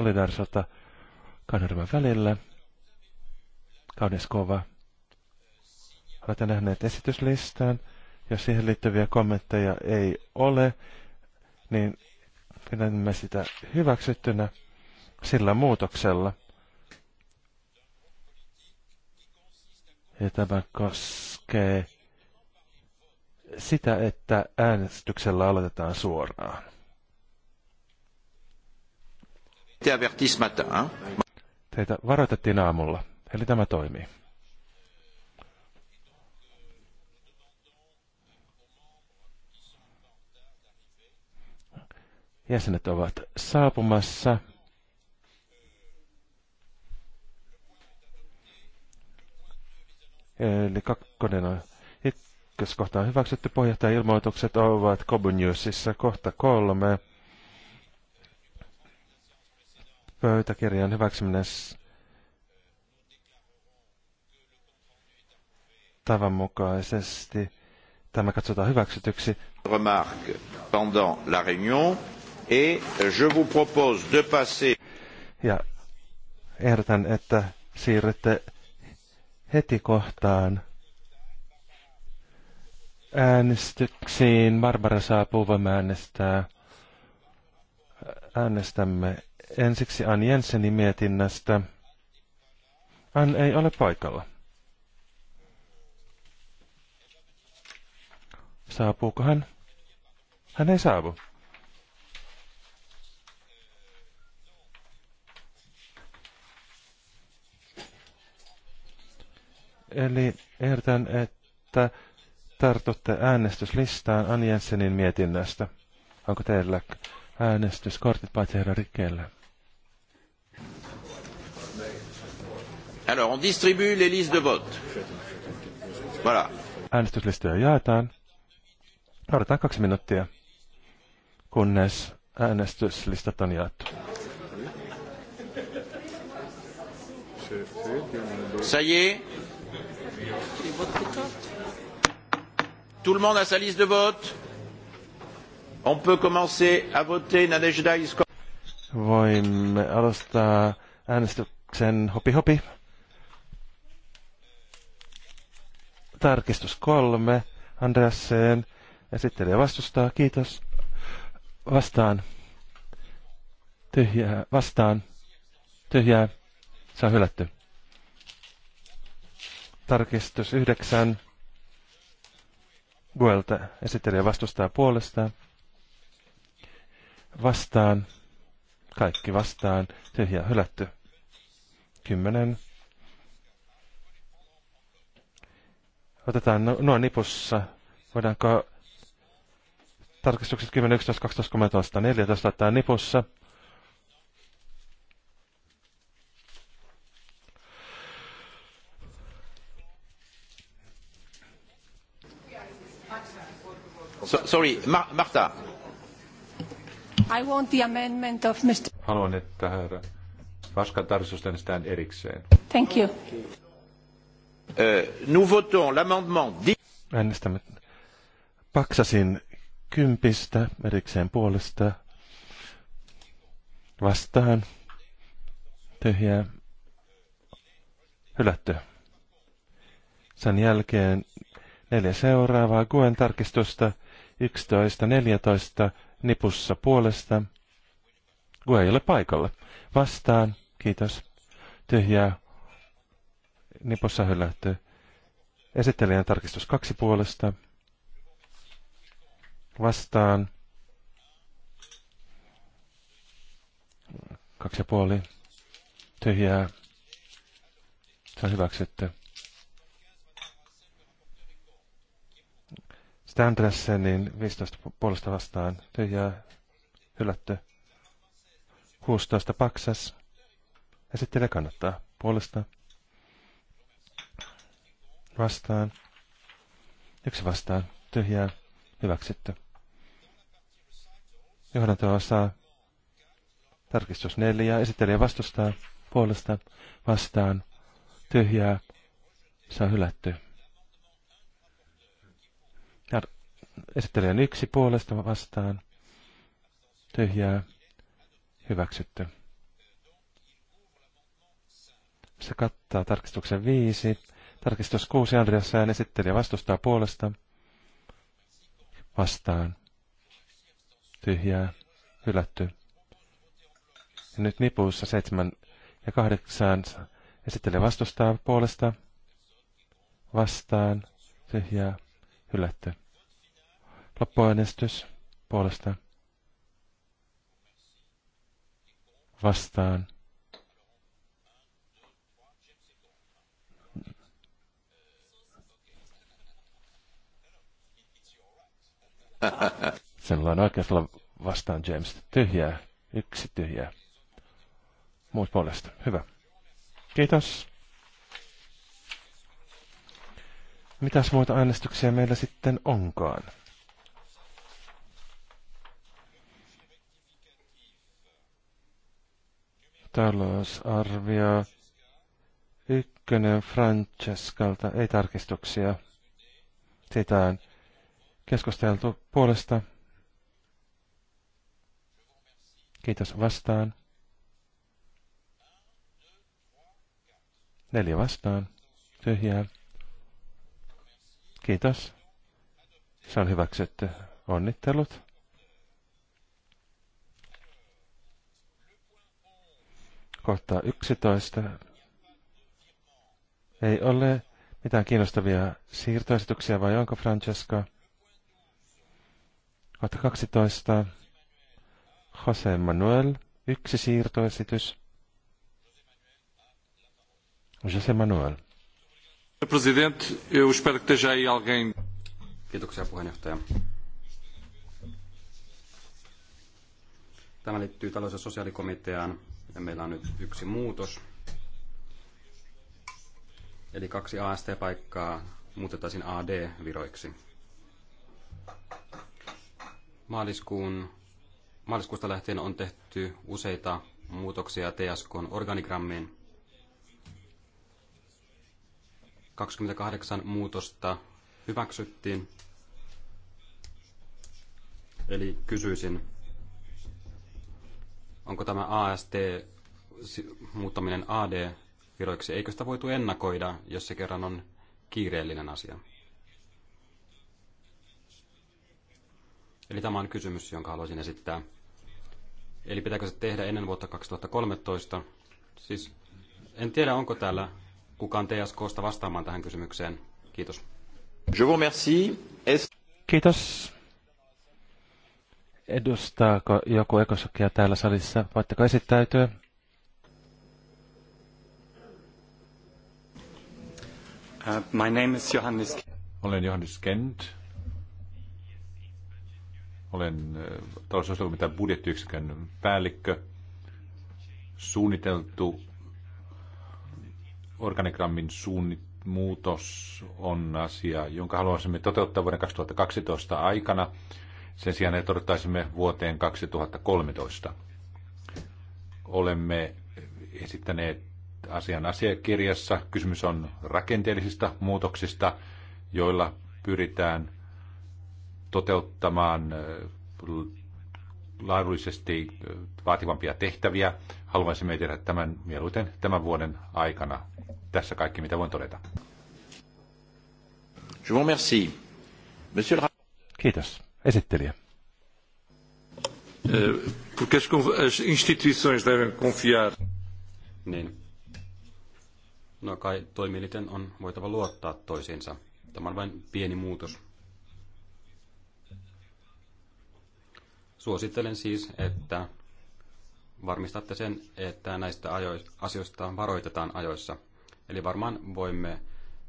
solidaarisuutta Kanervan välillä. Kaunis kova. Olette nähneet esityslistan. Jos siihen liittyviä kommentteja ei ole, niin pidämme sitä hyväksyttynä sillä muutoksella. Ja tämä koskee sitä, että äänestyksellä aloitetaan suoraan. Teitä varoitettiin aamulla, eli tämä toimii. Jäsenet ovat saapumassa. Eli kakkonen on ykköskohta on hyväksytty. Pohjohtajan ilmoitukset ovat Kobunyusissa kohta kolme. pöytäkirjan hyväksyminen tavan mukaisesti. Tämä katsotaan hyväksytyksi. Remarque pendant la réunion et je vous propose de passer... Ja ehdotan, että siirrytte heti kohtaan äänestyksiin. Barbara saapuu voimme äänestää. Äänestämme Ensiksi Ann Jensenin mietinnästä. Ann ei ole paikalla. Saapuuko hän? Hän ei saavu. Eli ehdotan, että tartutte äänestyslistaan Anjensenin mietinnästä. Onko teillä äänestyskortit paitsi herra Rikkeellä? Alors, on distribue les listes de vote. Voilà. Äänestyslistoja jaetaan. Odotetaan kaksi minuuttia, kunnes äänestyslistat on jaettu. Ça y est. Tout le monde a sa liste de vote. On peut commencer à voter Nadejda Iskova. Voimme aloittaa äänestyksen hopi hopi. Tarkistus kolme. Andreasseen esittelee vastustaa. Kiitos. Vastaan. Tyhjää. Vastaan. Tyhjää. Se on hylätty. Tarkistus yhdeksän. Guelta esittelee vastustaa puolestaan. Vastaan. Kaikki vastaan. Tyhjää hylätty. Kymmenen Otetaan nuo nipussa. Voidaanko tarkistukset 10, 11, 12, 13, 14 laittaa nipussa. So, sorry, Ma- Marta. I want the amendment of Mr. Haluan, että herra Vaskan tarkistusten erikseen. Thank you. Euh, nous votons l'amendement. Äänestämme Paksasin kympistä erikseen puolesta vastaan tyhjää hylätty. Sen jälkeen neljä seuraavaa Guen tarkistusta 11.14 nipussa puolesta. Gue ei ole paikalla. Vastaan, kiitos. Tyhjää nipussa hylätty. Esittelijän tarkistus kaksi puolesta. Vastaan. Kaksi ja puoli. Tyhjää. Se on hyväksytty. Standressenin 15 puolesta vastaan. Tyhjää. Hylätty. 16 paksas. Esittelijä kannattaa puolesta vastaan. Yksi vastaan. Tyhjää. Hyväksytty. Johdantoa saa. Tarkistus neljä. Esittelijä vastustaa. Puolesta. Vastaan. Tyhjää. Se on hylätty. esittelijän yksi puolesta vastaan. Tyhjää. Hyväksytty. Se kattaa tarkistuksen viisi Tarkistus 6 Andreassään esittelijä vastustaa puolesta. Vastaan. Tyhjää. Hylätty. Ja nyt nipuussa 7 ja 8 esittelijä vastustaa puolesta. Vastaan. Tyhjää. Hylätty. Loppuäänestys puolesta. Vastaan. Sen on oikeus olla vastaan James. Tyhjää. Yksi tyhjää. Muut puolesta. Hyvä. Kiitos. Mitäs muita äänestyksiä meillä sitten onkaan? Talousarvio. Ykkönen Francescalta. Ei tarkistuksia. Sitä on keskusteltu puolesta. Kiitos vastaan. Neljä vastaan. Tyhjää. Kiitos. Se on hyväksytty. Onnittelut. Kohta 11. Ei ole mitään kiinnostavia siirtoesityksiä vai onko Francesca? 2012 Jose Manuel, yksi siirtoesitys. Jose Manuel. Presidente, eu espero que esteja aí alguém. Kiitoksia puheenjohtaja. Tämä liittyy talous- ja sosiaalikomiteaan ja meillä on nyt yksi muutos. Eli kaksi AST-paikkaa muutettaisiin AD-viroiksi. Maaliskuun, maaliskuusta lähtien on tehty useita muutoksia TSKn organigrammiin. 28 muutosta hyväksyttiin. Eli kysyisin, onko tämä AST muuttaminen AD-viroiksi, eikö sitä voitu ennakoida, jos se kerran on kiireellinen asia? Eli tämä on kysymys, jonka haluaisin esittää. Eli pitääkö se tehdä ennen vuotta 2013? Siis en tiedä, onko täällä kukaan TSKsta vastaamaan tähän kysymykseen. Kiitos. Je vous remercie. Es... Kiitos. Edustaako joku ekosokia täällä salissa? Voitteko esittäytyä? Uh, my name is Johannes. Olen Johannes Kent. Olen talousosastokomitean budjettiyksikön päällikkö. Suunniteltu organigrammin suunnit muutos on asia, jonka haluaisimme toteuttaa vuoden 2012 aikana. Sen sijaan että odottaisimme vuoteen 2013. Olemme esittäneet asian asiakirjassa. Kysymys on rakenteellisista muutoksista, joilla pyritään toteuttamaan laadullisesti vaativampia tehtäviä. Haluaisimme tehdä tämän mieluiten tämän vuoden aikana. Tässä kaikki, mitä voin todeta. Je vous remercie. Monsieur le... Kiitos. Esittelijä. Eh, niin. No kai toimielinten on voitava luottaa toisiinsa. Tämä on vain pieni muutos Suosittelen siis, että varmistatte sen, että näistä asioista varoitetaan ajoissa. Eli varmaan voimme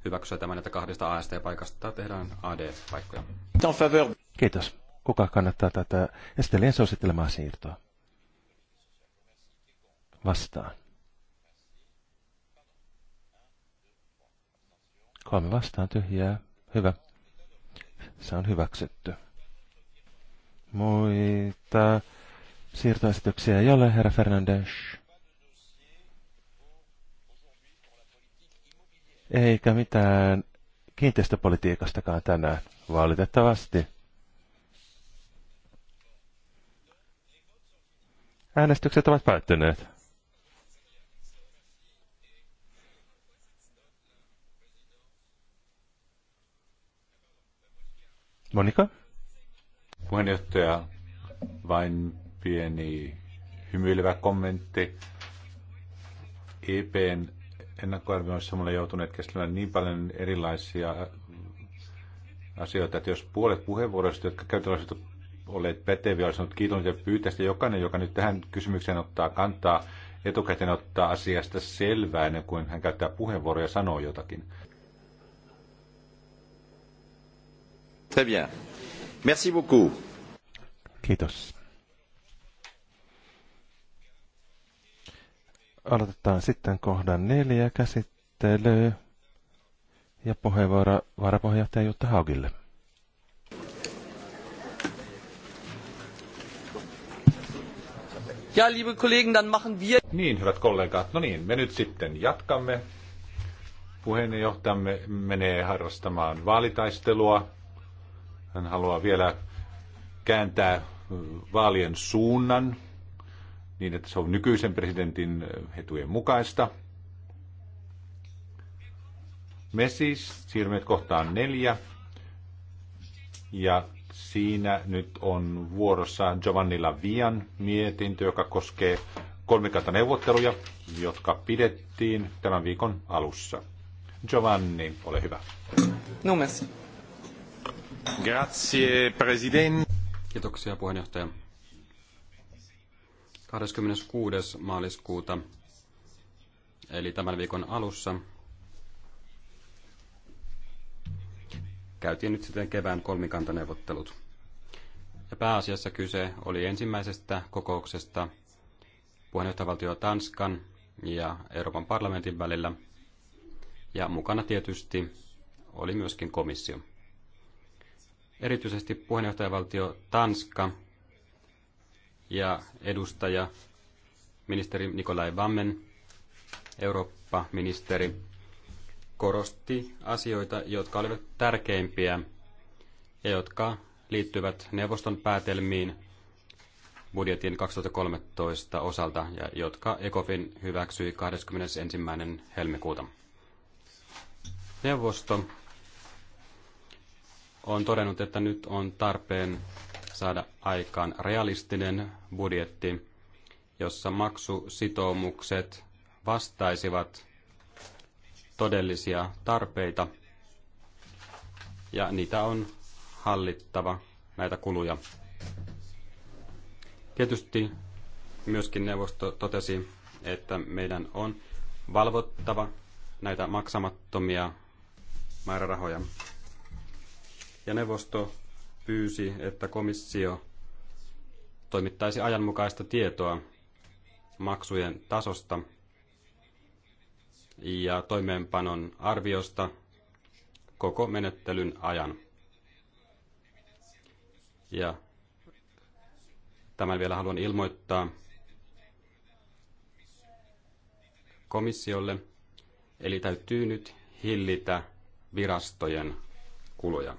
hyväksyä tämän, että kahdesta AST-paikasta tehdään AD-paikkoja. Kiitos. Kuka kannattaa tätä esittelijän suosittelemaa siirtoa? Vastaan. Kolme vastaan tyhjää. Hyvä. Se on hyväksytty. Muita siirtoesityksiä ei ole, herra Fernandes. Eikä mitään kiinteistöpolitiikastakaan tänään, valitettavasti. Äänestykset ovat päättyneet. Monika? Puheenjohtaja, vain pieni hymyilevä kommentti. EPn ennakkoarvioissa olemme joutuneet käsittelemään niin paljon erilaisia asioita, että jos puolet puheenvuoroista, jotka käytännössä olleet päteviä, olisi sanonut kiitos ja pyytäisi jokainen, joka nyt tähän kysymykseen ottaa kantaa, etukäteen ottaa asiasta selvää ennen kuin hän käyttää puheenvuoroja ja sanoo jotakin. Très bien. Merci beaucoup. Kiitos. Aloitetaan sitten kohdan neljä käsittely ja puheenvuoro varapuheenjohtaja Jutta Haugille. Ja, liebe Kollegen, dann machen wir... Niin, hyvät kollegat, no niin, me nyt sitten jatkamme. Puheenjohtajamme menee harrastamaan vaalitaistelua. Hän haluaa vielä kääntää vaalien suunnan niin, että se on nykyisen presidentin etujen mukaista. Me siis siirrymme kohtaan neljä. Ja siinä nyt on vuorossa Giovanni Lavian mietintö, joka koskee kolmikantaneuvotteluja, jotka pidettiin tämän viikon alussa. Giovanni, ole hyvä. No, merci. Grazie, president. Kiitoksia puheenjohtaja. 26. maaliskuuta, eli tämän viikon alussa, käytiin nyt sitten kevään kolmikantaneuvottelut. Ja pääasiassa kyse oli ensimmäisestä kokouksesta puheenjohtajavaltio Tanskan ja Euroopan parlamentin välillä. Ja mukana tietysti oli myöskin komissio. Erityisesti puheenjohtajavaltio Tanska ja edustaja ministeri Nikolai Vammen, Eurooppa-ministeri, korosti asioita, jotka olivat tärkeimpiä ja jotka liittyvät neuvoston päätelmiin budjetin 2013 osalta ja jotka ECOFIN hyväksyi 21. helmikuuta. Neuvosto on todennut, että nyt on tarpeen saada aikaan realistinen budjetti, jossa maksusitoumukset vastaisivat todellisia tarpeita ja niitä on hallittava näitä kuluja. Tietysti myöskin neuvosto totesi, että meidän on valvottava näitä maksamattomia määrärahoja ja neuvosto pyysi, että komissio toimittaisi ajanmukaista tietoa maksujen tasosta ja toimeenpanon arviosta koko menettelyn ajan. Ja tämän vielä haluan ilmoittaa komissiolle, eli täytyy nyt hillitä virastojen kuluja.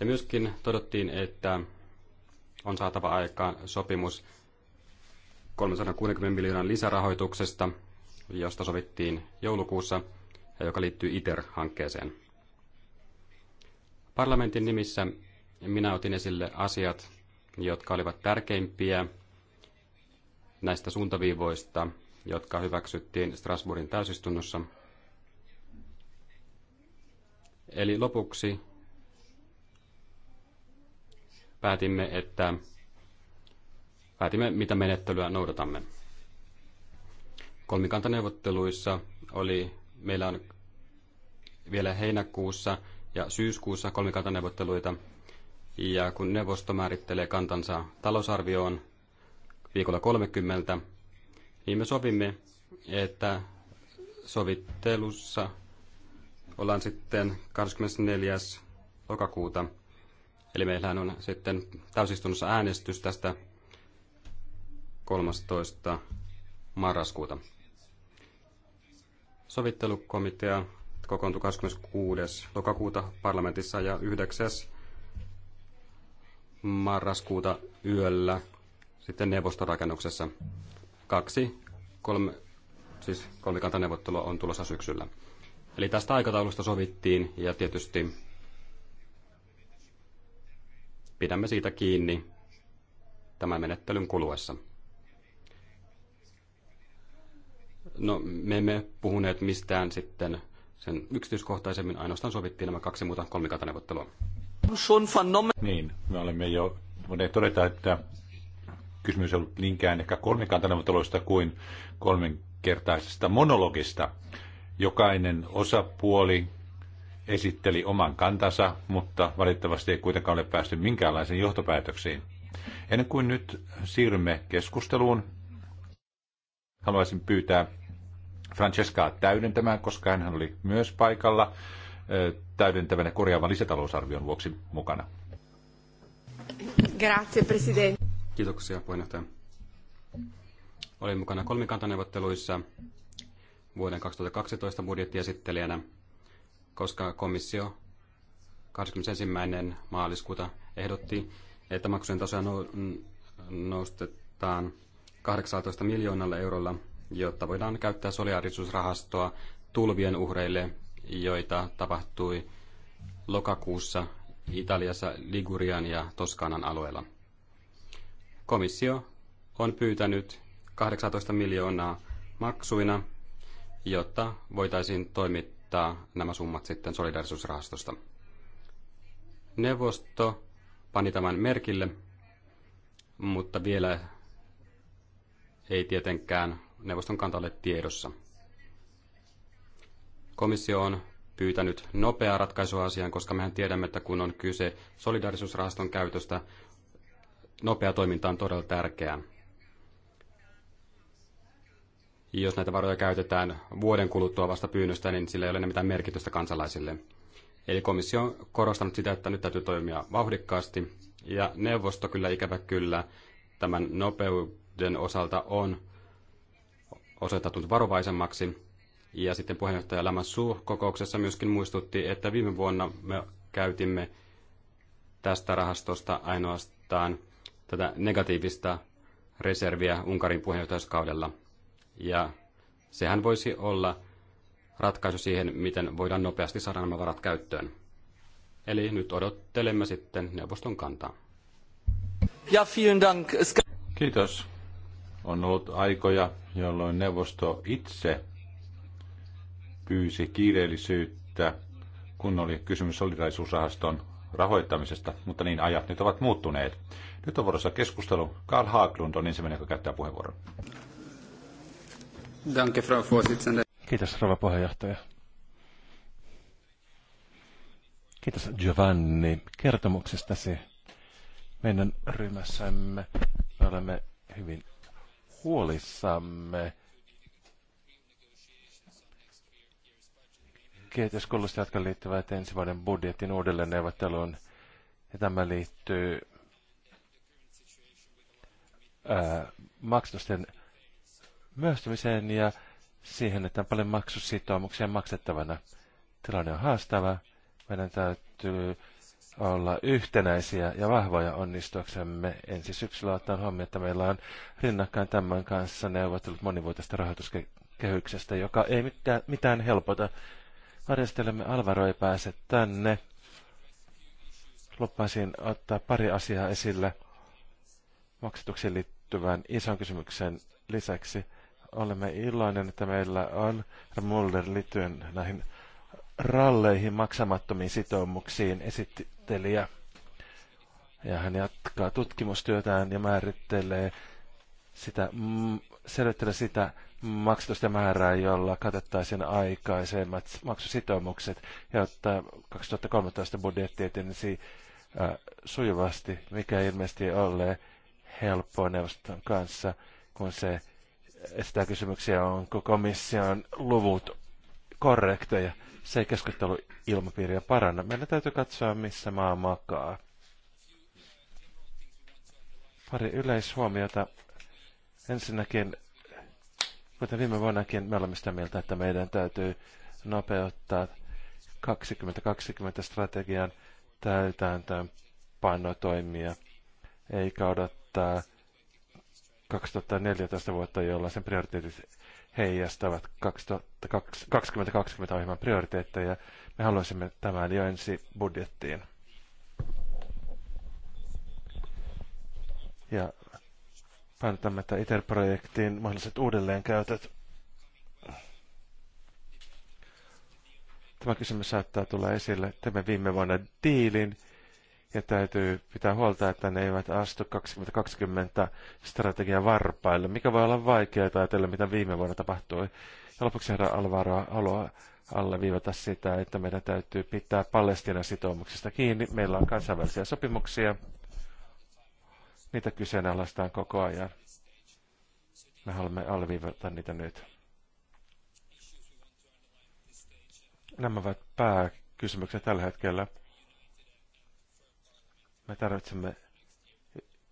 Ja myöskin todettiin, että on saatava aikaan sopimus 360 miljoonan lisärahoituksesta, josta sovittiin joulukuussa ja joka liittyy ITER-hankkeeseen. Parlamentin nimissä minä otin esille asiat, jotka olivat tärkeimpiä näistä suuntaviivoista, jotka hyväksyttiin Strasbourgin täysistunnossa. Eli lopuksi päätimme, että päätimme, mitä menettelyä noudatamme. Kolmikantaneuvotteluissa oli, meillä on vielä heinäkuussa ja syyskuussa kolmikantaneuvotteluita, ja kun neuvosto määrittelee kantansa talousarvioon viikolla 30, niin me sovimme, että sovittelussa ollaan sitten 24. lokakuuta – Eli meillähän on sitten täysistunnossa äänestys tästä 13. marraskuuta. Sovittelukomitea kokoontui 26. lokakuuta parlamentissa ja 9. marraskuuta yöllä sitten neuvostorakennuksessa. Kaksi kolme, siis kolmikantaneuvottelua on tulossa syksyllä. Eli tästä aikataulusta sovittiin ja tietysti pidämme siitä kiinni tämän menettelyn kuluessa. No, me emme puhuneet mistään sitten sen yksityiskohtaisemmin, ainoastaan sovittiin nämä kaksi muuta kolmikantaneuvottelua. Niin, me olemme jo voineet todeta, että kysymys on ollut niinkään ehkä kolmikantaneuvotteluista kuin kertaisesta monologista. Jokainen osapuoli esitteli oman kantansa, mutta valitettavasti ei kuitenkaan ole päästy minkäänlaisiin johtopäätöksiin. Ennen kuin nyt siirrymme keskusteluun, haluaisin pyytää Francescaa täydentämään, koska hän oli myös paikalla täydentävänä korjaavan lisätalousarvion vuoksi mukana. Grazie, presidente. Kiitoksia, puheenjohtaja. Olin mukana kolmikantaneuvotteluissa vuoden 2012 budjettiesittelijänä koska komissio 21. maaliskuuta ehdotti, että maksujen tasoja nostetaan 18 miljoonalla eurolla, jotta voidaan käyttää solidarisuusrahastoa tulvien uhreille, joita tapahtui lokakuussa Italiassa Ligurian ja Toskanan alueella. Komissio on pyytänyt 18 miljoonaa maksuina, jotta voitaisiin toimittaa ottaa nämä summat sitten solidarisuusrahastosta. Neuvosto pani tämän merkille, mutta vielä ei tietenkään neuvoston kantalle tiedossa. Komissio on pyytänyt nopeaa ratkaisua asiaan, koska mehän tiedämme, että kun on kyse solidarisuusrahaston käytöstä, nopea toiminta on todella tärkeää jos näitä varoja käytetään vuoden kuluttua vasta pyynnöstä, niin sillä ei ole enää mitään merkitystä kansalaisille. Eli komissio on korostanut sitä, että nyt täytyy toimia vauhdikkaasti, ja neuvosto kyllä ikävä kyllä tämän nopeuden osalta on osoittautunut varovaisemmaksi. Ja sitten puheenjohtaja Lämä Suu kokouksessa myöskin muistutti, että viime vuonna me käytimme tästä rahastosta ainoastaan tätä negatiivista reserviä Unkarin puheenjohtajuuskaudella. Ja sehän voisi olla ratkaisu siihen, miten voidaan nopeasti saada nämä varat käyttöön. Eli nyt odottelemme sitten neuvoston kantaa. Ja, vielen dank. Kiitos. On ollut aikoja, jolloin neuvosto itse pyysi kiireellisyyttä, kun oli kysymys solidaisuusrahaston rahoittamisesta, mutta niin ajat nyt ovat muuttuneet. Nyt on vuorossa keskustelu. Karl Haaglund on ensimmäinen, joka käyttää puheenvuoron. Danke, Frau Vorsitzende. Kiitos, rouva puheenjohtaja. Kiitos Giovanni kertomuksestasi. Meidän ryhmässämme me olemme hyvin huolissamme kehityskulusta, jotka liittyvät ensi vuoden budjetin uudelleenneuvotteluun. Ja tämä liittyy ää, maksatusten myöhästymiseen ja siihen, että on paljon maksusitoumuksia maksettavana. Tilanne on haastava. Meidän täytyy olla yhtenäisiä ja vahvoja onnistuaksemme ensi syksyllä ottaen huomioon, että meillä on rinnakkain tämän kanssa neuvottelut monivuotista rahoituskehyksestä, joka ei mitään, mitään helpota. Varjastelemme Alvaro ei pääse tänne. Lupaisin ottaa pari asiaa esille maksatuksiin liittyvän ison kysymyksen lisäksi olemme iloinen, että meillä on Mulder liittyen näihin ralleihin maksamattomiin sitoumuksiin esittelijä. Ja hän jatkaa tutkimustyötään ja määrittelee sitä, mm, selvittelee sitä maksatusta määrää, jolla katettaisiin aikaisemmat maksusitoumukset, ottaa 2013 budjetti etenisi äh, sujuvasti, mikä ilmeisesti ole helppoa neuvoston kanssa, kun se esittää kysymyksiä, onko komission luvut korrekteja. Se ei keskustelu ilmapiiriä paranna. Meidän täytyy katsoa, missä maa makaa. Pari yleishuomiota. Ensinnäkin, kuten viime vuonnakin, me olemme sitä mieltä, että meidän täytyy nopeuttaa 2020 strategian täytäntöönpanotoimia, eikä odottaa 2014 vuotta, jolla sen prioriteetit heijastavat 2020, ohjelman prioriteetteja. Me haluaisimme tämän jo ensi budjettiin. Ja painotamme, että ITER-projektiin mahdolliset uudelleenkäytöt. Tämä kysymys saattaa tulla esille. Teemme viime vuonna diilin, ja täytyy pitää huolta, että ne eivät astu 2020 strategian varpaille, mikä voi olla vaikeaa ajatella, mitä viime vuonna tapahtui. Ja lopuksi herra Alvaro haluaa viivata sitä, että meidän täytyy pitää Palestinan sitoumuksista kiinni. Meillä on kansainvälisiä sopimuksia. Niitä kyseenalaistaan koko ajan. Me haluamme alviivata niitä nyt. Nämä ovat pääkysymykset tällä hetkellä. Me tarvitsemme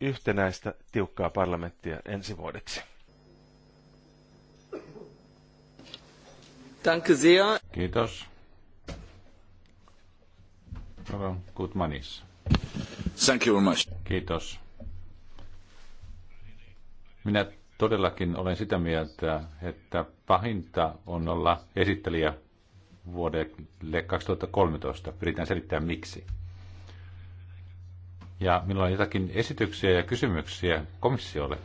yhtenäistä tiukkaa parlamenttia ensi vuodeksi. Danke sehr. Kiitos. Good manis. Thank you very much. Kiitos. Minä todellakin olen sitä mieltä, että pahinta on olla esittelijä vuodelle 2013. Yritän selittää miksi. Ja minulla on jotakin esityksiä ja kysymyksiä komissiolle,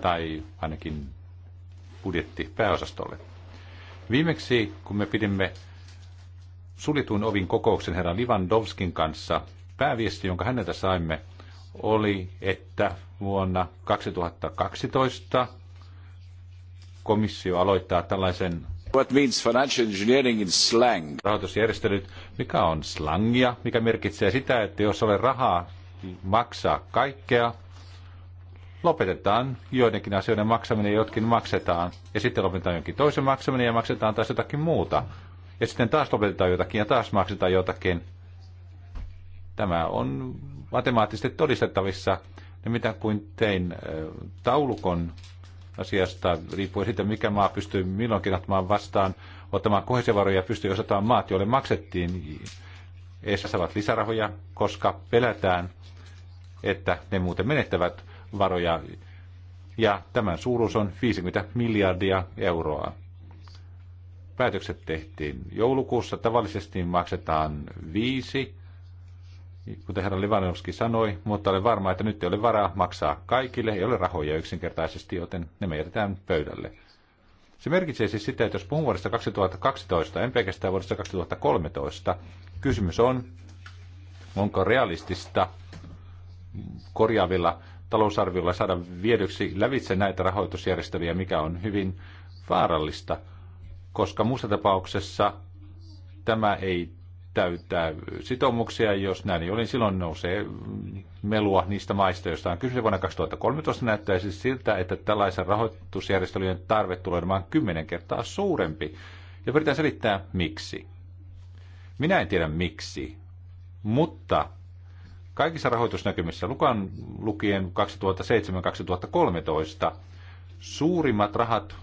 tai ainakin budjettipääosastolle. Viimeksi, kun me pidimme sulituin ovin kokouksen herra Livandovskin kanssa, pääviesti, jonka häneltä saimme, oli, että vuonna 2012 komissio aloittaa tällaisen What means financial engineering in slang? Rahoitusjärjestelyt, mikä on slangia, mikä merkitsee sitä, että jos ole rahaa niin maksaa kaikkea, lopetetaan joidenkin asioiden maksaminen ja jotkin maksetaan. Ja sitten lopetetaan jonkin toisen maksaminen ja maksetaan taas jotakin muuta. Ja sitten taas lopetetaan jotakin ja taas maksetaan jotakin. Tämä on matemaattisesti todistettavissa. mitä kuin tein äh, taulukon asiasta, riippuen siitä, mikä maa pystyy milloinkin ottamaan vastaan, ottamaan kohesevaroja ja pystyy osataan maat, joille maksettiin eessä saavat lisärahoja, koska pelätään, että ne muuten menettävät varoja. Ja tämän suuruus on 50 miljardia euroa. Päätökset tehtiin joulukuussa. Tavallisesti maksetaan 5 kuten herra Livanovski sanoi, mutta olen varma, että nyt ei ole varaa maksaa kaikille, ei ole rahoja yksinkertaisesti, joten ne me jätetään pöydälle. Se merkitsee siis sitä, että jos puhun vuodesta 2012, en pelkästään vuodesta 2013, kysymys on, onko realistista korjaavilla talousarviolla saada viedyksi lävitse näitä rahoitusjärjestelyjä, mikä on hyvin vaarallista, koska muussa tapauksessa tämä ei täyttää sitoumuksia. Jos näin oli niin silloin nousee melua niistä maista, joista on kyse. Vuonna 2013 näyttäisi siltä, että tällaisen rahoitusjärjestelyjen tarve tulee olemaan kymmenen kertaa suurempi. Ja pyritään selittää, miksi. Minä en tiedä miksi, mutta kaikissa rahoitusnäkymissä, lukan lukien 2007-2013, suurimmat rahat,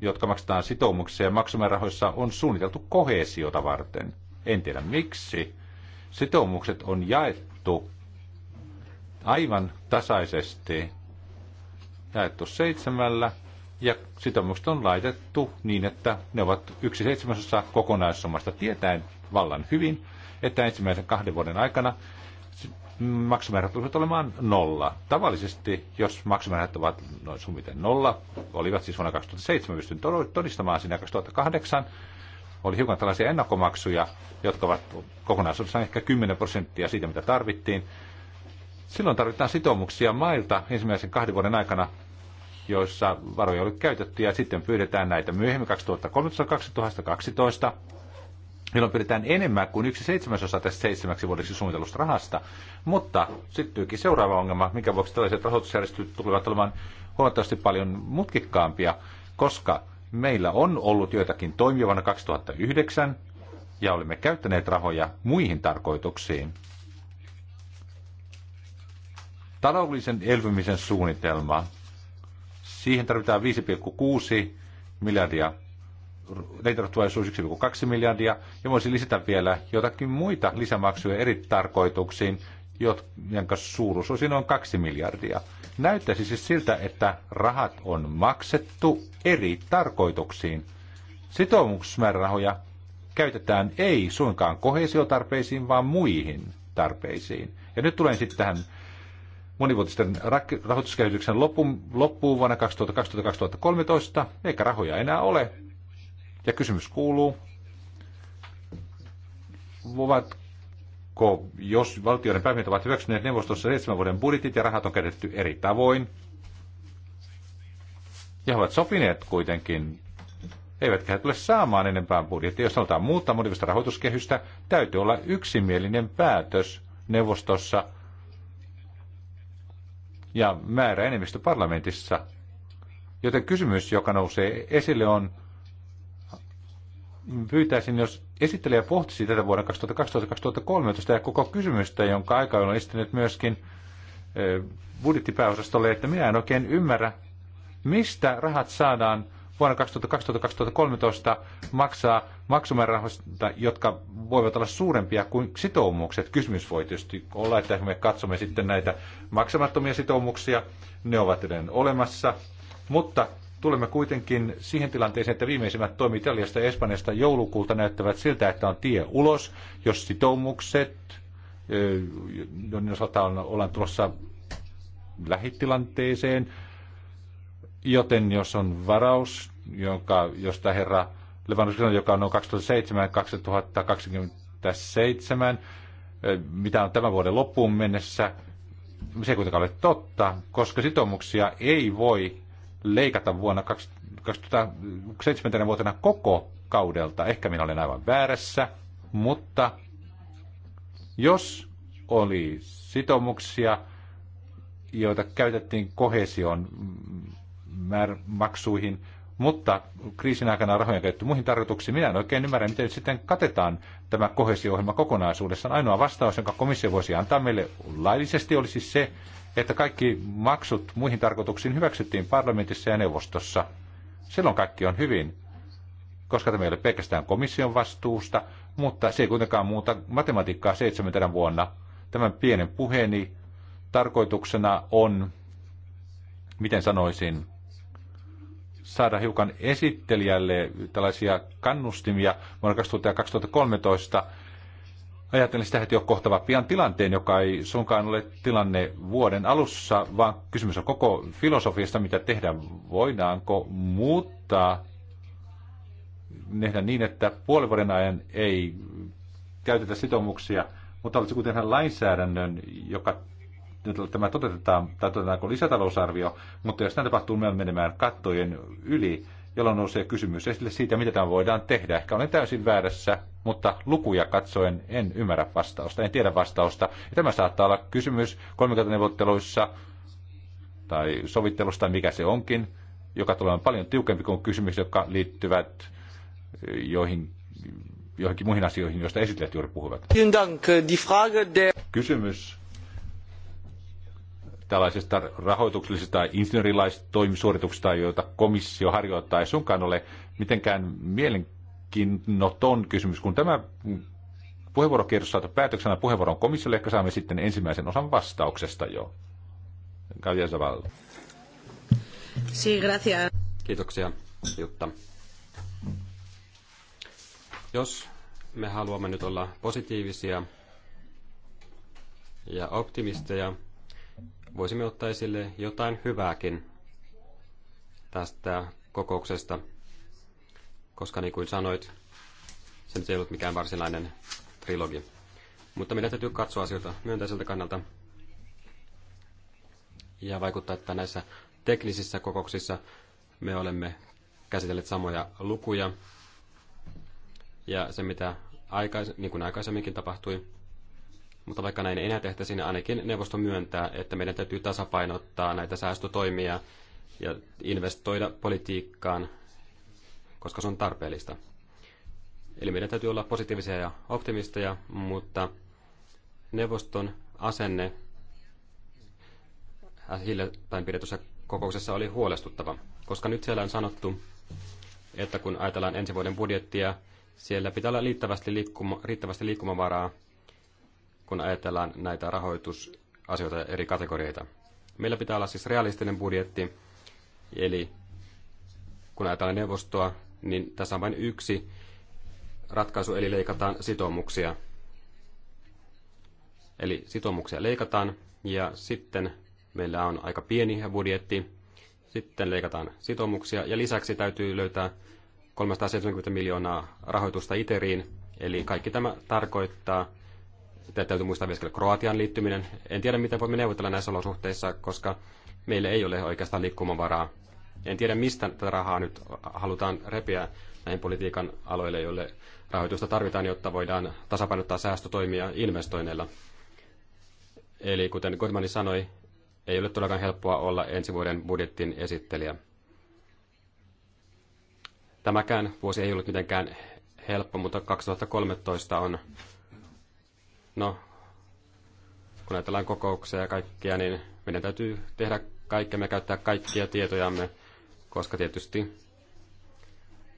jotka maksetaan sitoumuksia ja maksumäärärahoissa, on suunniteltu kohesiota varten – en tiedä miksi. Sitoumukset on jaettu aivan tasaisesti. Jaettu seitsemällä ja sitoumukset on laitettu niin, että ne ovat yksi seitsemäsosa kokonaissummasta tietäen vallan hyvin, että ensimmäisen kahden vuoden aikana maksimäärät tulevat olemaan nolla. Tavallisesti, jos maksimäärät ovat noin summiten nolla, olivat siis vuonna 2007 pystyn todistamaan siinä 2008, oli hiukan tällaisia ennakkomaksuja, jotka ovat kokonaisuudessaan ehkä 10 prosenttia siitä, mitä tarvittiin. Silloin tarvitaan sitoumuksia mailta ensimmäisen kahden vuoden aikana, joissa varoja oli käytetty, ja sitten pyydetään näitä myöhemmin 2013-2012, jolloin pyydetään enemmän kuin yksi seitsemäsosa tästä seitsemäksi vuodeksi suunnitellusta rahasta. Mutta syttyykin seuraava ongelma, minkä vuoksi tällaiset rahoitusjärjestelyt tulevat olemaan huomattavasti paljon mutkikkaampia, koska Meillä on ollut joitakin toimivana 2009 ja olemme käyttäneet rahoja muihin tarkoituksiin. Taloudellisen elvymisen suunnitelma. Siihen tarvitaan 5,6 miljardia leikkausvaisuus 1,2 miljardia ja voisi lisätä vielä jotakin muita lisämaksuja eri tarkoituksiin, jotka, jonka suuruus on noin 2 miljardia. Näyttäisi siis siltä, että rahat on maksettu eri tarkoituksiin. Sitoumusmäärärahoja käytetään ei suinkaan kohesiotarpeisiin, vaan muihin tarpeisiin. Ja nyt tulen sitten tähän monivuotisten rahoituskehityksen loppuun, loppuun vuonna 2012-2013, eikä rahoja enää ole. Ja kysymys kuuluu, ovat Ko jos valtioiden päämiehet ovat hyväksyneet neuvostossa seitsemän vuoden budjetit ja rahat on käytetty eri tavoin, ja he ovat sopineet kuitenkin, eivätkä he tule saamaan enempää budjettia. Jos halutaan muuttaa monivista rahoituskehystä, täytyy olla yksimielinen päätös neuvostossa ja määrä enemmistö parlamentissa. Joten kysymys, joka nousee esille, on, pyytäisin, jos esittelijä pohtisi tätä vuonna 2012-2013 ja koko kysymystä, jonka aika on esittänyt myöskin budjettipääosastolle, että minä en oikein ymmärrä, mistä rahat saadaan vuonna 2012-2013 maksaa maksumäärärahoista, jotka voivat olla suurempia kuin sitoumukset. Kysymys voi tietysti olla, että me katsomme sitten näitä maksamattomia sitoumuksia, ne ovat edelleen olemassa, mutta tulemme kuitenkin siihen tilanteeseen, että viimeisimmät toimet Italiasta ja Espanjasta joulukuulta näyttävät siltä, että on tie ulos, jos sitoumukset, joiden osalta on, ollaan tulossa lähitilanteeseen, joten jos on varaus, jonka, josta herra Levanus, joka on noin 2007-2027, mitä on tämän vuoden loppuun mennessä, se ei kuitenkaan ole totta, koska sitoumuksia ei voi leikata vuonna 2007 vuotena koko kaudelta. Ehkä minä olen aivan väärässä, mutta jos oli sitoumuksia, joita käytettiin kohesion maksuihin, mutta kriisin aikana rahoja käytetty muihin tarkoituksiin. Minä en oikein ymmärrä, miten sitten katetaan tämä kohesio-ohjelma kokonaisuudessaan. Ainoa vastaus, jonka komissio voisi antaa meille laillisesti, olisi se, että kaikki maksut muihin tarkoituksiin hyväksyttiin parlamentissa ja neuvostossa. Silloin kaikki on hyvin, koska tämä ei ole pelkästään komission vastuusta, mutta se ei kuitenkaan muuta matematiikkaa seitsemäntenä vuonna. Tämän pienen puheeni tarkoituksena on, miten sanoisin, saada hiukan esittelijälle tällaisia kannustimia vuonna 2013 ajattelin sitä heti jo kohtava pian tilanteen, joka ei sunkaan ole tilanne vuoden alussa, vaan kysymys on koko filosofiasta, mitä tehdä Voidaanko muuttaa, nähdä niin, että puolen vuoden ajan ei käytetä sitoumuksia, mutta olisi kuitenkin lainsäädännön, joka tämä toteutetaan, tai toteutetaanko lisätalousarvio, mutta jos tämä tapahtuu, me menemään kattojen yli. Jolloin nousee kysymys esille siitä, mitä tämä voidaan tehdä. Ehkä olen täysin väärässä, mutta lukuja katsoen en ymmärrä vastausta, en tiedä vastausta. Ja tämä saattaa olla kysymys kolmikantaneuvotteluissa tai sovittelusta, mikä se onkin, joka tulee paljon tiukempi kuin kysymys, jotka liittyvät eh, joihin, joihinkin muihin asioihin, joista esittelijät juuri puhuvat. Kysymys tällaisista rahoituksellisista toimisuorituksista, joita komissio harjoittaa, ei sunkaan ole mitenkään mielenkiinnoton kysymys. Kun tämä puheenvuorokierros saatu päätöksenä puheenvuoron komissiolle, ehkä saamme sitten ensimmäisen osan vastauksesta jo. Gabriel Zaval. Sí, gracias. Kiitoksia, Jutta. Jos me haluamme nyt olla positiivisia ja optimisteja, voisimme ottaa esille jotain hyvääkin tästä kokouksesta, koska niin kuin sanoit, se nyt ei ollut mikään varsinainen trilogi. Mutta meidän täytyy katsoa asioita myönteiseltä kannalta. Ja vaikuttaa, että näissä teknisissä kokouksissa me olemme käsitelleet samoja lukuja. Ja se, mitä aikais- niin kuin aikaisemminkin tapahtui, mutta vaikka näin ei enää tehtäisi, niin ainakin neuvosto myöntää, että meidän täytyy tasapainottaa näitä säästötoimia ja investoida politiikkaan, koska se on tarpeellista. Eli meidän täytyy olla positiivisia ja optimisteja, mutta neuvoston asenne hiljattain pidetyssä kokouksessa oli huolestuttava, koska nyt siellä on sanottu, että kun ajatellaan ensi vuoden budjettia, siellä pitää olla liittävästi, liikkuma, riittävästi liikkumavaraa kun ajatellaan näitä rahoitusasioita ja eri kategorioita. Meillä pitää olla siis realistinen budjetti, eli kun ajatellaan neuvostoa, niin tässä on vain yksi ratkaisu, eli leikataan sitoumuksia. Eli sitoumuksia leikataan ja sitten meillä on aika pieni budjetti, sitten leikataan sitoumuksia ja lisäksi täytyy löytää 370 miljoonaa rahoitusta ITERiin, eli kaikki tämä tarkoittaa sitten täytyy muistaa myös Kroatian liittyminen. En tiedä, miten voimme neuvotella näissä olosuhteissa, koska meillä ei ole oikeastaan liikkumavaraa. En tiedä, mistä tätä rahaa nyt halutaan repiä näihin politiikan aloille, joille rahoitusta tarvitaan, jotta voidaan tasapainottaa säästötoimia investoinneilla. Eli kuten Goodmani sanoi, ei ole todellakaan helppoa olla ensi vuoden budjettin esittelijä. Tämäkään vuosi ei ollut mitenkään helppo, mutta 2013 on No, kun ajatellaan kokouksia ja kaikkia, niin meidän täytyy tehdä kaikkemme, käyttää kaikkia tietojamme, koska tietysti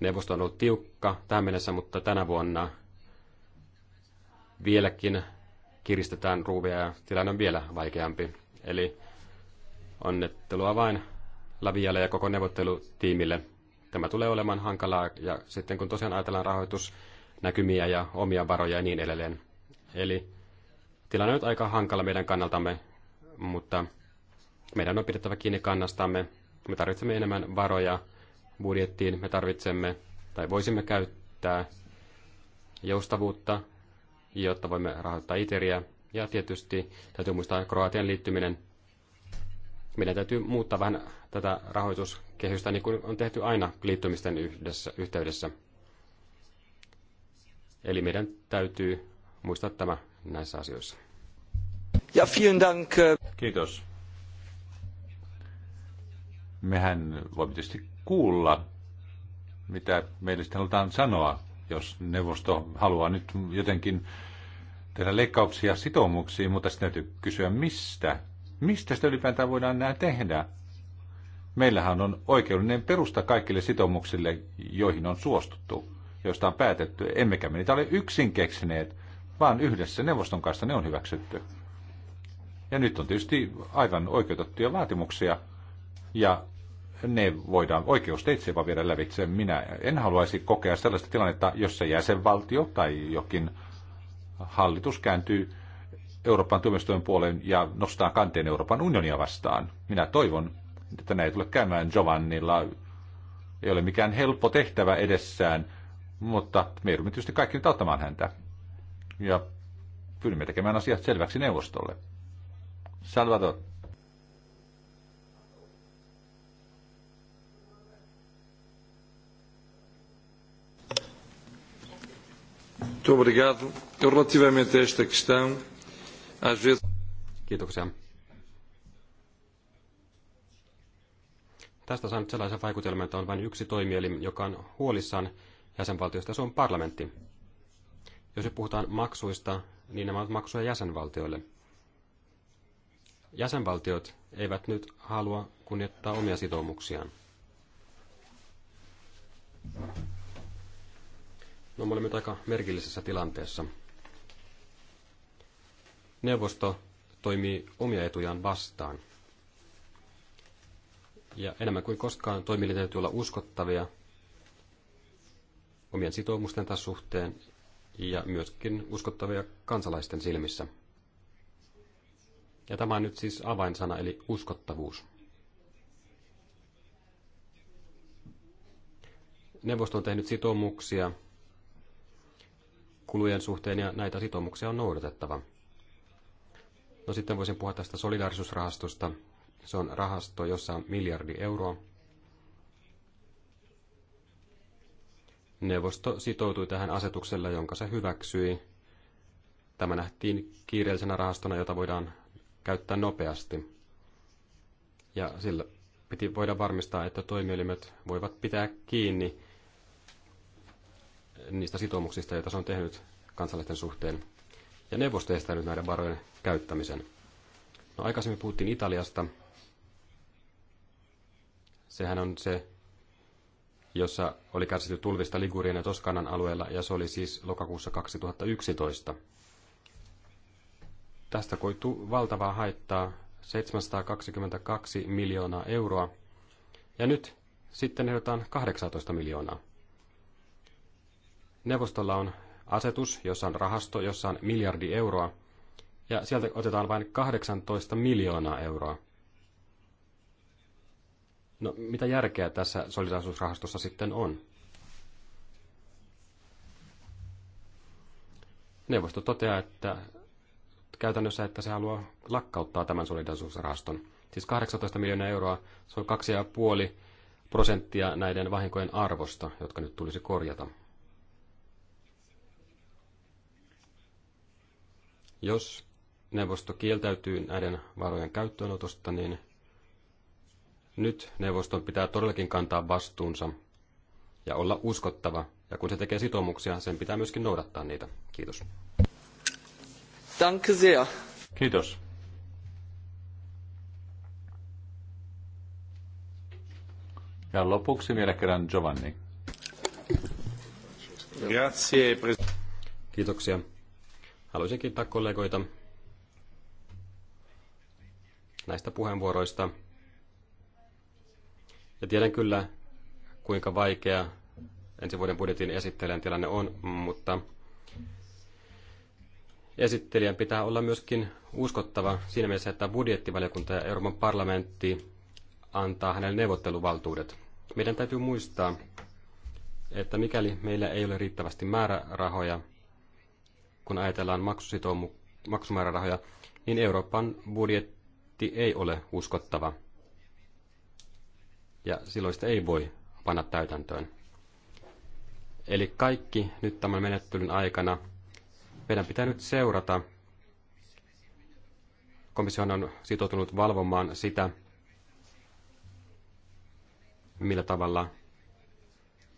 neuvosto on ollut tiukka tähän mennessä, mutta tänä vuonna vieläkin kiristetään ruuvia ja tilanne on vielä vaikeampi. Eli onnettelua vain Lavialle ja koko neuvottelutiimille. Tämä tulee olemaan hankalaa ja sitten kun tosiaan ajatellaan rahoitusnäkymiä ja omia varoja ja niin edelleen, Eli tilanne on aika hankala meidän kannaltamme, mutta meidän on pidettävä kiinni kannastamme. Me tarvitsemme enemmän varoja budjettiin, me tarvitsemme tai voisimme käyttää joustavuutta, jotta voimme rahoittaa Iteriä. Ja tietysti täytyy muistaa Kroatian liittyminen. Meidän täytyy muuttaa vähän tätä rahoituskehystä, niin kuin on tehty aina liittymisten yhdessä, yhteydessä. Eli meidän täytyy muistaa tämä näissä asioissa. Ja vielen dank. Kiitos. Mehän voimme tietysti kuulla, mitä meille sitten halutaan sanoa, jos neuvosto haluaa nyt jotenkin tehdä leikkauksia sitoumuksiin, mutta sitten täytyy kysyä mistä. Mistä sitä ylipäätään voidaan nämä tehdä? Meillähän on oikeudellinen perusta kaikille sitoumuksille, joihin on suostuttu, joista on päätetty. Emmekä me niitä ole yksin keksineet vaan yhdessä neuvoston kanssa ne on hyväksytty. Ja nyt on tietysti aivan oikeutettuja vaatimuksia, ja ne voidaan oikeusteitse vaan viedä lävitse. Minä en haluaisi kokea sellaista tilannetta, jossa jäsenvaltio tai jokin hallitus kääntyy Euroopan tuomioistuimen puoleen ja nostaa kanteen Euroopan unionia vastaan. Minä toivon, että näin ei tule käymään Giovannilla. Ei ole mikään helppo tehtävä edessään, mutta me joudumme tietysti kaikki nyt auttamaan häntä ja pyrimme tekemään asiat selväksi neuvostolle. Salvador. Kiitoksia. Tästä saan sellaisen vaikutelman, että on vain yksi toimielin, joka on huolissaan jäsenvaltiosta, se on parlamentti. Jos nyt puhutaan maksuista, niin nämä ovat maksuja jäsenvaltioille. Jäsenvaltiot eivät nyt halua kunnioittaa omia sitoumuksiaan. No, me olemme nyt aika merkillisessä tilanteessa. Neuvosto toimii omia etujaan vastaan. Ja enemmän kuin koskaan toimille täytyy olla uskottavia omien sitoumustensa suhteen ja myöskin uskottavia kansalaisten silmissä. Ja tämä on nyt siis avainsana, eli uskottavuus. Neuvosto on tehnyt sitoumuksia kulujen suhteen ja näitä sitoumuksia on noudatettava. No sitten voisin puhua tästä solidaarisuusrahastosta. Se on rahasto, jossa on miljardi euroa Neuvosto sitoutui tähän asetuksella, jonka se hyväksyi. Tämä nähtiin kiireellisenä rahastona, jota voidaan käyttää nopeasti. Ja sillä piti voida varmistaa, että toimielimet voivat pitää kiinni niistä sitoumuksista, joita se on tehnyt kansalaisten suhteen. Ja neuvosto estää nyt näiden varojen käyttämisen. No aikaisemmin puhuttiin Italiasta. Sehän on se jossa oli kärsitty tulvista Ligurien ja Toskanan alueella, ja se oli siis lokakuussa 2011. Tästä koituu valtavaa haittaa 722 miljoonaa euroa, ja nyt sitten ehdotetaan 18 miljoonaa. Neuvostolla on asetus, jossa on rahasto, jossa on miljardi euroa, ja sieltä otetaan vain 18 miljoonaa euroa. No, mitä järkeä tässä solidaisuusrahastossa sitten on? Neuvosto toteaa, että käytännössä, että se haluaa lakkauttaa tämän solidaisuusrahaston. Siis 18 miljoonaa euroa, se on 2,5 prosenttia näiden vahinkojen arvosta, jotka nyt tulisi korjata. Jos neuvosto kieltäytyy näiden varojen käyttöönotosta, niin nyt neuvoston pitää todellakin kantaa vastuunsa ja olla uskottava, ja kun se tekee sitoumuksia, sen pitää myöskin noudattaa niitä. Kiitos. Danke sehr. Kiitos. Ja lopuksi vielä kerran Giovanni. Grazie. Kiitoksia. Haluaisin kiittää kollegoita näistä puheenvuoroista. Ja tiedän kyllä, kuinka vaikea ensi vuoden budjetin esittelijän tilanne on, mutta esittelijän pitää olla myöskin uskottava siinä mielessä, että budjettivaliokunta ja Euroopan parlamentti antaa hänelle neuvotteluvaltuudet. Meidän täytyy muistaa, että mikäli meillä ei ole riittävästi määrärahoja, kun ajatellaan maksusitoumu- maksumäärärahoja, niin Euroopan budjetti ei ole uskottava – ja silloin sitä ei voi panna täytäntöön. Eli kaikki nyt tämän menettelyn aikana meidän pitää nyt seurata. Komissio on sitoutunut valvomaan sitä, millä tavalla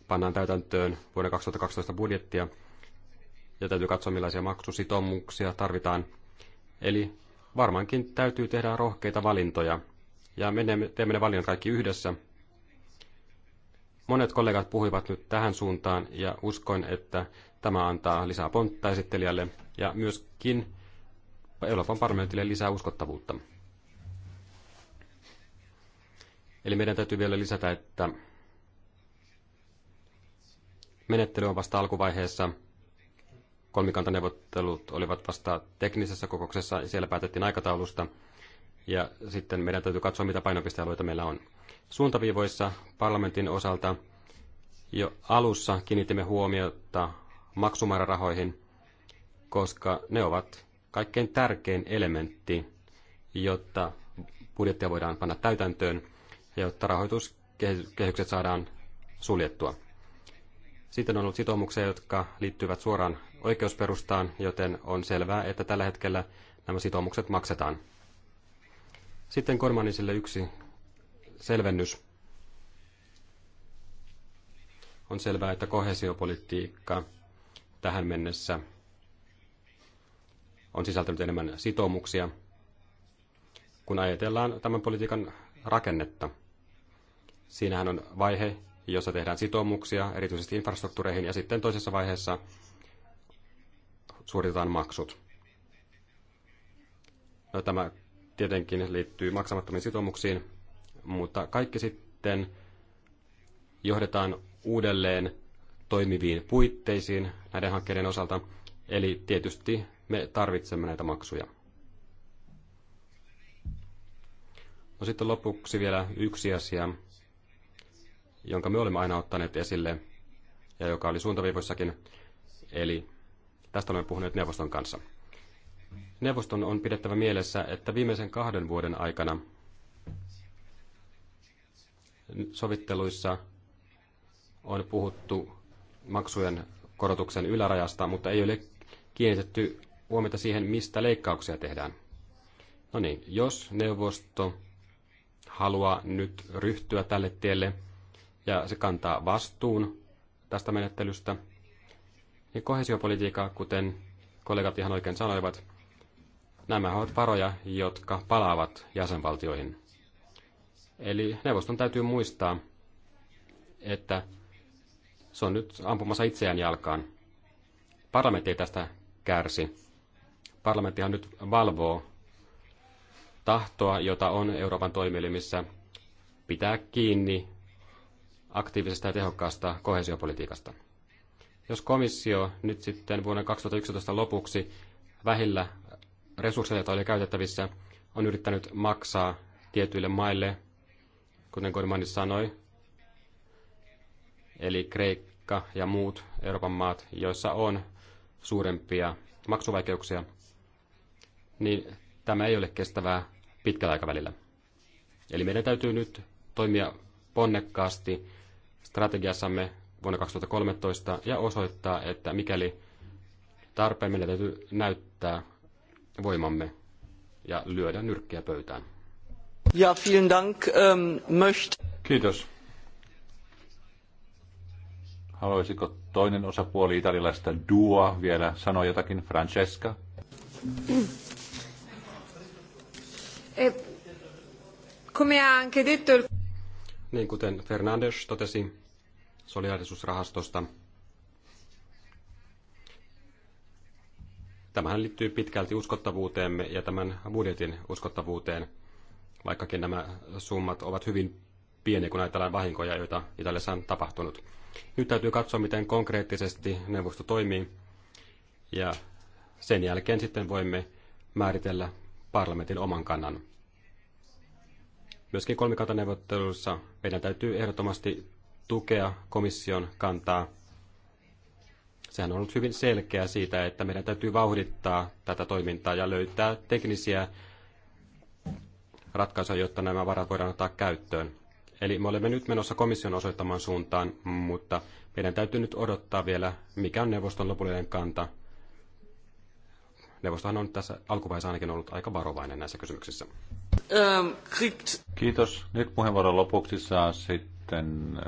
pannaan täytäntöön vuoden 2012 budjettia. Ja täytyy katsoa, millaisia maksusitoumuksia tarvitaan. Eli varmaankin täytyy tehdä rohkeita valintoja. Ja menemme, teemme ne valinnat kaikki yhdessä. Monet kollegat puhuivat nyt tähän suuntaan ja uskon, että tämä antaa lisää pontta esittelijälle ja myöskin Euroopan parlamentille lisää uskottavuutta. Eli meidän täytyy vielä lisätä, että menettely on vasta alkuvaiheessa. Kolmikantaneuvottelut olivat vasta teknisessä kokouksessa ja siellä päätettiin aikataulusta – ja sitten meidän täytyy katsoa, mitä painopistealueita meillä on. Suuntaviivoissa parlamentin osalta jo alussa kiinnitimme huomiota maksumäärärahoihin, koska ne ovat kaikkein tärkein elementti, jotta budjettia voidaan panna täytäntöön ja jotta rahoituskehykset saadaan suljettua. Sitten on ollut sitoumuksia, jotka liittyvät suoraan oikeusperustaan, joten on selvää, että tällä hetkellä nämä sitoumukset maksetaan. Sitten Kormanisille yksi selvennys. On selvää, että kohesiopolitiikka tähän mennessä on sisältänyt enemmän sitoumuksia, kun ajatellaan tämän politiikan rakennetta. Siinähän on vaihe, jossa tehdään sitoumuksia erityisesti infrastruktuureihin ja sitten toisessa vaiheessa suoritetaan maksut. No, tämä tietenkin liittyy maksamattomiin sitoumuksiin, mutta kaikki sitten johdetaan uudelleen toimiviin puitteisiin näiden hankkeiden osalta, eli tietysti me tarvitsemme näitä maksuja. No sitten lopuksi vielä yksi asia, jonka me olemme aina ottaneet esille ja joka oli suuntaviivoissakin, eli tästä olemme puhuneet neuvoston kanssa. Neuvoston on pidettävä mielessä, että viimeisen kahden vuoden aikana sovitteluissa on puhuttu maksujen korotuksen ylärajasta, mutta ei ole kiinnitetty huomiota siihen, mistä leikkauksia tehdään. No niin, jos neuvosto haluaa nyt ryhtyä tälle tielle ja se kantaa vastuun tästä menettelystä, niin kohesiopolitiikka, kuten kollegat ihan oikein sanoivat, Nämä ovat varoja, jotka palaavat jäsenvaltioihin. Eli neuvoston täytyy muistaa, että se on nyt ampumassa itseään jalkaan. Parlamentti ei tästä kärsi. Parlamenttihan nyt valvoo tahtoa, jota on Euroopan toimielimissä pitää kiinni aktiivisesta ja tehokkaasta kohesiopolitiikasta. Jos komissio nyt sitten vuoden 2011 lopuksi vähillä resursseja, joita oli käytettävissä, on yrittänyt maksaa tietyille maille, kuten Gormani sanoi, eli Kreikka ja muut Euroopan maat, joissa on suurempia maksuvaikeuksia, niin tämä ei ole kestävää pitkällä aikavälillä. Eli meidän täytyy nyt toimia ponnekkaasti strategiassamme vuonna 2013 ja osoittaa, että mikäli tarpeen, meidän täytyy näyttää voimamme ja lyödä nyrkkiä pöytään. Ja, vielen dank, ähm, möcht... Kiitos. Haluaisiko toinen osapuoli italialaista Duo vielä sanoa jotakin? Francesca? E, anche detto... Niin kuten Fernandes totesi solidaarisuusrahastosta, Tämähän liittyy pitkälti uskottavuuteemme ja tämän budjetin uskottavuuteen, vaikkakin nämä summat ovat hyvin pieniä, kun ajatellaan vahinkoja, joita Italiassa on tapahtunut. Nyt täytyy katsoa, miten konkreettisesti neuvosto toimii, ja sen jälkeen sitten voimme määritellä parlamentin oman kannan. Myöskin kolmikantaneuvotteluissa meidän täytyy ehdottomasti tukea komission kantaa Sehän on ollut hyvin selkeä siitä, että meidän täytyy vauhdittaa tätä toimintaa ja löytää teknisiä ratkaisuja, jotta nämä varat voidaan ottaa käyttöön. Eli me olemme nyt menossa komission osoittamaan suuntaan, mutta meidän täytyy nyt odottaa vielä, mikä on neuvoston lopullinen kanta. Neuvostohan on tässä alkuvaiheessa ainakin ollut aika varovainen näissä kysymyksissä. Ähm, Kiitos. Nyt puheenvuoron lopuksi saa sitten äh,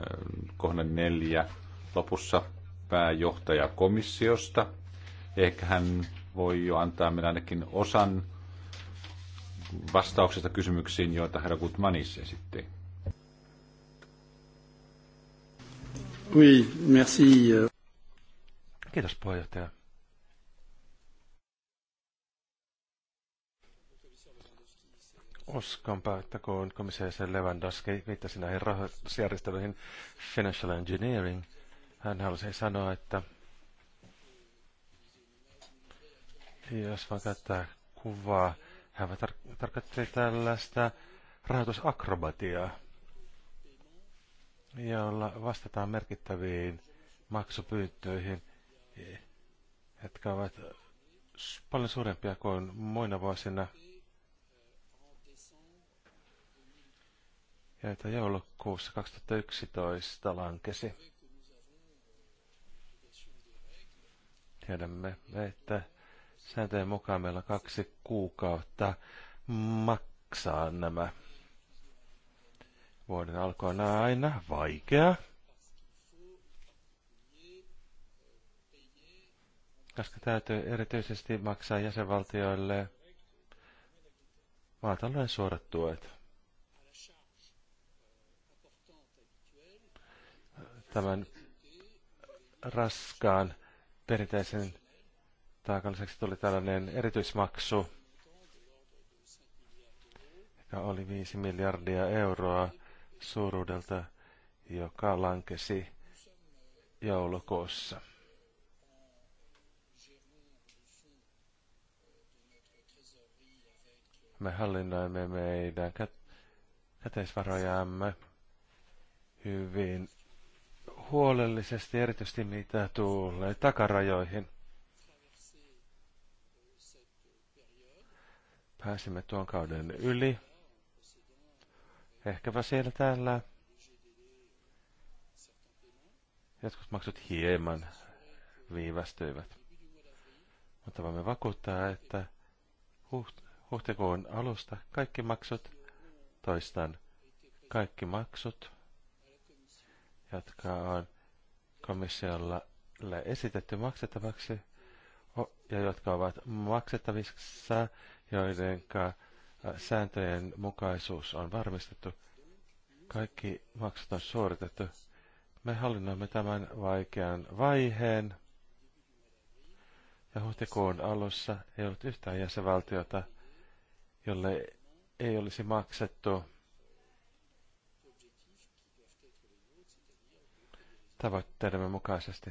kohde neljä lopussa pääjohtaja komissiosta. Ehkä hän voi jo antaa meille ainakin osan vastauksesta kysymyksiin, joita herra Gutmanis esitti. Oui, merci. Kiitos puheenjohtaja. Oskan päättäkoon kun komissaari Lewandowski viittasi näihin rahoitusjärjestelyihin Financial Engineering – hän halusi sanoa, että jos vaan käyttää kuvaa, hän tar- tarkoitti tällaista rahoitusakrobatiaa, jolla vastataan merkittäviin maksupyyntöihin, jotka ovat paljon suurempia kuin muina vuosina, että joulukuussa 2011 lankesi. Tiedämme, että sääntöjen mukaan meillä on kaksi kuukautta maksaa nämä. Vuoden alku on aina vaikea. koska täytyy erityisesti maksaa jäsenvaltioille maatalouden suorat tuet. Tämän raskaan perinteisen taakan lisäksi tuli tällainen erityismaksu, joka oli 5 miljardia euroa suuruudelta, joka lankesi joulukuussa. Me hallinnoimme meidän käteisvarojamme hyvin huolellisesti, erityisesti mitä tulee takarajoihin. Pääsimme tuon kauden yli. Ehkäpä siellä täällä jotkut maksut hieman viivästyivät. Mutta voimme vakuuttaa, että huht- huhtikuun alusta kaikki maksut, toistan, kaikki maksut jotka on komissiolla esitetty maksettavaksi ja jotka ovat maksettavissa, joiden äh, sääntöjen mukaisuus on varmistettu. Kaikki maksut on suoritettu. Me hallinnoimme tämän vaikean vaiheen. Ja huhtikuun alussa ei ollut yhtään jäsenvaltiota, jolle ei olisi maksettu tavoitteidemme mukaisesti.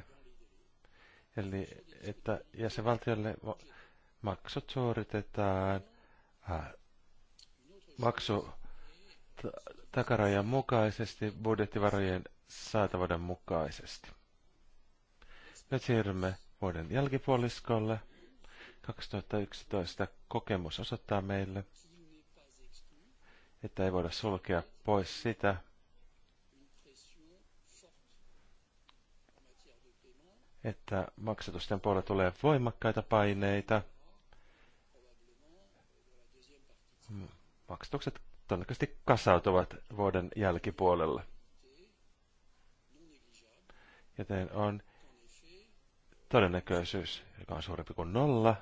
Eli että jäsenvaltiolle maksut suoritetaan äh, maksu takarajan mukaisesti budjettivarojen saatavuuden mukaisesti. Nyt siirrymme vuoden jälkipuoliskolle. 2011 kokemus osoittaa meille, että ei voida sulkea pois sitä, että maksatusten puolella tulee voimakkaita paineita. Maksatukset todennäköisesti kasautuvat vuoden jälkipuolella. Joten on todennäköisyys, joka on suurempi kuin nolla,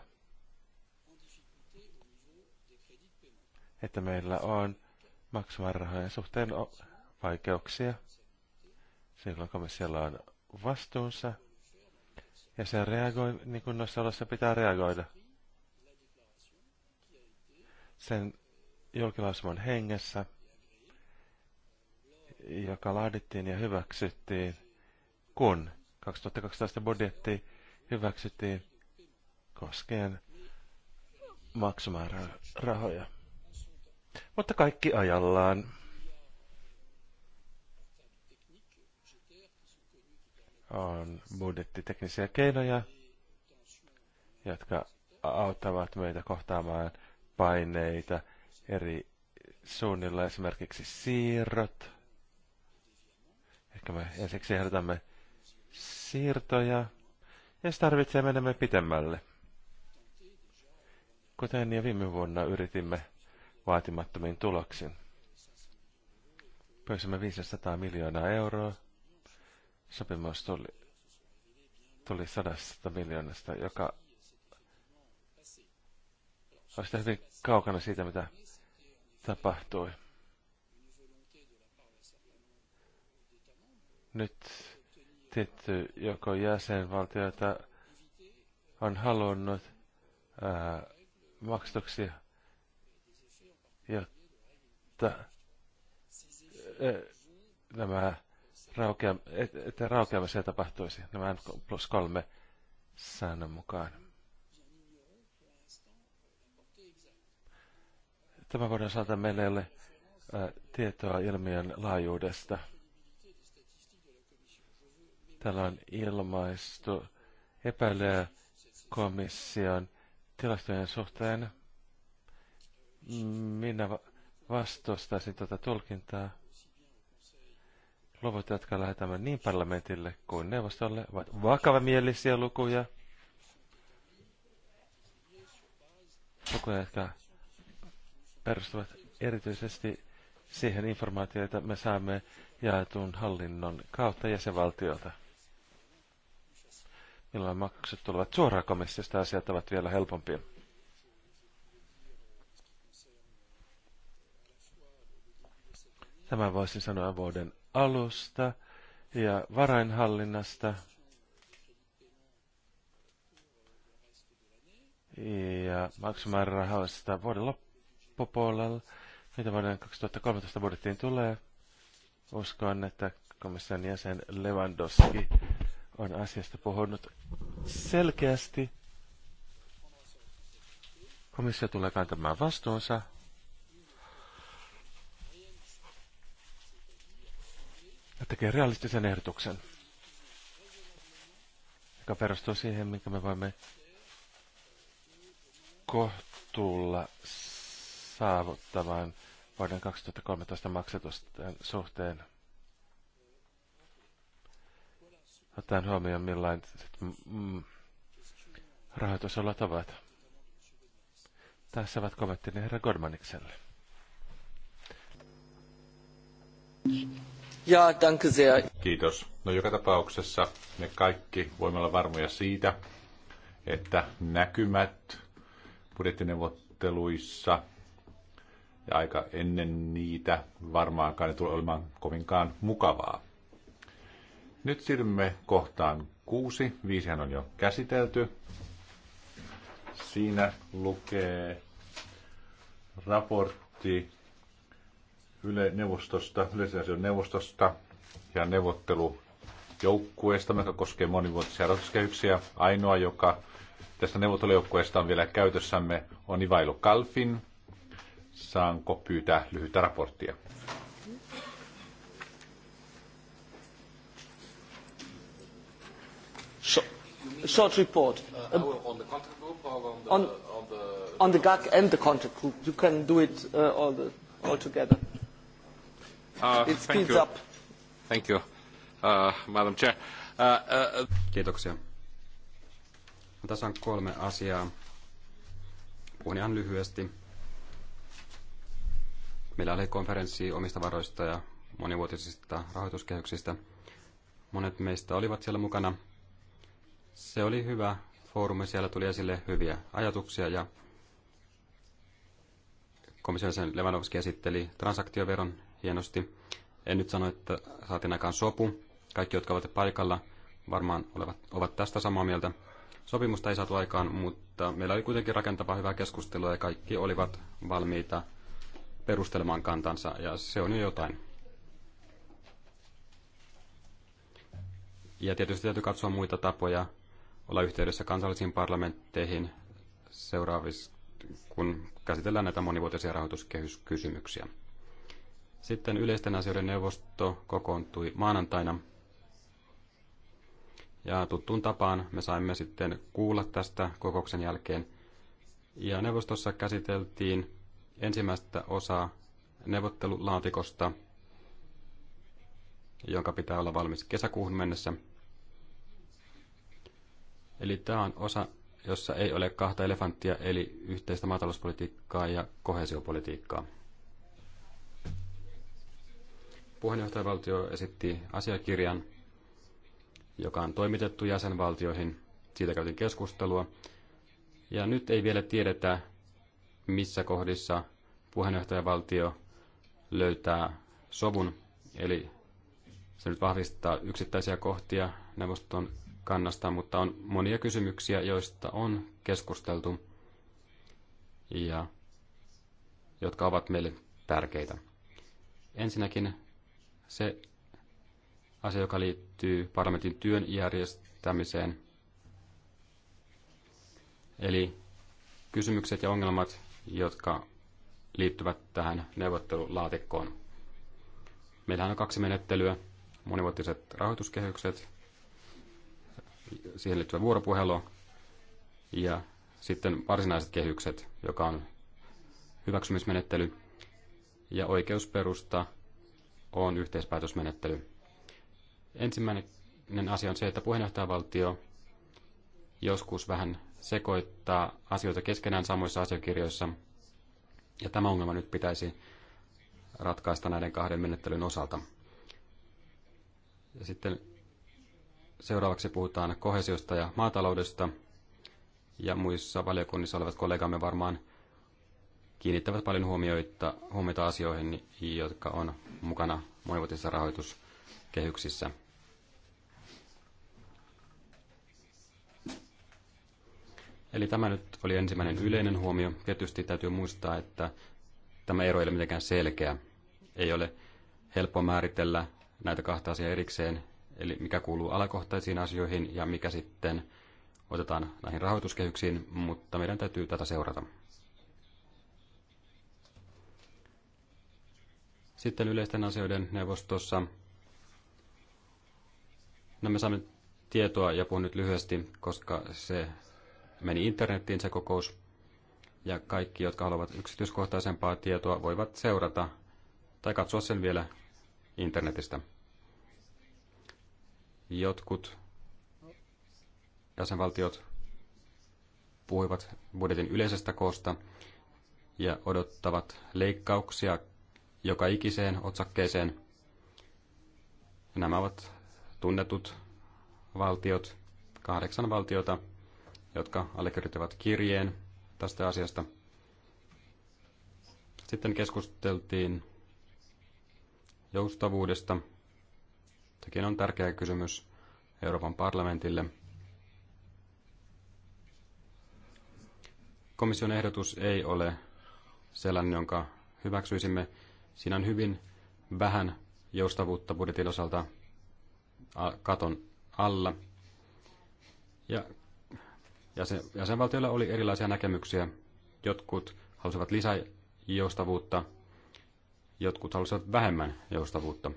että meillä on maksumäärärahojen suhteen vaikeuksia silloin, komissiolla on vastuunsa – ja se reagoi niin kuin noissa oloissa pitää reagoida. Sen julkilausuman hengessä, joka laadittiin ja hyväksyttiin, kun 2012 budjetti hyväksyttiin koskien maksumäärärahoja. Mutta kaikki ajallaan. on budjettiteknisiä keinoja, jotka auttavat meitä kohtaamaan paineita eri suunnilla, esimerkiksi siirrot. Ehkä me ensiksi ehdotamme siirtoja, ja se tarvitsee menemme pitemmälle. Kuten jo viime vuonna yritimme vaatimattomiin tuloksiin. Pöysimme 500 miljoonaa euroa sopimus tuli, tuli sadasta miljoonasta, joka olisi hyvin kaukana siitä, mitä tapahtui. Nyt tietty joko jäsenvaltioita on halunnut ää, maksatuksia, jotta ää, nämä että raukeamisia tapahtuisi nämä N plus kolme säännön mukaan. Tämä voidaan saada meille ole tietoa ilmiön laajuudesta. Täällä on ilmaistu epäilyä komission tilastojen suhteen. Minä vastustaisin tuota tulkintaa. Luvut, jotka lähetämme niin parlamentille kuin neuvostolle, ovat vakavamielisiä lukuja. Lukuja, jotka perustuvat erityisesti siihen informaatioon, jota me saamme jaetun hallinnon kautta jäsenvaltiota. Milloin maksut tulevat suoraan komissiosta, asiat ovat vielä helpompia. Tämän voisin sanoa vuoden alusta ja varainhallinnasta. Ja maksumäärärahoista vuoden loppupuolella, mitä vuoden 2013 budjettiin tulee. Uskon, että komission jäsen Lewandowski on asiasta puhunut selkeästi. Komissio tulee kantamaan vastuunsa ja tekee realistisen ehdotuksen, joka perustuu siihen, minkä me voimme kohtuulla saavuttavan vuoden 2013 maksatusten suhteen. Otetaan huomioon, millainen mm, rahoitusolot ovat. Tässä ovat kommenttini herra Godmanikselle. Ja, danke sehr. Kiitos. No joka tapauksessa me kaikki voimme olla varmoja siitä, että näkymät budjettineuvotteluissa ja aika ennen niitä varmaankaan ne tulee olemaan kovinkaan mukavaa. Nyt siirrymme kohtaan kuusi. Viisihän on jo käsitelty. Siinä lukee raportti yle neuvostosta, yleisrasion neuvostosta ja neuvottelujoukkueesta, joka koskee monivuotisia rahoituskehyksiä. Ainoa, joka tästä neuvottelujoukkueesta on vielä käytössämme, on Ivailo Kalfin. Saanko pyytää lyhyitä raporttia? short report. Uh, on the contact group or on the... On, on the, on the GAC and the contact group. You can do it uh, all, the, all together. Uh, uh, uh, Kiitoksia. No, tässä on kolme asiaa. Puhun ihan lyhyesti. Meillä oli konferenssi omista varoista ja monivuotisista rahoituskehyksistä. Monet meistä olivat siellä mukana. Se oli hyvä foorumi, siellä tuli esille hyviä ajatuksia ja komission Lewandowski esitteli transaktioveron hienosti. En nyt sano, että saatiin aikaan sopu. Kaikki, jotka ovat paikalla, varmaan olevat, ovat tästä samaa mieltä. Sopimusta ei saatu aikaan, mutta meillä oli kuitenkin rakentava hyvä keskustelua ja kaikki olivat valmiita perustelemaan kantansa ja se on jo jotain. Ja tietysti täytyy katsoa muita tapoja olla yhteydessä kansallisiin parlamentteihin seuraavissa, kun käsitellään näitä monivuotisia rahoituskehyskysymyksiä. Sitten yleisten asioiden neuvosto kokoontui maanantaina. Ja tuttuun tapaan me saimme sitten kuulla tästä kokouksen jälkeen. Ja neuvostossa käsiteltiin ensimmäistä osaa neuvottelulaatikosta, jonka pitää olla valmis kesäkuuhun mennessä. Eli tämä on osa, jossa ei ole kahta elefanttia, eli yhteistä maatalouspolitiikkaa ja kohesiopolitiikkaa. Puheenjohtajavaltio esitti asiakirjan, joka on toimitettu jäsenvaltioihin. Siitä käytiin keskustelua. Ja nyt ei vielä tiedetä, missä kohdissa puheenjohtajavaltio löytää sovun. Eli se nyt vahvistaa yksittäisiä kohtia neuvoston kannasta, mutta on monia kysymyksiä, joista on keskusteltu ja jotka ovat meille tärkeitä. Ensinnäkin se asia, joka liittyy parlamentin työn järjestämiseen. Eli kysymykset ja ongelmat, jotka liittyvät tähän neuvottelulaatikkoon. Meillähän on kaksi menettelyä, monivuotiset rahoituskehykset, siihen liittyvä vuoropuhelu ja sitten varsinaiset kehykset, joka on hyväksymismenettely ja oikeusperusta on yhteispäätösmenettely. Ensimmäinen asia on se, että puheenjohtajavaltio joskus vähän sekoittaa asioita keskenään samoissa asiakirjoissa, ja tämä ongelma nyt pitäisi ratkaista näiden kahden menettelyn osalta. Ja sitten seuraavaksi puhutaan kohesiosta ja maataloudesta, ja muissa valiokunnissa olevat kollegamme varmaan kiinnittävät paljon huomioita, huomioita asioihin, jotka on mukana monivuotisissa rahoituskehyksissä. Eli tämä nyt oli ensimmäinen yleinen huomio. Tietysti täytyy muistaa, että tämä ero ei ole mitenkään selkeä. Ei ole helppo määritellä näitä kahta asiaa erikseen, eli mikä kuuluu alakohtaisiin asioihin ja mikä sitten otetaan näihin rahoituskehyksiin, mutta meidän täytyy tätä seurata. Sitten yleisten asioiden neuvostossa. No me saamme tietoa ja puhun nyt lyhyesti, koska se meni internettiin se kokous. Ja kaikki, jotka haluavat yksityiskohtaisempaa tietoa, voivat seurata tai katsoa sen vielä internetistä. Jotkut jäsenvaltiot puhuivat budjetin yleisestä koosta ja odottavat leikkauksia joka ikiseen otsakkeeseen. Nämä ovat tunnetut valtiot, kahdeksan valtiota, jotka allekirjoittivat kirjeen tästä asiasta. Sitten keskusteltiin joustavuudesta. Sekin on tärkeä kysymys Euroopan parlamentille. Komission ehdotus ei ole sellainen, jonka hyväksyisimme, Siinä on hyvin vähän joustavuutta budjetin osalta katon alla. Ja jäsen, jäsenvaltioilla oli erilaisia näkemyksiä. Jotkut halusivat lisää joustavuutta, jotkut halusivat vähemmän joustavuutta.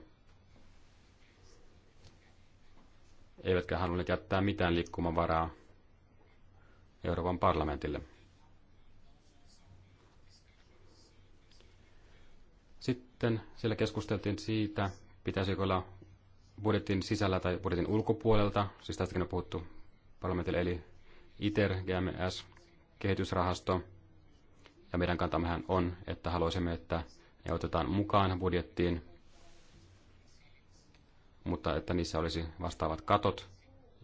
Eivätkä halunneet jättää mitään liikkumavaraa Euroopan parlamentille. Sitten siellä keskusteltiin siitä, pitäisikö olla budjetin sisällä tai budjetin ulkopuolelta, siis tästäkin on puhuttu parlamentille, eli ITER, GMS, kehitysrahasto. Ja meidän kantamahan on, että haluaisimme, että ne otetaan mukaan budjettiin, mutta että niissä olisi vastaavat katot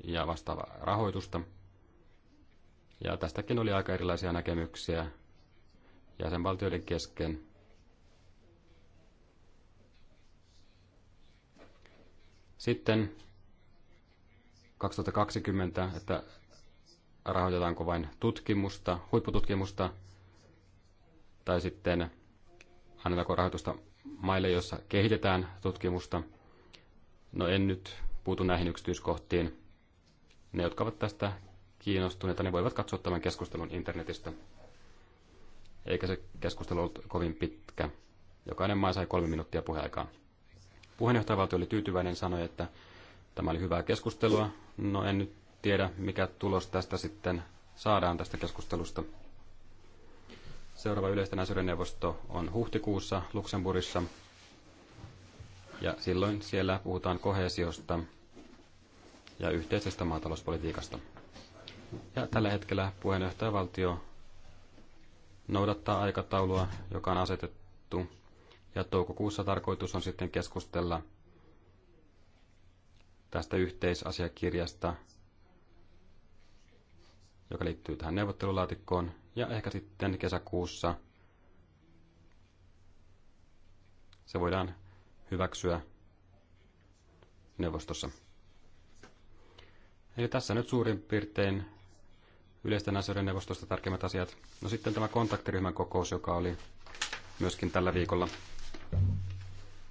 ja vastaava rahoitusta. Ja tästäkin oli aika erilaisia näkemyksiä jäsenvaltioiden kesken. Sitten 2020, että rahoitetaanko vain tutkimusta, huippututkimusta, tai sitten annetaanko rahoitusta maille, joissa kehitetään tutkimusta. No en nyt puutu näihin yksityiskohtiin. Ne, jotka ovat tästä kiinnostuneita, ne voivat katsoa tämän keskustelun internetistä. Eikä se keskustelu ollut kovin pitkä. Jokainen maa sai kolme minuuttia puheaikaa. Puheenjohtajavaltio oli tyytyväinen sanoi, että tämä oli hyvää keskustelua. No en nyt tiedä, mikä tulos tästä sitten saadaan tästä keskustelusta. Seuraava yleisten asioiden neuvosto on huhtikuussa Luxemburgissa. Ja silloin siellä puhutaan kohesiosta ja yhteisestä maatalouspolitiikasta. Ja tällä hetkellä puheenjohtajavaltio noudattaa aikataulua, joka on asetettu ja toukokuussa tarkoitus on sitten keskustella tästä yhteisasiakirjasta, joka liittyy tähän neuvottelulaatikkoon. Ja ehkä sitten kesäkuussa se voidaan hyväksyä neuvostossa. Eli tässä nyt suurin piirtein yleisten asioiden neuvostosta tarkemmat asiat. No sitten tämä kontaktiryhmän kokous, joka oli myöskin tällä viikolla.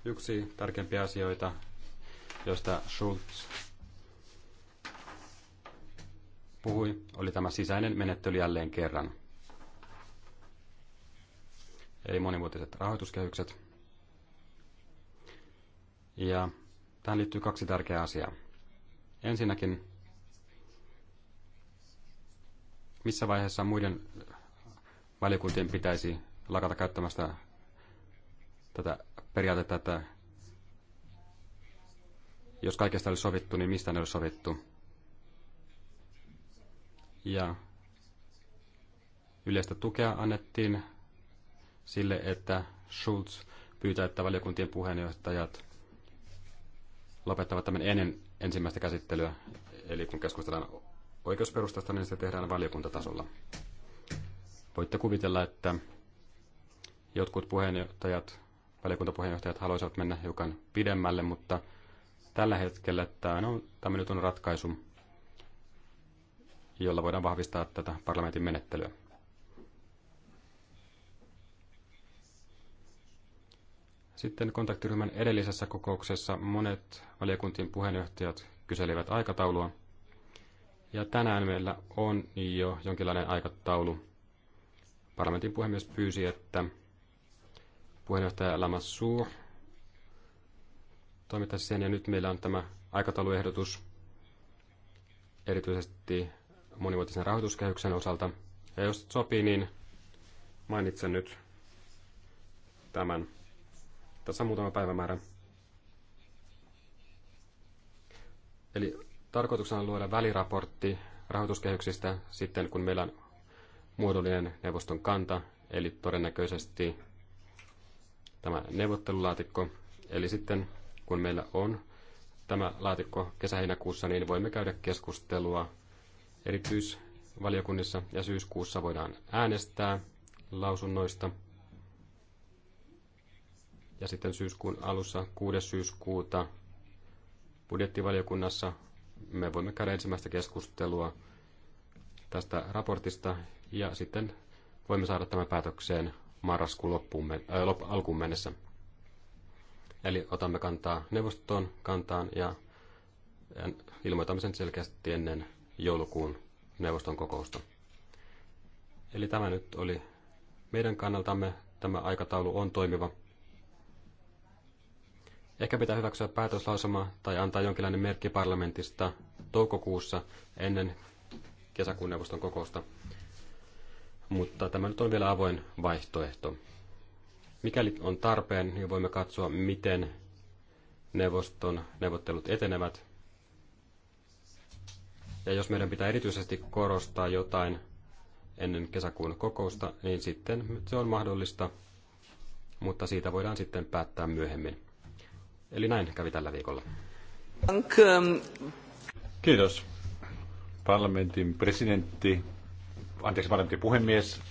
Yksi tärkeimpiä asioita, josta Schulz puhui, oli tämä sisäinen menettely jälleen kerran. Eli monivuotiset rahoituskehykset. Ja tähän liittyy kaksi tärkeää asiaa. Ensinnäkin, missä vaiheessa muiden valiokuntien pitäisi lakata käyttämästä tätä periaate tätä, jos kaikesta olisi sovittu, niin mistä ne olisi sovittu? Ja yleistä tukea annettiin sille, että Schulz pyytää, että valiokuntien puheenjohtajat lopettavat tämän ennen ensimmäistä käsittelyä. Eli kun keskustellaan oikeusperustasta, niin se tehdään valiokuntatasolla. Voitte kuvitella, että jotkut puheenjohtajat valiokuntapuheenjohtajat haluaisivat mennä hiukan pidemmälle, mutta tällä hetkellä tämä, no, tämä nyt on ratkaisu, jolla voidaan vahvistaa tätä parlamentin menettelyä. Sitten kontaktiryhmän edellisessä kokouksessa monet valiokuntien puheenjohtajat kyselivät aikataulua. Ja tänään meillä on jo jonkinlainen aikataulu. Parlamentin puhemies pyysi, että puheenjohtaja Lamassu toimittaisi sen, ja nyt meillä on tämä aikatauluehdotus erityisesti monivuotisen rahoituskehyksen osalta. Ja jos sopii, niin mainitsen nyt tämän. Tässä on muutama päivämäärä. Eli tarkoituksena on luoda väliraportti rahoituskehyksistä sitten, kun meillä on muodollinen neuvoston kanta, eli todennäköisesti tämä neuvottelulaatikko. Eli sitten kun meillä on tämä laatikko kesä-heinäkuussa, niin voimme käydä keskustelua erityisvaliokunnissa ja syyskuussa voidaan äänestää lausunnoista. Ja sitten syyskuun alussa 6. syyskuuta budjettivaliokunnassa me voimme käydä ensimmäistä keskustelua tästä raportista ja sitten voimme saada tämän päätökseen marraskuun loppuun, äh, alkuun mennessä. Eli otamme kantaa neuvostoon kantaan ja ilmoitamme sen selkeästi ennen joulukuun neuvoston kokousta. Eli tämä nyt oli meidän kannaltamme. Tämä aikataulu on toimiva. Ehkä pitää hyväksyä päätöslausuma tai antaa jonkinlainen merkki parlamentista toukokuussa ennen kesäkuun neuvoston kokousta mutta tämä nyt on vielä avoin vaihtoehto. Mikäli on tarpeen, niin voimme katsoa, miten neuvoston neuvottelut etenevät. Ja jos meidän pitää erityisesti korostaa jotain ennen kesäkuun kokousta, niin sitten se on mahdollista, mutta siitä voidaan sitten päättää myöhemmin. Eli näin kävi tällä viikolla. Ähm. Kiitos. Parlamentin presidentti anteeksi, valmiimpi puhemies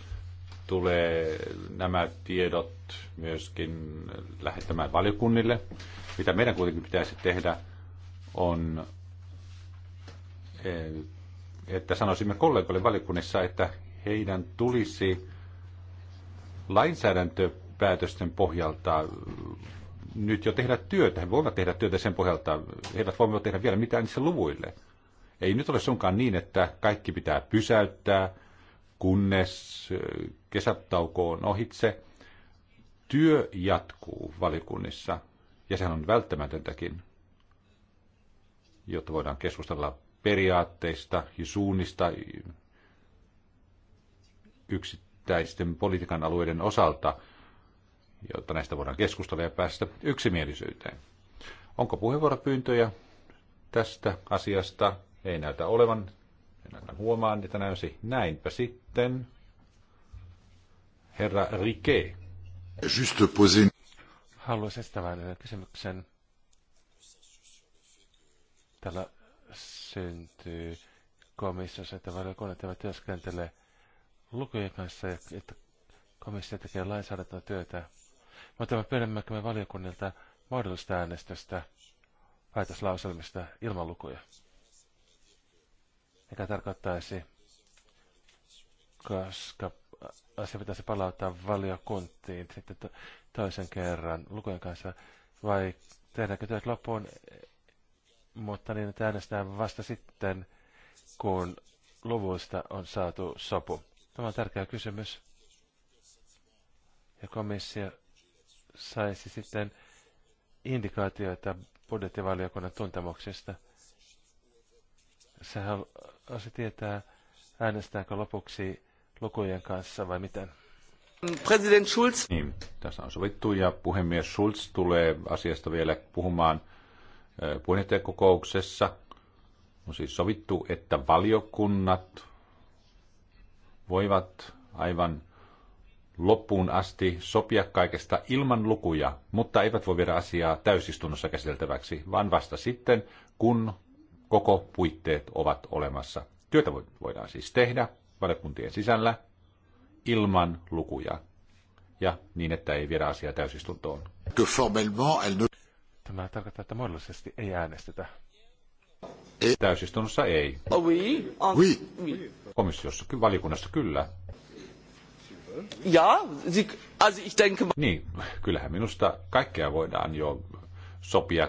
tulee nämä tiedot myöskin lähettämään valiokunnille. Mitä meidän kuitenkin pitäisi tehdä on, eh, että sanoisimme kollegoille valiokunnissa, että heidän tulisi lainsäädäntöpäätösten pohjalta nyt jo tehdä työtä. He voivat tehdä työtä sen pohjalta. He eivät voi tehdä vielä mitään niissä luvuille. Ei nyt ole sunkaan niin, että kaikki pitää pysäyttää – kunnes kesätauko on ohitse. Työ jatkuu valiokunnissa, ja sehän on välttämätöntäkin, jotta voidaan keskustella periaatteista ja suunnista yksittäisten politiikan alueiden osalta, jotta näistä voidaan keskustella ja päästä yksimielisyyteen. Onko puheenvuoropyyntöjä tästä asiasta? Ei näytä olevan huomaan, että näysi näinpä sitten. Herra Rike. Juste posin. Haluaisin sitä kysymyksen. Tällä syntyy komissiossa, että valiokunnat eivät työskentele lukujen kanssa, että komissio tekee lainsäädäntötyötä. Mutta me pyydämmekö me valiokunnilta mahdollista äänestystä päätöslauselmista ilman lukuja? mikä tarkoittaisi, koska asia pitäisi palauttaa valiokuntiin sitten to, toisen kerran lukujen kanssa, vai tehdäänkö työt loppuun, mutta niin, että äänestetään vasta sitten, kun luvuista on saatu sopu. Tämä on tärkeä kysymys. Ja komissio saisi sitten indikaatioita budjettivaliokunnan tuntemuksista. Sehän haluaisi äh, tietää, äänestääkö lopuksi lukujen kanssa vai miten? President Schulz. Niin, tässä on sovittu ja puhemies Schulz tulee asiasta vielä puhumaan äh, puheenjohtajakokouksessa. On siis sovittu, että valiokunnat voivat aivan loppuun asti sopia kaikesta ilman lukuja, mutta eivät voi viedä asiaa täysistunnossa käsiteltäväksi, vaan vasta sitten, kun koko puitteet ovat olemassa. Työtä voidaan siis tehdä valiokuntien sisällä ilman lukuja ja niin, että ei viedä asiaa täysistuntoon. Tämä tarkoittaa, että muodollisesti ei äänestetä. Ei. Täysistunnossa ei. Oh, oh, oui. Oui. Komissiossa, valiokunnassa kyllä. Ja, also ich denke... Niin, kyllähän minusta kaikkea voidaan jo sopia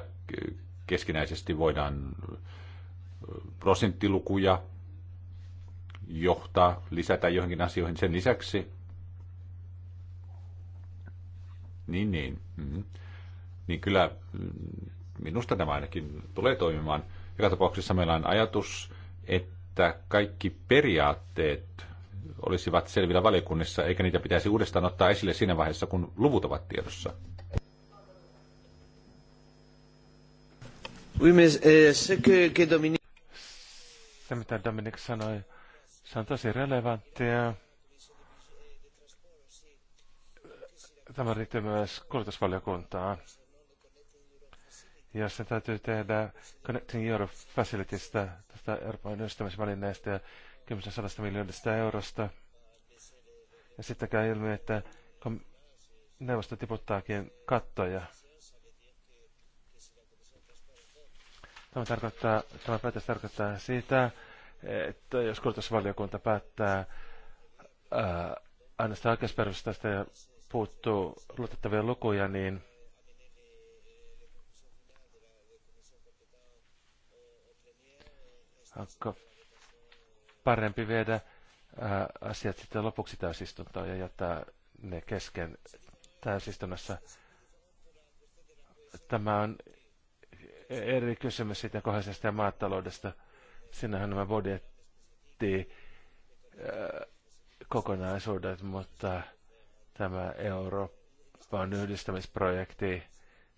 keskinäisesti, voidaan prosenttilukuja johtaa, lisätä johonkin asioihin sen lisäksi. Niin, niin. Mm-hmm. Niin kyllä mm, minusta tämä ainakin tulee toimimaan. Joka tapauksessa meillä on ajatus, että kaikki periaatteet olisivat selvillä valiokunnissa, eikä niitä pitäisi uudestaan ottaa esille siinä vaiheessa, kun luvut ovat tiedossa. Oui, mais, euh, ce que, que Dominique... Se, mitä Dominik sanoi, se on tosi relevanttia. Tämä liittyy myös kulutusvaliokuntaan. Ja sen täytyy tehdä Connecting Europe Facilitystä, tästä Euroopan yhdistämisvälineestä ja 10 miljoonasta eurosta. Ja sitten käy ilmi, että neuvosto tiputtaakin kattoja. Tämä, tarkoittaa, tämä päätös tarkoittaa sitä, että jos kultusvaliokunta päättää ää, äänestää oikeusperustasta ja puuttuu luotettavia lukuja, niin onko parempi viedä ää, asiat sitten lopuksi täysistuntoon ja jättää ne kesken täysistunnassa. Tämä on eri kysymys siitä kohdallisesta ja maataloudesta. Sinnehän nämä budjetti äh, kokonaisuudet, mutta tämä Euroopan yhdistämisprojekti,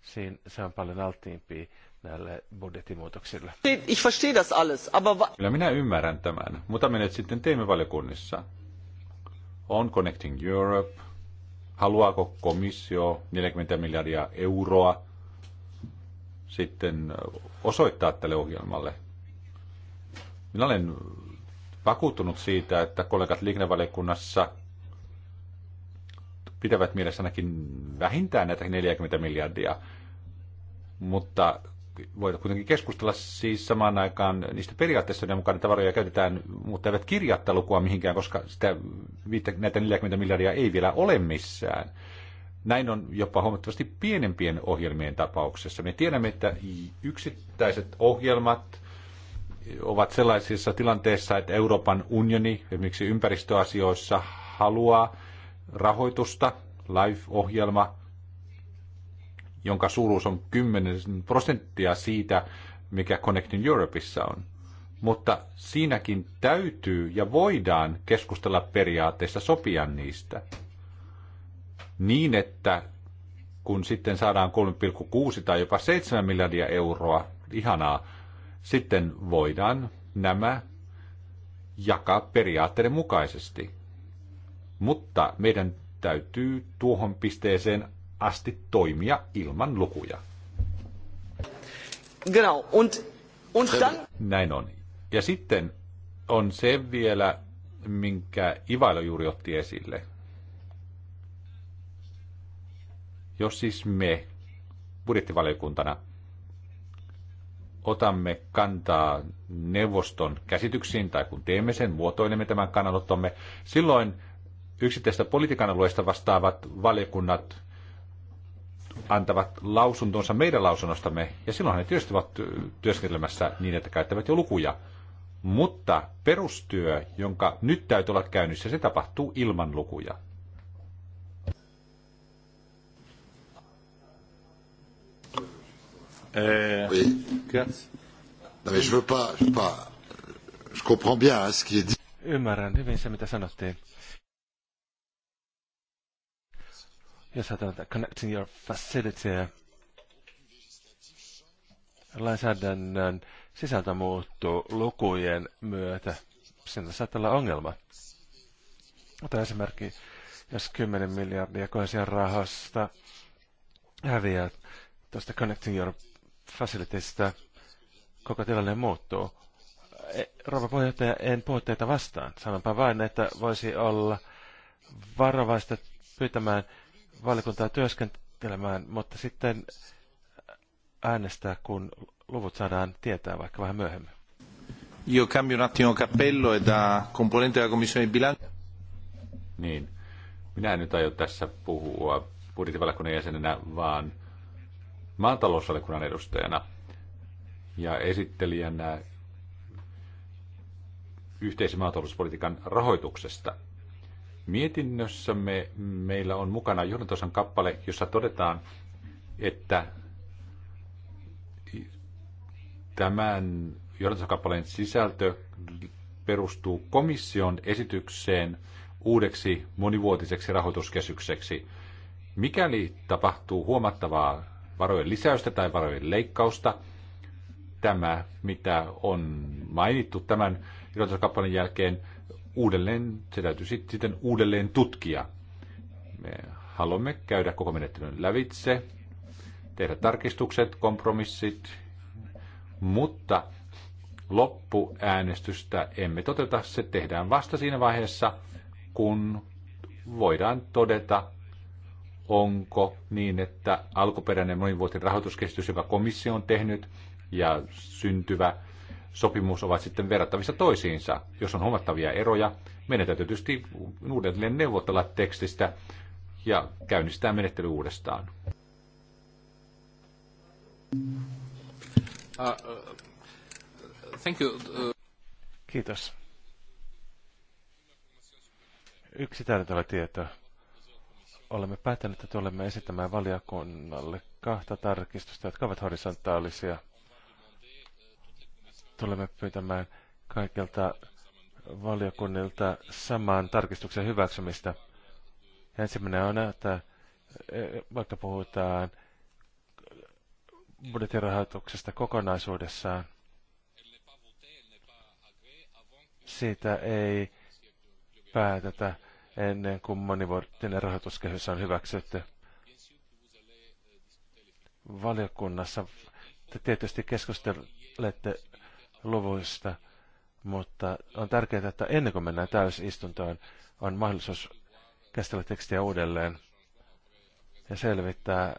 siinä se on paljon alttiimpi näille budjettimuutoksille. Ich verstehe das alles, aber... Kyllä minä ymmärrän tämän, mutta me nyt sitten teemme valiokunnissa. On Connecting Europe, haluaako komissio 40 miljardia euroa sitten osoittaa tälle ohjelmalle. Minä olen vakuuttunut siitä, että kollegat liikennevaliokunnassa pitävät mielessä ainakin vähintään näitä 40 miljardia, mutta voidaan kuitenkin keskustella siis samaan aikaan niistä periaatteista, joiden mukaan tavaroja käytetään, mutta eivät kirjatta lukua mihinkään, koska sitä, näitä 40 miljardia ei vielä ole missään. Näin on jopa huomattavasti pienempien ohjelmien tapauksessa. Me tiedämme, että yksittäiset ohjelmat ovat sellaisissa tilanteissa, että Euroopan unioni esimerkiksi ympäristöasioissa haluaa rahoitusta, live-ohjelma, jonka suuruus on 10 prosenttia siitä, mikä Connecting Europeissa on. Mutta siinäkin täytyy ja voidaan keskustella periaatteessa sopia niistä niin, että kun sitten saadaan 3,6 tai jopa 7 miljardia euroa, ihanaa, sitten voidaan nämä jakaa periaatteiden mukaisesti. Mutta meidän täytyy tuohon pisteeseen asti toimia ilman lukuja. Genau. Und, und dann... Näin on. Ja sitten on se vielä, minkä Ivailo juuri otti esille. Jos siis me budjettivaliokuntana otamme kantaa neuvoston käsityksiin tai kun teemme sen, muotoilemme tämän kannanottomme, silloin yksittäistä politiikan alueesta vastaavat valiokunnat antavat lausuntonsa meidän lausunnostamme, ja silloin he tietysti ovat työskentelemässä niin, että käyttävät jo lukuja. Mutta perustyö, jonka nyt täytyy olla käynnissä, se tapahtuu ilman lukuja. Euh... Oui. Non, mais je veux pas, je veux pas. Je comprends bien hein, ce qui est dit. Ymmärrän hyvin se, mitä sanottiin. Jos ajatellaan että Connecting Your facility, lainsäädännön sisältö muuttuu lukujen myötä. Siinä saattaa olla ongelma. Otan esimerkki, jos 10 miljardia koisia rahasta häviää tuosta Connecting your fasiliteista koko tilanne muuttuu. E, rouva puheenjohtaja, en puhu teitä vastaan. Sanonpa vain, että voisi olla varovaista pyytämään valikuntaa työskentelemään, mutta sitten äänestää, kun luvut saadaan tietää vaikka vähän myöhemmin. Io cambio un attimo cappello e da componente della Commissione bilancio. Niin, minä en nyt aio tässä puhua budjettivaliokunnan jäsenenä, vaan maatalousvaliokunnan edustajana ja esittelijänä yhteisen maatalouspolitiikan rahoituksesta. Mietinnössämme meillä on mukana johdantosan kappale, jossa todetaan, että tämän kappaleen sisältö perustuu komission esitykseen uudeksi monivuotiseksi rahoituskesykseksi. Mikäli tapahtuu huomattavaa varojen lisäystä tai varojen leikkausta. Tämä, mitä on mainittu tämän ilmoituskappaleen jälkeen, uudelleen, se täytyy sitten uudelleen tutkia. Me haluamme käydä koko menettelyn lävitse, tehdä tarkistukset, kompromissit, mutta loppuäänestystä emme toteuta. Se tehdään vasta siinä vaiheessa, kun voidaan todeta, onko niin, että alkuperäinen monivuotinen rahoituskehitys, joka komissio on tehnyt, ja syntyvä sopimus ovat sitten verrattavissa toisiinsa. Jos on huomattavia eroja, meidän täytyy tietysti uudelleen neuvotella tekstistä ja käynnistää menettely uudestaan. Uh, uh, thank you. Kiitos. Yksi tärkeä tieto olemme päättäneet, että tulemme esittämään valiokunnalle kahta tarkistusta, jotka ovat horisontaalisia. Tulemme pyytämään kaikilta valiokunnilta samaan tarkistuksen hyväksymistä. Ja ensimmäinen on, että e, vaikka puhutaan budjettirahoituksesta kokonaisuudessaan, siitä ei päätetä ennen kuin monivuotinen rahoituskehys on hyväksytty. Valiokunnassa te tietysti keskustelette luvuista, mutta on tärkeää, että ennen kuin mennään täysistuntoon, on mahdollisuus käsitellä tekstiä uudelleen ja selvittää,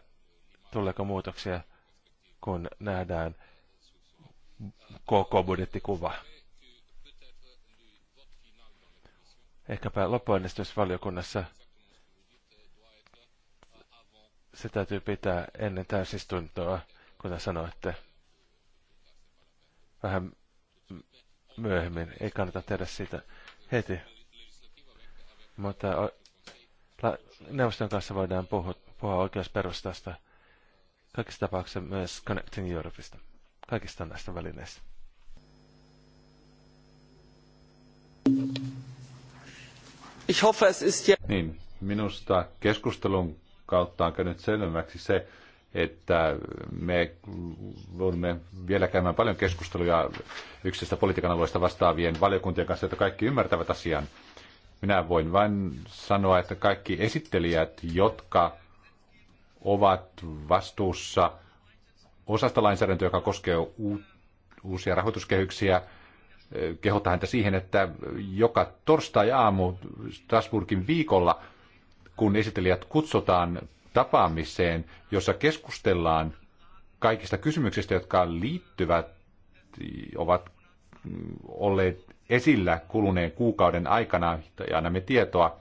tuleeko muutoksia, kun nähdään koko budjettikuva. ehkäpä loppuäänestysvaliokunnassa se täytyy pitää ennen täysistuntoa, kun sanoitte. Vähän myöhemmin. Ei kannata tehdä siitä heti. Mutta neuvoston kanssa voidaan puhua, puhua oikeusperustasta. Kaikissa tapauksissa myös Connecting Europeista. Kaikista näistä välineistä. Thank you. Ich hoffe, es ist ja... Niin, minusta keskustelun kautta on käynyt selvemmäksi se, että me voimme vielä käymään paljon keskusteluja yksistä politiikan alueista vastaavien valiokuntien kanssa, että kaikki ymmärtävät asian. Minä voin vain sanoa, että kaikki esittelijät, jotka ovat vastuussa osasta lainsäädäntöä, joka koskee uusia rahoituskehyksiä, kehottaa häntä siihen, että joka torstai-aamu Strasbourgin viikolla, kun esittelijät kutsutaan tapaamiseen, jossa keskustellaan kaikista kysymyksistä, jotka liittyvät, ovat olleet esillä kuluneen kuukauden aikana, ja annamme tietoa,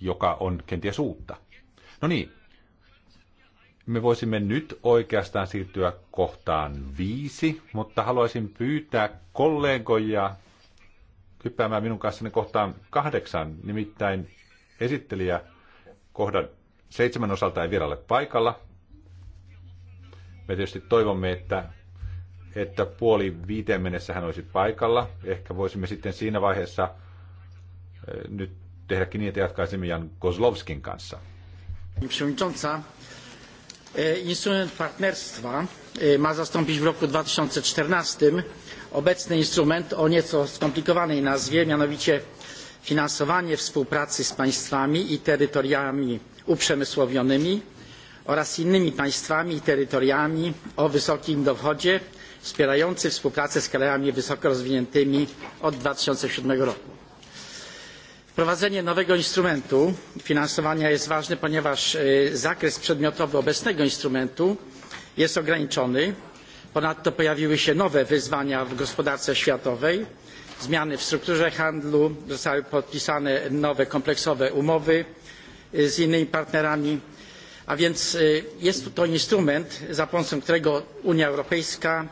joka on kenties uutta. No niin, me voisimme nyt oikeastaan siirtyä kohtaan viisi, mutta haluaisin pyytää kollegoja hyppäämään minun kanssani kohtaan kahdeksan, nimittäin esittelijä kohdan seitsemän osalta ei vielä ole paikalla. Me tietysti toivomme, että, että puoli viiteen mennessä hän olisi paikalla. Ehkä voisimme sitten siinä vaiheessa eh, nyt tehdäkin niin, että jatkaisimme Jan Kozlovskin kanssa. E, instrument partnerstwa e, ma zastąpić w roku 2014 obecny instrument o nieco skomplikowanej nazwie, mianowicie finansowanie współpracy z państwami i terytoriami uprzemysłowionymi oraz innymi państwami i terytoriami o wysokim dochodzie wspierający współpracę z krajami wysoko rozwiniętymi od 2007 roku. Wprowadzenie nowego instrumentu finansowania jest ważne, ponieważ e, zakres przedmiotowy obecnego instrumentu jest ograniczony. Ponadto pojawiły się nowe wyzwania w gospodarce światowej, zmiany w strukturze handlu, zostały podpisane nowe kompleksowe umowy e, z innymi partnerami, a więc e, jest to instrument, za pomocą którego Unia Europejska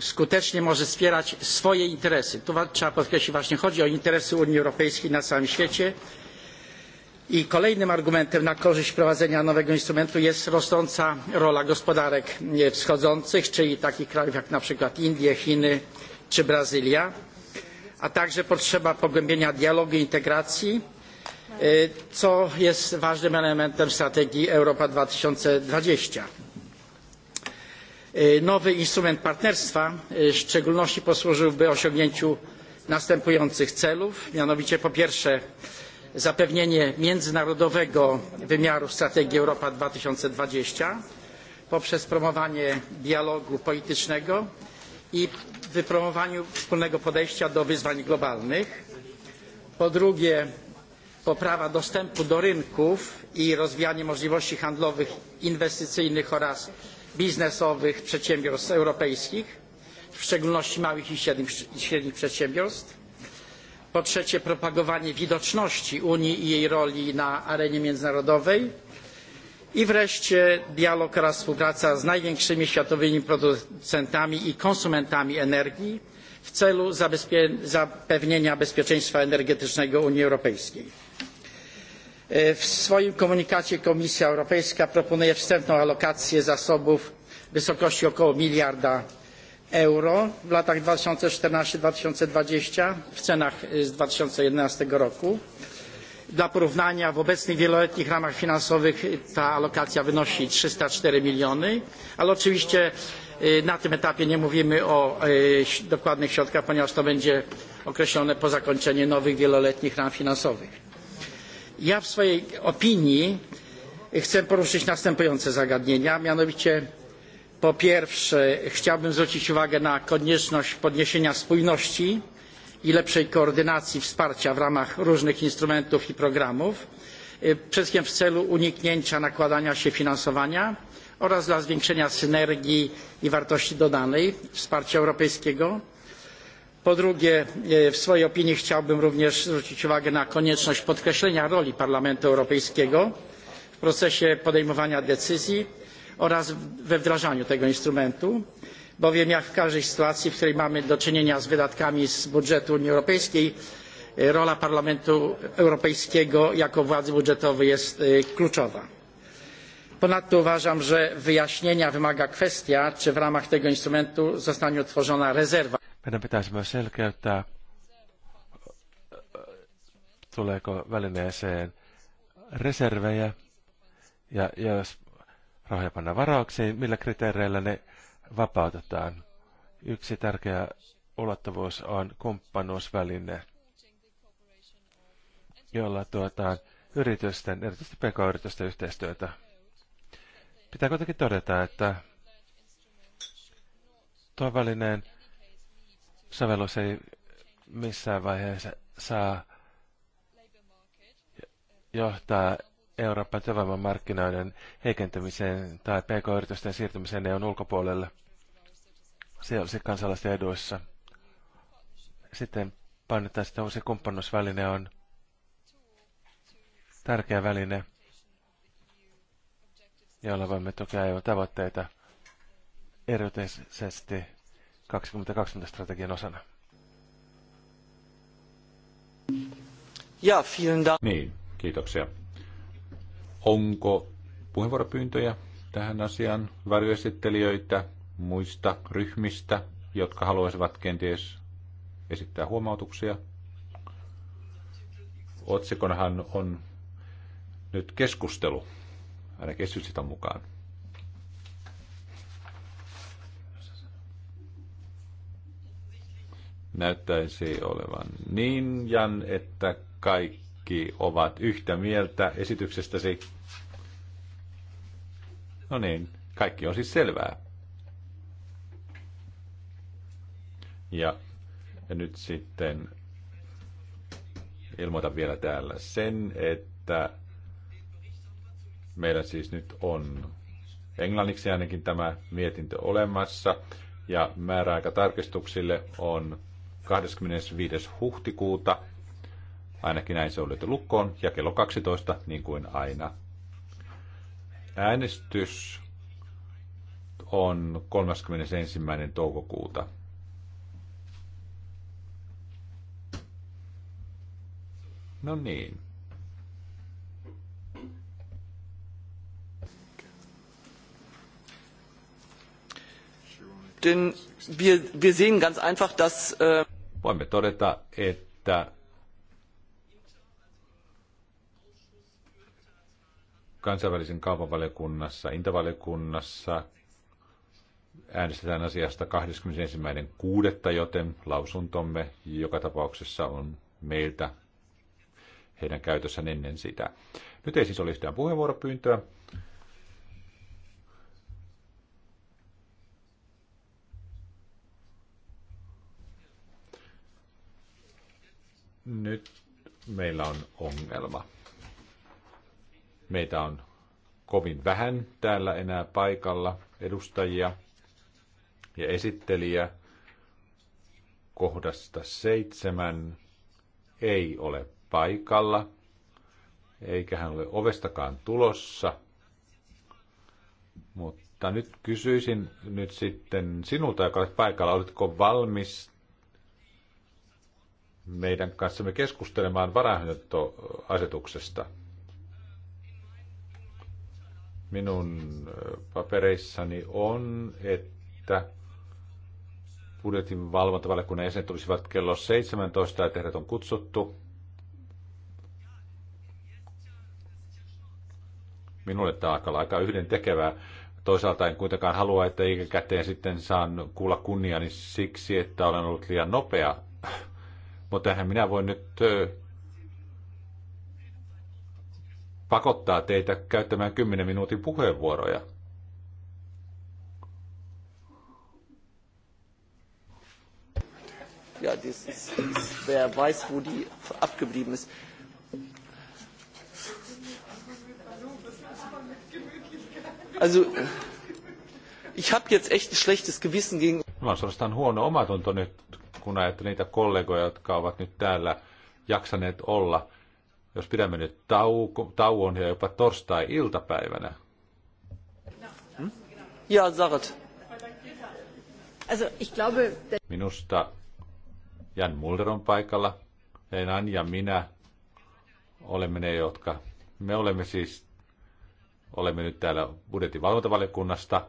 skutecznie może wspierać swoje interesy. Tu trzeba podkreślić, właśnie chodzi o interesy Unii Europejskiej na całym świecie. I kolejnym argumentem na korzyść wprowadzenia nowego instrumentu jest rosnąca rola gospodarek e, wschodzących, czyli takich krajów jak na przykład Indie, Chiny czy Brazylia, a także potrzeba pogłębienia dialogu i integracji, e, co jest ważnym elementem strategii Europa 2020 E, nowy instrument partnerstwa e, w szczególności posłużyłby osiągnięciu następujących celów, mianowicie po pierwsze zapewnienie międzynarodowego wymiaru strategii Europa dwa tysiące dwadzieścia poprzez promowanie dialogu politycznego i wypromowaniu wspólnego podejścia do wyzwań globalnych. Po drugie poprawa dostępu do rynków i rozwijanie możliwości handlowych, inwestycyjnych oraz biznesowych przedsiębiorstw europejskich, w szczególności małych i średnich przedsiębiorstw. Po trzecie, propagowanie widoczności Unii i jej roli na arenie międzynarodowej. I wreszcie dialog oraz współpraca z największymi światowymi producentami i konsumentami energii w celu zapewnienia bezpieczeństwa energetycznego Unii Europejskiej. E, w swoim komunikacie Komisja Europejska proponuje wstępną alokację zasobów w wysokości około miliarda euro w latach 2014-2020 w cenach e, z 2011 roku. Dla porównania w obecnych wieloletnich ramach finansowych e, ta alokacja wynosi 304 miliony, ale oczywiście na tym etapie nie mówimy o dokładnych środkach, ponieważ to będzie określone po zakończeniu nowych wieloletnich ram finansowych ja w swojej opinii chcę poruszyć następujące zagadnienia mianowicie po pierwsze chciałbym zwrócić uwagę na konieczność podniesienia spójności i lepszej koordynacji wsparcia w ramach różnych instrumentów i programów przede wszystkim w celu uniknięcia nakładania się finansowania oraz dla zwiększenia synergii i wartości dodanej wsparcia europejskiego po drugie e, w swojej opinii chciałbym również zwrócić uwagę na konieczność podkreślenia roli parlamentu europejskiego w procesie podejmowania decyzji oraz we wdrażaniu tego instrumentu bowiem jak w każdej sytuacji w której mamy do czynienia z wydatkami z budżetu unii europejskiej e, rola parlamentu europejskiego jako władzy budżetowej jest e, kluczowa. ponadto uważam że wyjaśnienia wymaga kwestia czy w ramach tego instrumentu zostanie utworzona rezerwa meidän pitäisi myös selkeyttää, tuleeko välineeseen reservejä, ja jos rahoja panna varauksiin, millä kriteereillä ne vapautetaan. Yksi tärkeä ulottuvuus on kumppanuusväline, jolla tuotaan yritysten, erityisesti pk-yritysten yhteistyötä. Pitää kuitenkin todeta, että tuon välineen sovellus ei missään vaiheessa saa johtaa Euroopan työvoimamarkkinoiden heikentämiseen tai pk-yritysten siirtymiseen EUn ulkopuolelle. Se olisi kansalaisten eduissa. Sitten painotetaan, että uusi kumppanuusväline on tärkeä väline, jolla voimme tukea EUn tavoitteita erityisesti 2020-strategian osana. Ja, dank. Niin, kiitoksia. Onko puheenvuoropyyntöjä tähän asiaan väliesittelijöitä muista ryhmistä, jotka haluaisivat kenties esittää huomautuksia? Otsikonhan on nyt keskustelu, ainakin esityslistan mukaan. näyttäisi olevan niin, Jan, että kaikki ovat yhtä mieltä esityksestäsi. No niin, kaikki on siis selvää. Ja, ja nyt sitten ilmoitan vielä täällä sen, että meillä siis nyt on englanniksi ainakin tämä mietintö olemassa. Ja määräaika tarkistuksille on 25. huhtikuuta. Ainakin näin se oli lukkoon ja kello 12, niin kuin aina. Äänestys on 31. toukokuuta. No niin. Denn wir, wir sehen ganz einfach, dass... Äh voimme todeta, että kansainvälisen kaupavaliokunnassa, intavaliokunnassa äänestetään asiasta 21.6., joten lausuntomme joka tapauksessa on meiltä heidän käytössään ennen sitä. Nyt ei siis ole yhtään puheenvuoropyyntöä, Nyt meillä on ongelma. Meitä on kovin vähän täällä enää paikalla edustajia ja esittelijä kohdasta seitsemän ei ole paikalla, eikä hän ole ovestakaan tulossa. Mutta nyt kysyisin nyt sitten sinulta, joka olet paikalla, oletko valmis meidän kanssamme keskustelemaan varainhoitoasetuksesta. Minun papereissani on, että budjetin valvontavaliokunnan jäsenet olisivat kello 17 ja teidät on kutsuttu. Minulle tämä on aika yhden tekevää. Toisaalta en kuitenkaan halua, että ikäkäteen sitten saan kuulla kunniani siksi, että olen ollut liian nopea mutta eihän minä voi nyt pakottaa teitä käyttämään 10 minuutin puheenvuoroja. Ja, das ist, wer weiß, wo die abgeblieben ist. Also, ich habe jetzt echt ein schlechtes Gewissen gegen... Mä no, suorastaan huono omatunto nyt kun ajattelen niitä kollegoja, jotka ovat nyt täällä jaksaneet olla, jos pidämme nyt tauko, tauon ja jopa torstai-iltapäivänä. Hmm? Minusta Jan Mulder on paikalla, Enan ja minä olemme ne, jotka... Me olemme siis... Olemme nyt täällä budjetin valvontavaliokunnasta.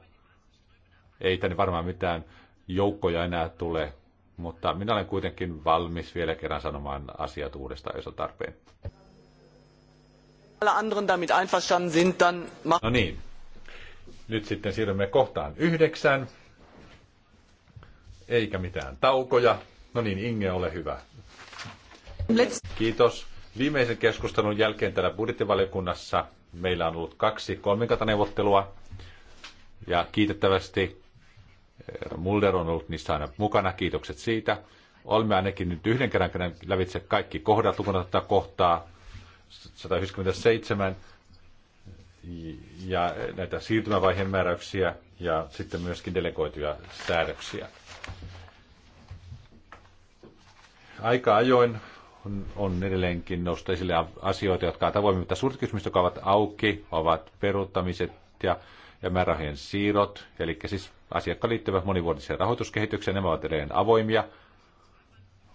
Ei tänne varmaan mitään joukkoja enää tule mutta minä olen kuitenkin valmis vielä kerran sanomaan asiat uudestaan, jos on tarpeen. No niin, nyt sitten siirrymme kohtaan yhdeksän. Eikä mitään taukoja. No niin, Inge, ole hyvä. Let's... Kiitos. Viimeisen keskustelun jälkeen täällä budjettivaliokunnassa meillä on ollut kaksi kolminkataneuvottelua. Ja kiitettävästi Mulder on ollut niissä aina mukana. Kiitokset siitä. Olemme ainakin nyt yhden kerran lävitse kaikki kohdat lukuna tätä kohtaa 197 ja näitä siirtymävaiheen määräyksiä ja sitten myöskin delegoituja säädöksiä. Aika ajoin on, on edelleenkin nousta esille asioita, jotka ovat avoimia, mutta suurta kysymystä, jotka ovat auki, ovat peruuttamiset ja, ja määrärahojen siirrot, eli siis asiakkaan liittyvät monivuotiseen rahoituskehitykseen. Nämä ovat edelleen avoimia.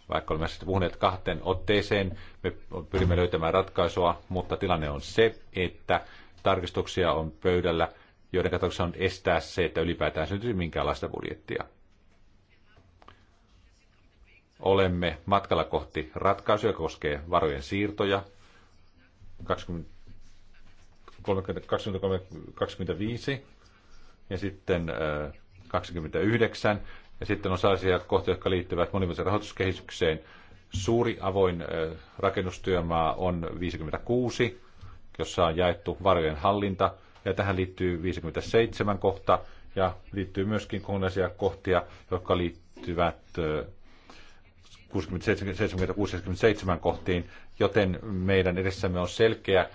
Vaikka olemme sitten puhuneet kahteen otteeseen, me pyrimme löytämään ratkaisua, mutta tilanne on se, että tarkistuksia on pöydällä, joiden katsoksessa on estää se, että ylipäätään syntyy minkäänlaista budjettia. Olemme matkalla kohti ratkaisuja, joka koskee varojen siirtoja. 20, 30, 20, 25 ja sitten äh, 29. Ja sitten on sellaisia kohtia, jotka liittyvät monimuotoiseen rahoituskehitykseen. Suuri avoin rakennustyömaa on 56, jossa on jaettu varojen hallinta. Ja tähän liittyy 57 kohta ja liittyy myöskin kokonaisia kohtia, jotka liittyvät 76-77 kohtiin, joten meidän edessämme on selkeä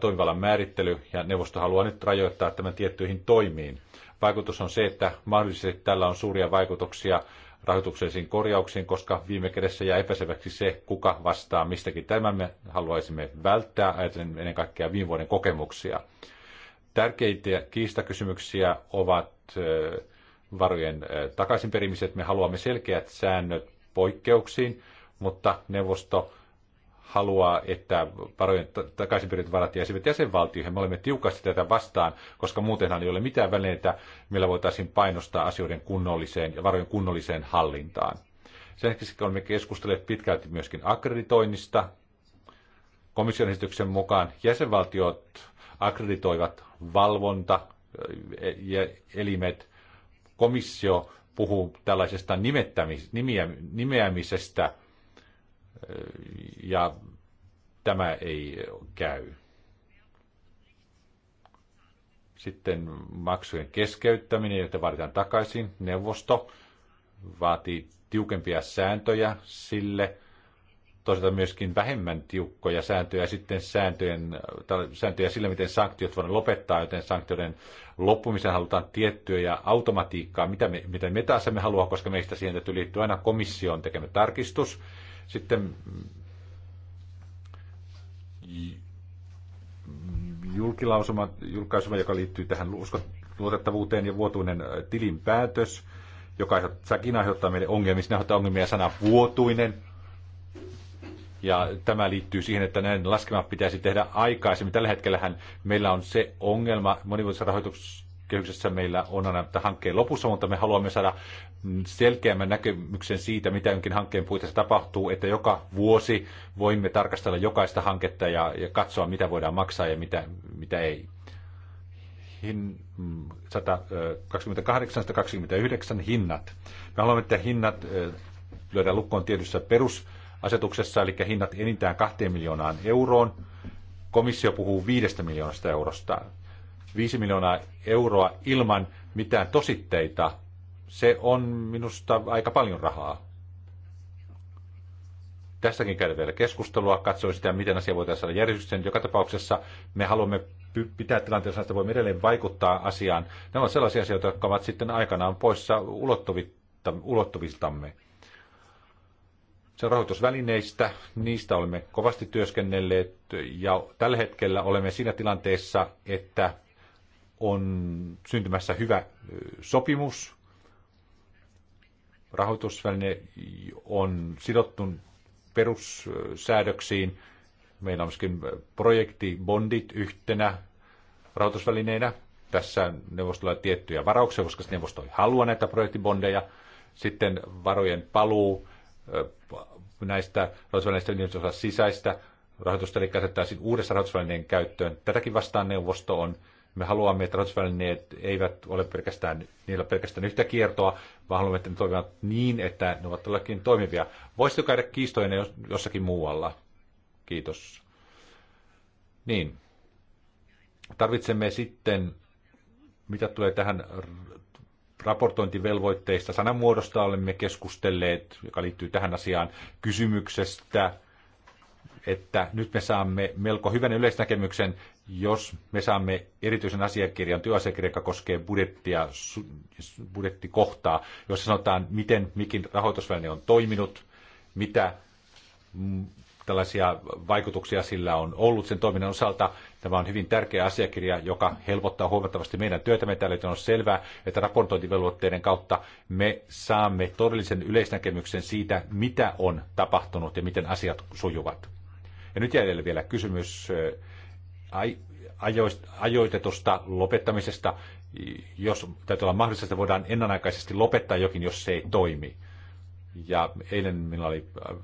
toimivallan määrittely ja neuvosto haluaa nyt rajoittaa tämän tiettyihin toimiin vaikutus on se, että mahdollisesti tällä on suuria vaikutuksia rahoituksellisiin korjauksiin, koska viime kädessä jää epäselväksi se, kuka vastaa mistäkin. Tämän me haluaisimme välttää, ajatellen ennen kaikkea viime vuoden kokemuksia. Tärkeitä kiistakysymyksiä ovat varojen takaisinperimiset. Me haluamme selkeät säännöt poikkeuksiin, mutta neuvosto haluaa, että varojen takaisinperinnät varat jäisivät jäsenvaltioihin. Me olemme tiukasti tätä vastaan, koska muutenhan ei ole mitään välineitä, millä voitaisiin painostaa asioiden kunnolliseen ja varojen kunnolliseen hallintaan. Sen lisäksi olemme keskustelleet pitkälti myöskin akkreditoinnista. Komission esityksen mukaan jäsenvaltiot akkreditoivat valvonta eh, ja elimet. Komissio puhuu tällaisesta nimeämisestä ja tämä ei käy. Sitten maksujen keskeyttäminen, joita vaaditaan takaisin. Neuvosto vaatii tiukempia sääntöjä sille, toisaalta myöskin vähemmän tiukkoja sääntöjä sitten sääntöjen, sääntöjä sillä, miten sanktiot voidaan lopettaa, joten sanktioiden loppumisen halutaan tiettyä ja automatiikkaa, mitä me, mitä me taas me haluaa, koska meistä siihen täytyy liittyä aina komission tekemä tarkistus, sitten julkilausuma, julkaisuma, joka liittyy tähän luotettavuuteen ja vuotuinen äh, tilinpäätös, joka säkin aiheuttaa meille ongelmia. sinä aiheuttaa ongelmia sana vuotuinen. Ja tämä liittyy siihen, että näiden laskemat pitäisi tehdä aikaisemmin. Tällä hetkellähän meillä on se ongelma monivuotisessa rahoituksessa kehyksessä meillä on aina tämän hankkeen lopussa, mutta me haluamme saada selkeämmän näkemyksen siitä, mitä jonkin hankkeen puitteissa tapahtuu, että joka vuosi voimme tarkastella jokaista hanketta ja, ja katsoa, mitä voidaan maksaa ja mitä, mitä ei. 128-129 mm, hinnat. Me haluamme, että hinnat löydään lukkoon tietyssä perusasetuksessa, eli hinnat enintään 2 miljoonaan euroon. Komissio puhuu 5 miljoonasta eurosta. 5 miljoonaa euroa ilman mitään tositteita, se on minusta aika paljon rahaa. Tästäkin käydään vielä keskustelua, katsoin sitä, miten asia voitaisiin saada järjestyksen. Joka tapauksessa me haluamme pitää tilanteessa, että voimme edelleen vaikuttaa asiaan. Nämä ovat sellaisia asioita, jotka ovat sitten aikanaan poissa ulottuvistamme. Se on rahoitusvälineistä, niistä olemme kovasti työskennelleet ja tällä hetkellä olemme siinä tilanteessa, että on syntymässä hyvä sopimus. Rahoitusväline on sidottu perussäädöksiin. Meillä on myöskin projektibondit yhtenä rahoitusvälineenä. Tässä neuvostolla on tiettyjä varauksia, koska neuvosto ei halua näitä projektibondeja. Sitten varojen paluu näistä rahoitusvälineistä niin sisäistä rahoitusta, eli käytettäisiin uudessa rahoitusvälineen käyttöön. Tätäkin vastaan neuvosto on me haluamme, että rahoitusvälineet eivät ole pelkästään, niillä pelkästään yhtä kiertoa, vaan haluamme, että ne toimivat niin, että ne ovat todellakin toimivia. Voisitko käydä kiistoina jossakin muualla? Kiitos. Niin. Tarvitsemme sitten, mitä tulee tähän raportointivelvoitteista, sanamuodosta olemme keskustelleet, joka liittyy tähän asiaan, kysymyksestä, että nyt me saamme melko hyvän yleisnäkemyksen jos me saamme erityisen asiakirjan, työasiakirja, joka koskee budjettia, budjettikohtaa, jossa sanotaan, miten mikin rahoitusväline on toiminut, mitä tällaisia vaikutuksia sillä on ollut sen toiminnan osalta. Tämä on hyvin tärkeä asiakirja, joka helpottaa huomattavasti meidän työtämme. Täällä on selvää, että raportointivelvoitteiden kautta me saamme todellisen yleisnäkemyksen siitä, mitä on tapahtunut ja miten asiat sujuvat. Ja nyt jäljellä vielä kysymys ajoitetusta lopettamisesta, jos täytyy olla mahdollista, että voidaan ennenaikaisesti lopettaa jokin, jos se ei toimi. Ja eilen minulla oli äh,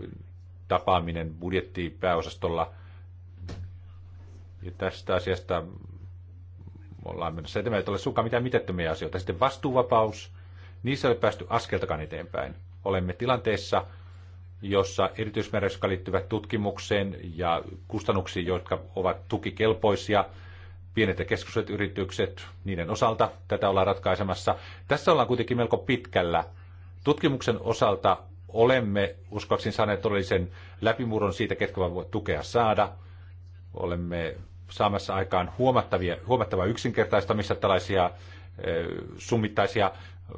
tapaaminen budjettipääosastolla ja tästä asiasta ollaan menossa eteenpäin, että ole suinkaan mitään mitättömiä asioita. Sitten vastuuvapaus, niissä ei ole päästy askeltakaan eteenpäin. Olemme tilanteessa, jossa erityismääräykset, liittyvät tutkimukseen ja kustannuksiin, jotka ovat tukikelpoisia, pienet ja keskuset yritykset, niiden osalta tätä ollaan ratkaisemassa. Tässä ollaan kuitenkin melko pitkällä. Tutkimuksen osalta olemme uskoakseni saaneet todellisen läpimurron siitä, ketkä voivat tukea saada. Olemme saamassa aikaan huomattavia, huomattavaa yksinkertaistamista tällaisia summittaisia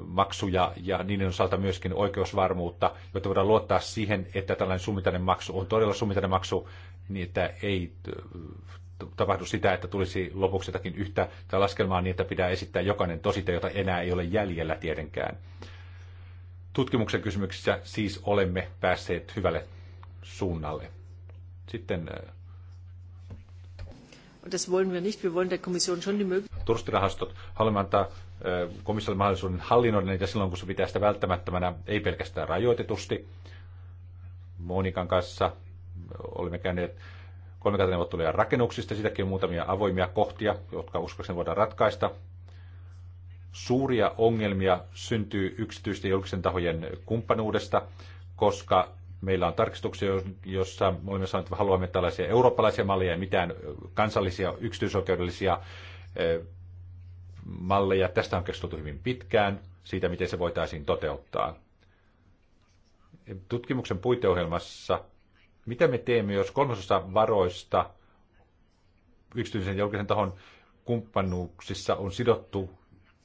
maksuja ja niiden osalta myöskin oikeusvarmuutta, jotta voidaan luottaa siihen, että tällainen summitainen maksu on todella summitainen maksu, niin että ei äh, tapahdu sitä, että tulisi lopuksi jotakin yhtä tai laskelmaa niin, että pitää esittää jokainen tosite, jota enää ei ole jäljellä tietenkään. Tutkimuksen kysymyksissä siis olemme päässeet hyvälle suunnalle. Sitten äh, Und das wollen wir nicht. Wir wollen der Kommission schon die Möglichkeit. haluamme antaa komissiolle mahdollisuuden hallinnoida niitä silloin, kun se pitää sitä välttämättömänä, ei pelkästään rajoitetusti. Monikan kanssa olimme käyneet kolmikantaneuvotteluja rakennuksista, sitäkin muutamia avoimia kohtia, jotka uskoakseni voidaan ratkaista. Suuria ongelmia syntyy yksityisten ja julkisen tahojen kumppanuudesta, koska meillä on tarkistuksia, jossa me olemme sanoneet, että haluamme tällaisia eurooppalaisia malleja ja mitään kansallisia yksityisoikeudellisia malleja. Tästä on keskusteltu hyvin pitkään, siitä miten se voitaisiin toteuttaa. Tutkimuksen puiteohjelmassa, mitä me teemme, jos kolmasosa varoista yksityisen ja julkisen tahon kumppanuuksissa on sidottu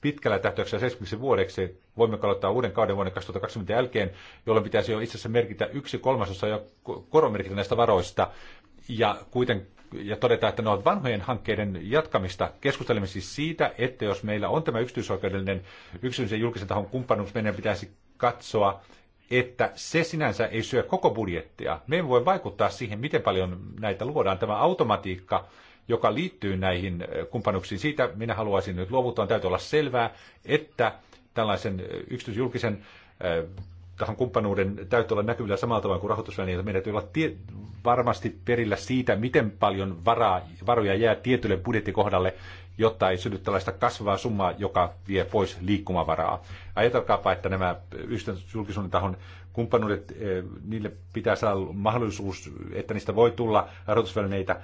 pitkällä tähtäyksellä 70 vuodeksi, voimme aloittaa uuden kauden vuoden 2020 jälkeen, jolloin pitäisi jo itse asiassa merkitä yksi kolmasosa ja koromerkitä näistä varoista. Ja kuiten ja todeta, että ne ovat vanhojen hankkeiden jatkamista. Keskustelemme siis siitä, että jos meillä on tämä yksityisoikeudellinen yksityisen ja julkisen tahon kumppanuus, meidän pitäisi katsoa, että se sinänsä ei syö koko budjettia. Me emme voi vaikuttaa siihen, miten paljon näitä luodaan. Tämä automatiikka, joka liittyy näihin kumppanuksiin, siitä minä haluaisin nyt luovuttaa. Täytyy olla selvää, että tällaisen yksityisjulkisen tähän kumppanuuden täytyy olla näkyvillä samalla tavalla kuin rahoitusvälineillä. Meidän täytyy olla tie- varmasti perillä siitä, miten paljon varaa, varoja jää tietylle budjettikohdalle, jotta ei synny tällaista kasvavaa summaa, joka vie pois liikkumavaraa. Ajatelkaapa, että nämä julkisuuden tahon kumppanuudet, eh, niille pitää saada mahdollisuus, että niistä voi tulla rahoitusvälineitä.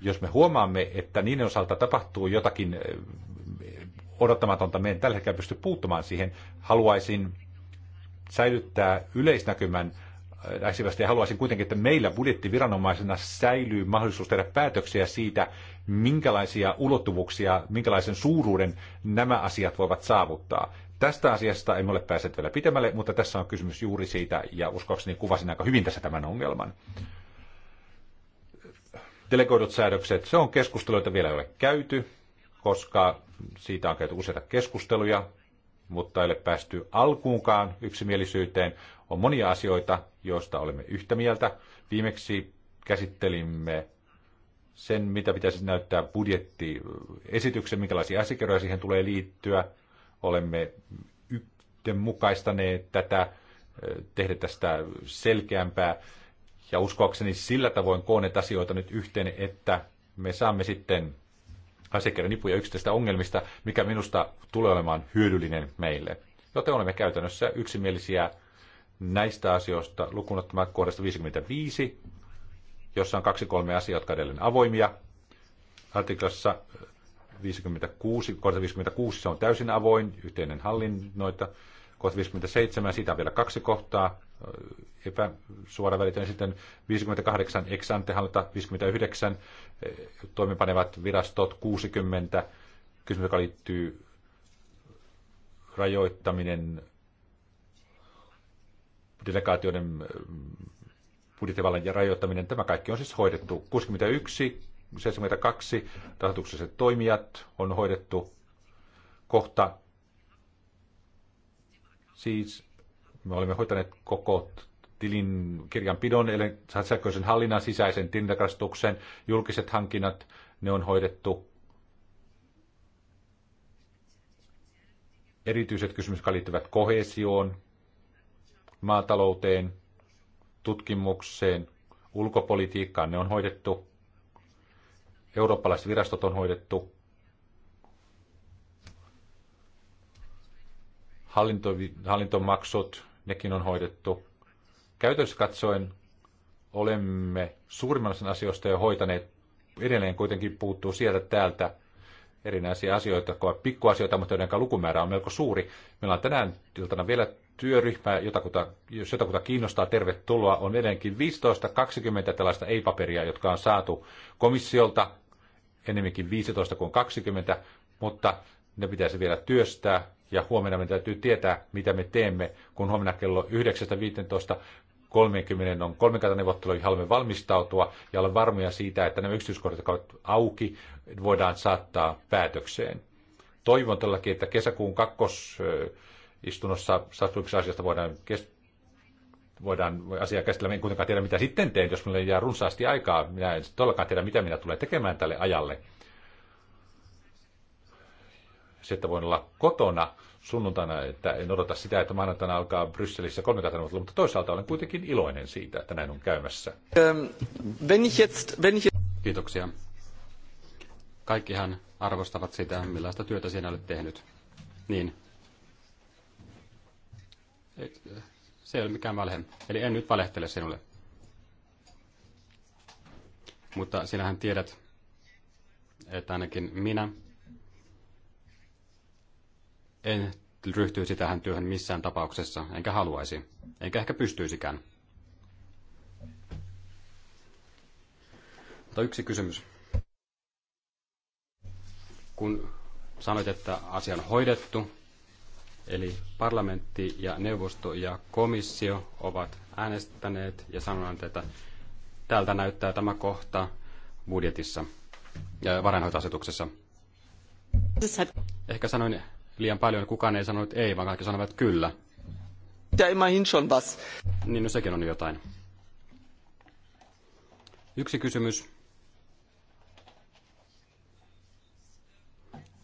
Jos me huomaamme, että niiden osalta tapahtuu jotakin eh, odottamatonta, me en tällä hetkellä pysty puuttumaan siihen. Haluaisin säilyttää yleisnäkymän äsivästä äh, ja haluaisin kuitenkin, että meillä budjettiviranomaisena säilyy mahdollisuus tehdä päätöksiä siitä, minkälaisia ulottuvuuksia, minkälaisen suuruuden nämä asiat voivat saavuttaa. Tästä asiasta emme ole päässeet vielä pitemmälle, mutta tässä on kysymys juuri siitä, ja uskoakseni kuvasin aika hyvin tässä tämän ongelman. Delegoidut säädökset, se on keskusteluita vielä ei ole käyty, koska siitä on käyty useita keskusteluja mutta ei ole päästy alkuunkaan yksimielisyyteen. On monia asioita, joista olemme yhtä mieltä. Viimeksi käsittelimme sen, mitä pitäisi näyttää budjettiesityksen, minkälaisia asiakirjoja siihen tulee liittyä. Olemme yhdenmukaistaneet tätä, tehdä tästä selkeämpää ja uskoakseni sillä tavoin kooneet asioita nyt yhteen, että me saamme sitten asiakirjan nipuja yksittäisistä ongelmista, mikä minusta tulee olemaan hyödyllinen meille. Joten olemme käytännössä yksimielisiä näistä asioista lukunottamaa kohdasta 55, jossa on kaksi kolme asiaa, jotka edelleen avoimia. Artiklassa 56, kohdassa 56 se on täysin avoin, yhteinen hallinnoita kohta 57, siitä on vielä kaksi kohtaa, epäsuora välitön sitten 58 ex ante 59 toimipanevat virastot 60, kysymys joka liittyy rajoittaminen delegaatioiden budjettivallan ja rajoittaminen, tämä kaikki on siis hoidettu. 61, 72 rahoitukselliset toimijat on hoidettu. Kohta Siis me olemme hoitaneet koko tilin kirjanpidon, sähköisen hallinnan, sisäisen tilintarkastuksen, julkiset hankinnat, ne on hoidettu. Erityiset kysymykset, jotka liittyvät kohesioon, maatalouteen, tutkimukseen, ulkopolitiikkaan, ne on hoidettu. Eurooppalaiset virastot on hoidettu. hallinto, hallintomaksut, nekin on hoidettu. Käytössä katsoen olemme suurimman osan asioista jo hoitaneet. Edelleen kuitenkin puuttuu sieltä täältä erinäisiä asioita, pikkuasioita, mutta joiden lukumäärä on melko suuri. Meillä on tänään iltana vielä työryhmä, jotakuta, jos jotakuta kiinnostaa, tervetuloa. On edelleenkin 15-20 tällaista ei-paperia, jotka on saatu komissiolta, enemmänkin 15 kuin 20, mutta ne pitäisi vielä työstää ja huomenna me täytyy tietää, mitä me teemme, kun huomenna kello 9.15 30 on johon haluamme valmistautua ja olla varmoja siitä, että nämä yksityiskohdat, jotka ovat auki, voidaan saattaa päätökseen. Toivon todellakin, että kesäkuun kakkosistunnossa sattuiksi asiasta voidaan, kes- voidaan asiaa käsitellä. En kuitenkaan tiedä, mitä sitten teen, jos minulle jää runsaasti aikaa. Minä en todellakaan tiedä, mitä minä tulen tekemään tälle ajalle se, että voin olla kotona sunnuntaina, että en odota sitä, että maanantaina alkaa Brysselissä kolmikantaneuvottelu, mutta toisaalta olen kuitenkin iloinen siitä, että näin on käymässä. Ähm, wenn ich jetzt, wenn ich... Kiitoksia. Kaikkihan arvostavat sitä, millaista työtä sinä olet tehnyt. Niin. Se ei ole mikään valhe. Eli en nyt valehtele sinulle. Mutta sinähän tiedät, että ainakin minä en ryhtyisi tähän työhön missään tapauksessa, enkä haluaisi, enkä ehkä pystyisikään. Mutta yksi kysymys. Kun sanoit, että asia on hoidettu, eli parlamentti ja neuvosto ja komissio ovat äänestäneet ja sanoneet, että täältä näyttää tämä kohta budjetissa ja varainhoitoasetuksessa. Ehkä sanoin liian paljon. Kukaan ei sanonut ei, vaan kaikki sanovat kyllä. Ja immerhin schon was. Niin, no sekin on jotain. Yksi kysymys.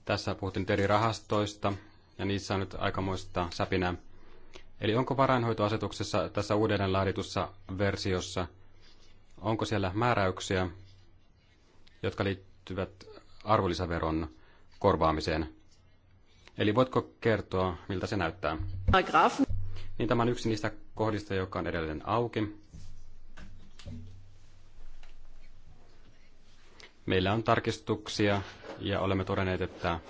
Tässä puhuttiin eri rahastoista, ja niissä on nyt aikamoista säpinää. Eli onko varainhoitoasetuksessa tässä uudelleen laaditussa versiossa, onko siellä määräyksiä, jotka liittyvät arvonlisäveron korvaamiseen? Eli voitko kertoa, miltä se näyttää? Paragraf. Niin tämä on yksi niistä kohdista, joka on edelleen auki. Meillä on tarkistuksia ja olemme todenneet, että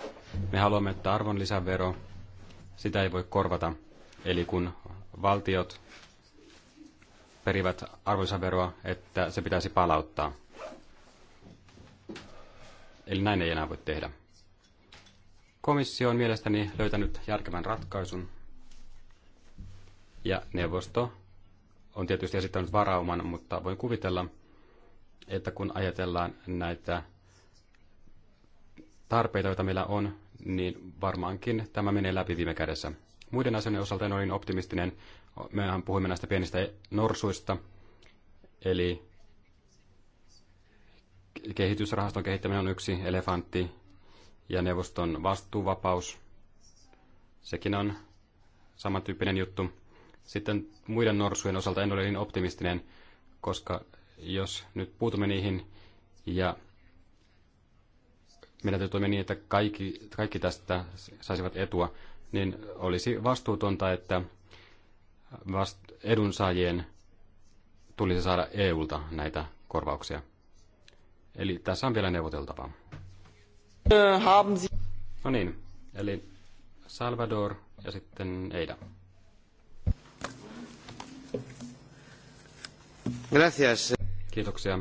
me haluamme, että arvonlisävero, sitä ei voi korvata. Eli kun valtiot perivät arvonlisäveroa, että se pitäisi palauttaa. Eli näin ei enää voi tehdä. Komissio on mielestäni löytänyt järkevän ratkaisun ja neuvosto on tietysti esittänyt varauman, mutta voin kuvitella, että kun ajatellaan näitä tarpeita, joita meillä on, niin varmaankin tämä menee läpi viime kädessä. Muiden asioiden osalta en olin niin optimistinen. Mehän puhuimme näistä pienistä norsuista, eli kehitysrahaston kehittäminen on yksi elefantti ja neuvoston vastuuvapaus, sekin on samantyyppinen juttu. Sitten muiden norsujen osalta en ole niin optimistinen, koska jos nyt puutumme niihin ja meidän täytyy toimia niin, että kaikki, kaikki tästä saisivat etua, niin olisi vastuutonta, että vast, edunsaajien tulisi saada EUlta näitä korvauksia. Eli tässä on vielä neuvoteltavaa. No niin, eli Salvador ja sitten Eida. Gracias. Kiitoksia.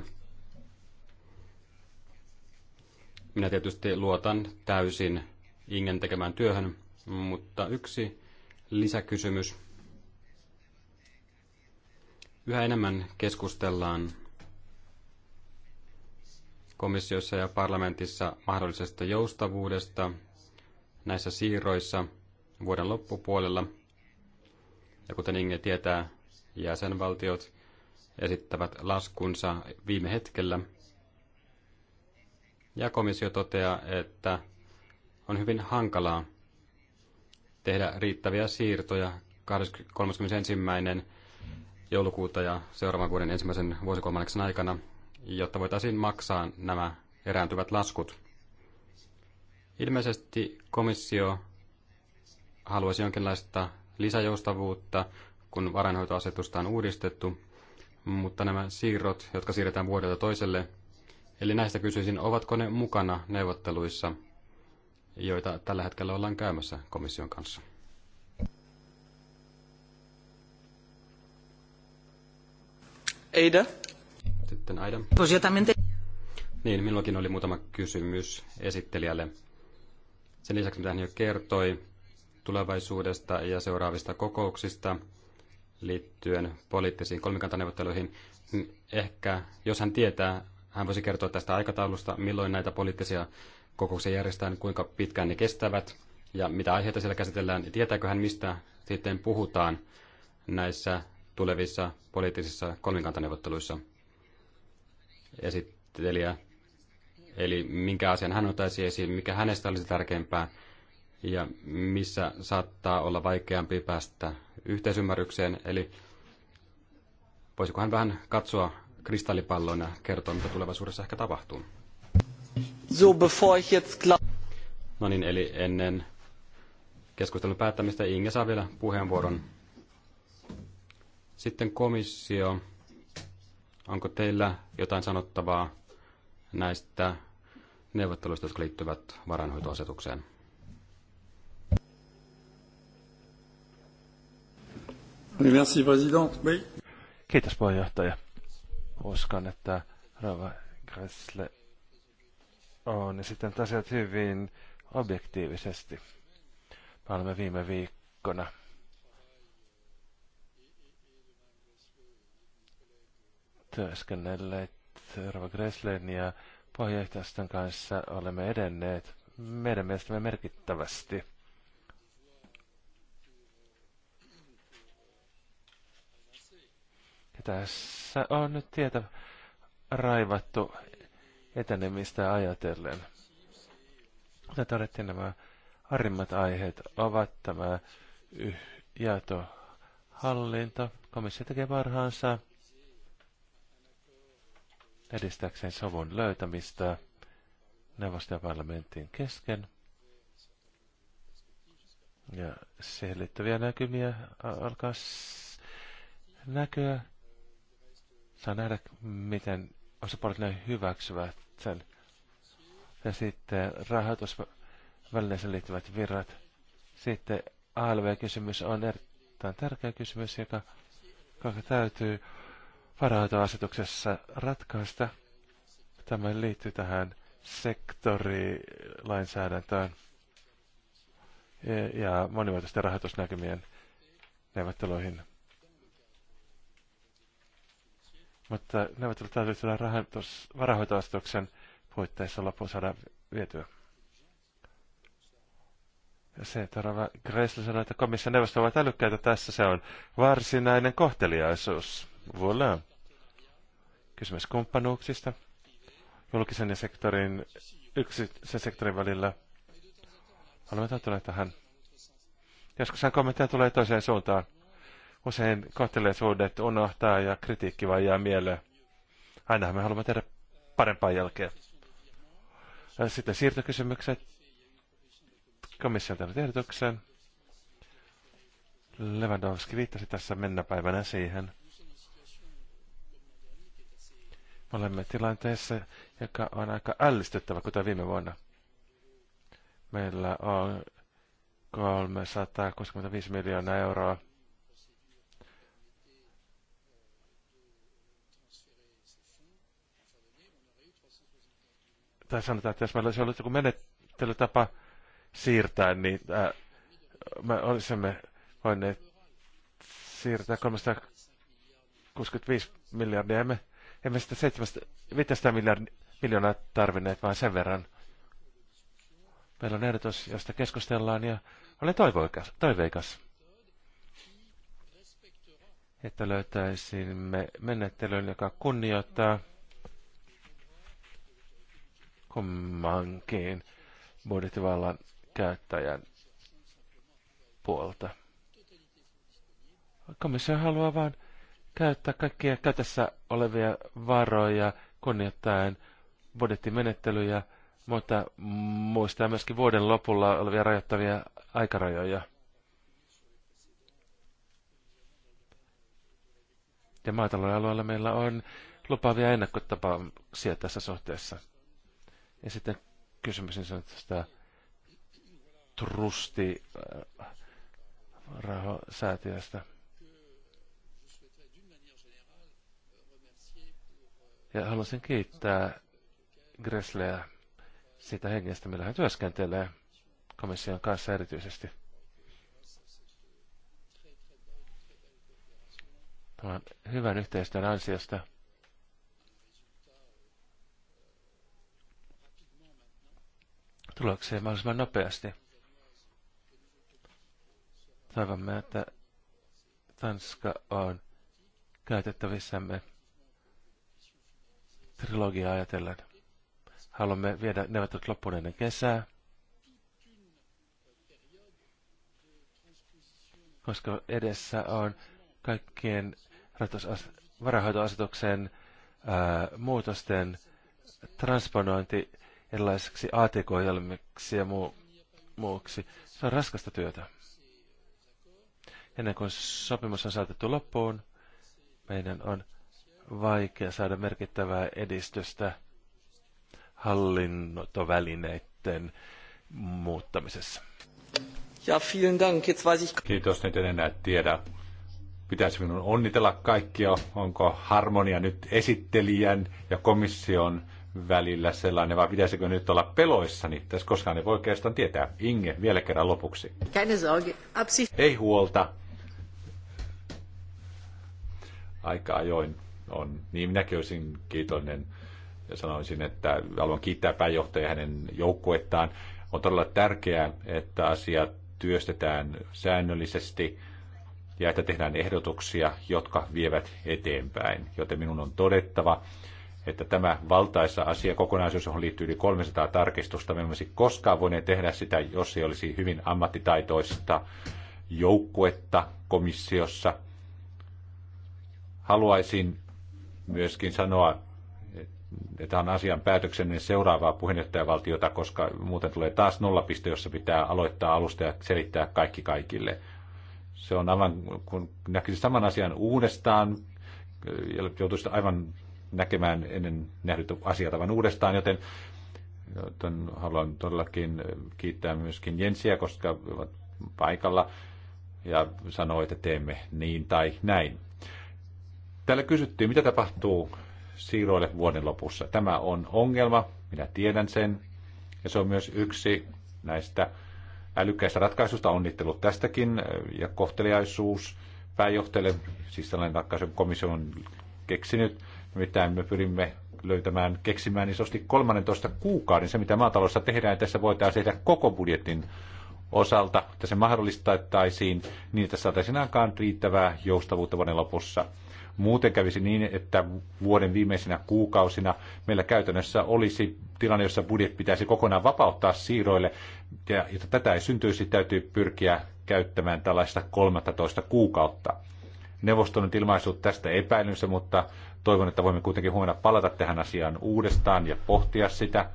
Minä tietysti luotan täysin Ingen tekemään työhön, mutta yksi lisäkysymys. Yhä enemmän keskustellaan komissiossa ja parlamentissa mahdollisesta joustavuudesta näissä siirroissa vuoden loppupuolella. Ja kuten Inge tietää, jäsenvaltiot esittävät laskunsa viime hetkellä. Ja komissio toteaa, että on hyvin hankalaa tehdä riittäviä siirtoja 31. joulukuuta ja seuraavan vuoden ensimmäisen vuosikolmanneksen aikana jotta voitaisiin maksaa nämä erääntyvät laskut. Ilmeisesti komissio haluaisi jonkinlaista lisäjoustavuutta, kun varainhoitoasetusta on uudistettu, mutta nämä siirrot, jotka siirretään vuodelta toiselle, eli näistä kysyisin, ovatko ne mukana neuvotteluissa, joita tällä hetkellä ollaan käymässä komission kanssa? Ada? Sitten Aida. Niin, minullakin oli muutama kysymys esittelijälle. Sen lisäksi, mitä hän jo kertoi tulevaisuudesta ja seuraavista kokouksista liittyen poliittisiin kolmikantaneuvotteluihin, niin ehkä, jos hän tietää, hän voisi kertoa tästä aikataulusta, milloin näitä poliittisia kokouksia järjestetään, kuinka pitkään ne kestävät ja mitä aiheita siellä käsitellään. Tietääkö hän, mistä sitten puhutaan näissä tulevissa poliittisissa kolmikantaneuvotteluissa? esittelijä, eli minkä asian hän ottaisi esiin, mikä hänestä olisi tärkeämpää ja missä saattaa olla vaikeampi päästä yhteisymmärrykseen. Eli voisiko hän vähän katsoa kristallipalloon ja kertoa, mitä tulevaisuudessa ehkä tapahtuu. So, bevor ich jetzt No niin, eli ennen keskustelun päättämistä Inge saa vielä puheenvuoron. Sitten komissio. Onko teillä jotain sanottavaa näistä neuvotteluista, jotka liittyvät varainhoitoasetukseen? Merci, president. Oui. Kiitos puheenjohtaja. Uskon, että Rova Gressle on esittänyt asiat hyvin objektiivisesti. Me olemme viime viikkona työskennelleet Rova Greslen ja pohjoehtajaston kanssa olemme edenneet meidän mielestämme merkittävästi. Ja tässä on nyt tietä raivattu etenemistä ajatellen. Kuten todettiin, nämä arimmat aiheet ovat tämä jaetohallinto. Komissio tekee parhaansa edistääkseen sovun löytämistä neuvostoparlamentin kesken. Ja siihen liittyviä näkymiä alkaa näkyä. Saa nähdä, miten osapuolet näin hyväksyvät sen. Ja sitten rahoitusvälineeseen liittyvät virrat. Sitten ALV-kysymys on erittäin tärkeä kysymys, joka, joka täytyy varautoasetuksessa ratkaista. Tämä liittyy tähän sektorilainsäädäntöön ja monimuotoisten rahoitusnäkymien neuvotteluihin. Mutta neuvottelut täytyy tulla varahoitoasetuksen puitteissa loppuun saada vietyä. Ja se, todella Gressel sanoi, että komissio neuvosto ovat älykkäitä tässä, se on varsinainen kohteliaisuus. Voilà. Kysymys kumppanuuksista julkisen ja sektorin, yksityisen sektorin välillä. Olemme tottuneet tähän. Joskus hän kommentteja tulee toiseen suuntaan. Usein kohteleisuudet unohtaa ja kritiikki vaan jää mieleen. Ainahan me haluamme tehdä parempaa jälkeä. Sitten siirtokysymykset. Komissiolta nyt ehdotuksen. Lewandowski viittasi tässä mennä päivänä siihen. olemme tilanteessa, joka on aika ällistyttävä, kuten viime vuonna. Meillä on 365 miljoonaa euroa tai sanotaan, että jos meillä olisi ollut joku menettelytapa siirtää, niin äh, me olisimme voineet siirtää 365 miljardia. me emme sitä 700 miljoonaa tarvinneet, vaan sen verran. Meillä on ehdotus, josta keskustellaan ja olen toivoikas, toiveikas että löytäisimme menettelyn, joka kunnioittaa kummankin budjettivallan käyttäjän puolta. Komissio haluaa vain käyttää kaikkia käytössä olevia varoja kunnioittain budjettimenettelyjä, mutta muistaa myöskin vuoden lopulla olevia rajoittavia aikarajoja. Ja maatalouden alueella meillä on lupaavia ennakkotapauksia tässä suhteessa. Ja sitten kysymys on tästä trusti äh, rahasäätiöstä. Ja haluaisin kiittää Gresleä siitä hengestä, millä hän työskentelee komission kanssa erityisesti. Tämän hyvän yhteistyön ansiosta tulokseen mahdollisimman nopeasti. Toivomme, että Tanska on käytettävissämme trilogiaa ajatellen. Haluamme viedä neuvottelut loppuun ennen kesää, koska edessä on kaikkien varahoitoasetuksen ää, muutosten transponointi erilaisiksi atk ja muu, muuksi. Se on raskasta työtä. Ennen kuin sopimus on saatettu loppuun, meidän on vaikea saada merkittävää edistystä hallintovälineiden muuttamisessa. Ja, vielen dank. Jetzt weiß ich... Kiitos, nyt en enää tiedä. Pitäisi minun onnitella kaikkia, onko harmonia nyt esittelijän ja komission välillä sellainen, vai pitäisikö nyt olla peloissani? Tässä koskaan ei voi oikeastaan tietää. Inge, vielä kerran lopuksi. Ei huolta. Aika ajoin on. Niin minäkin olisin kiitollinen ja sanoisin, että haluan kiittää pääjohtajaa hänen joukkuettaan. On todella tärkeää, että asiat työstetään säännöllisesti ja että tehdään ehdotuksia, jotka vievät eteenpäin. Joten minun on todettava, että tämä valtaisa asia kokonaisuus, johon liittyy yli 300 tarkistusta, me emme koskaan voineet tehdä sitä, jos ei olisi hyvin ammattitaitoista joukkuetta komissiossa. Haluaisin myöskin sanoa, että on asian päätöksen niin seuraavaa puheenjohtajavaltiota, koska muuten tulee taas nollapiste, jossa pitää aloittaa alusta ja selittää kaikki kaikille. Se on aivan, kun näkisi saman asian uudestaan, joutuisi aivan näkemään ennen nähdyt asiat aivan uudestaan, joten haluan todellakin kiittää myöskin Jensiä, koska ovat paikalla ja sanoi, että teemme niin tai näin. Täällä kysyttiin, mitä tapahtuu siiroille vuoden lopussa. Tämä on ongelma, minä tiedän sen. Ja se on myös yksi näistä älykkäistä ratkaisusta. Onnittelut tästäkin ja kohteliaisuus pääjohtajalle, siis sellainen ratkaisu komissio on keksinyt. mitä me pyrimme löytämään, keksimään niin isosti 13 kuukauden se, mitä maataloudessa tehdään. Tässä voitaisiin tehdä koko budjetin osalta, että se mahdollistettaisiin niin, että saataisiin aikaan riittävää joustavuutta vuoden lopussa – Muuten kävisi niin, että vuoden viimeisinä kuukausina meillä käytännössä olisi tilanne, jossa budjet pitäisi kokonaan vapauttaa siirroille. Ja jotta tätä ei syntyisi, täytyy pyrkiä käyttämään tällaista 13 kuukautta. Neuvosto on nyt tästä epäilynsä, mutta toivon, että voimme kuitenkin huomenna palata tähän asiaan uudestaan ja pohtia sitä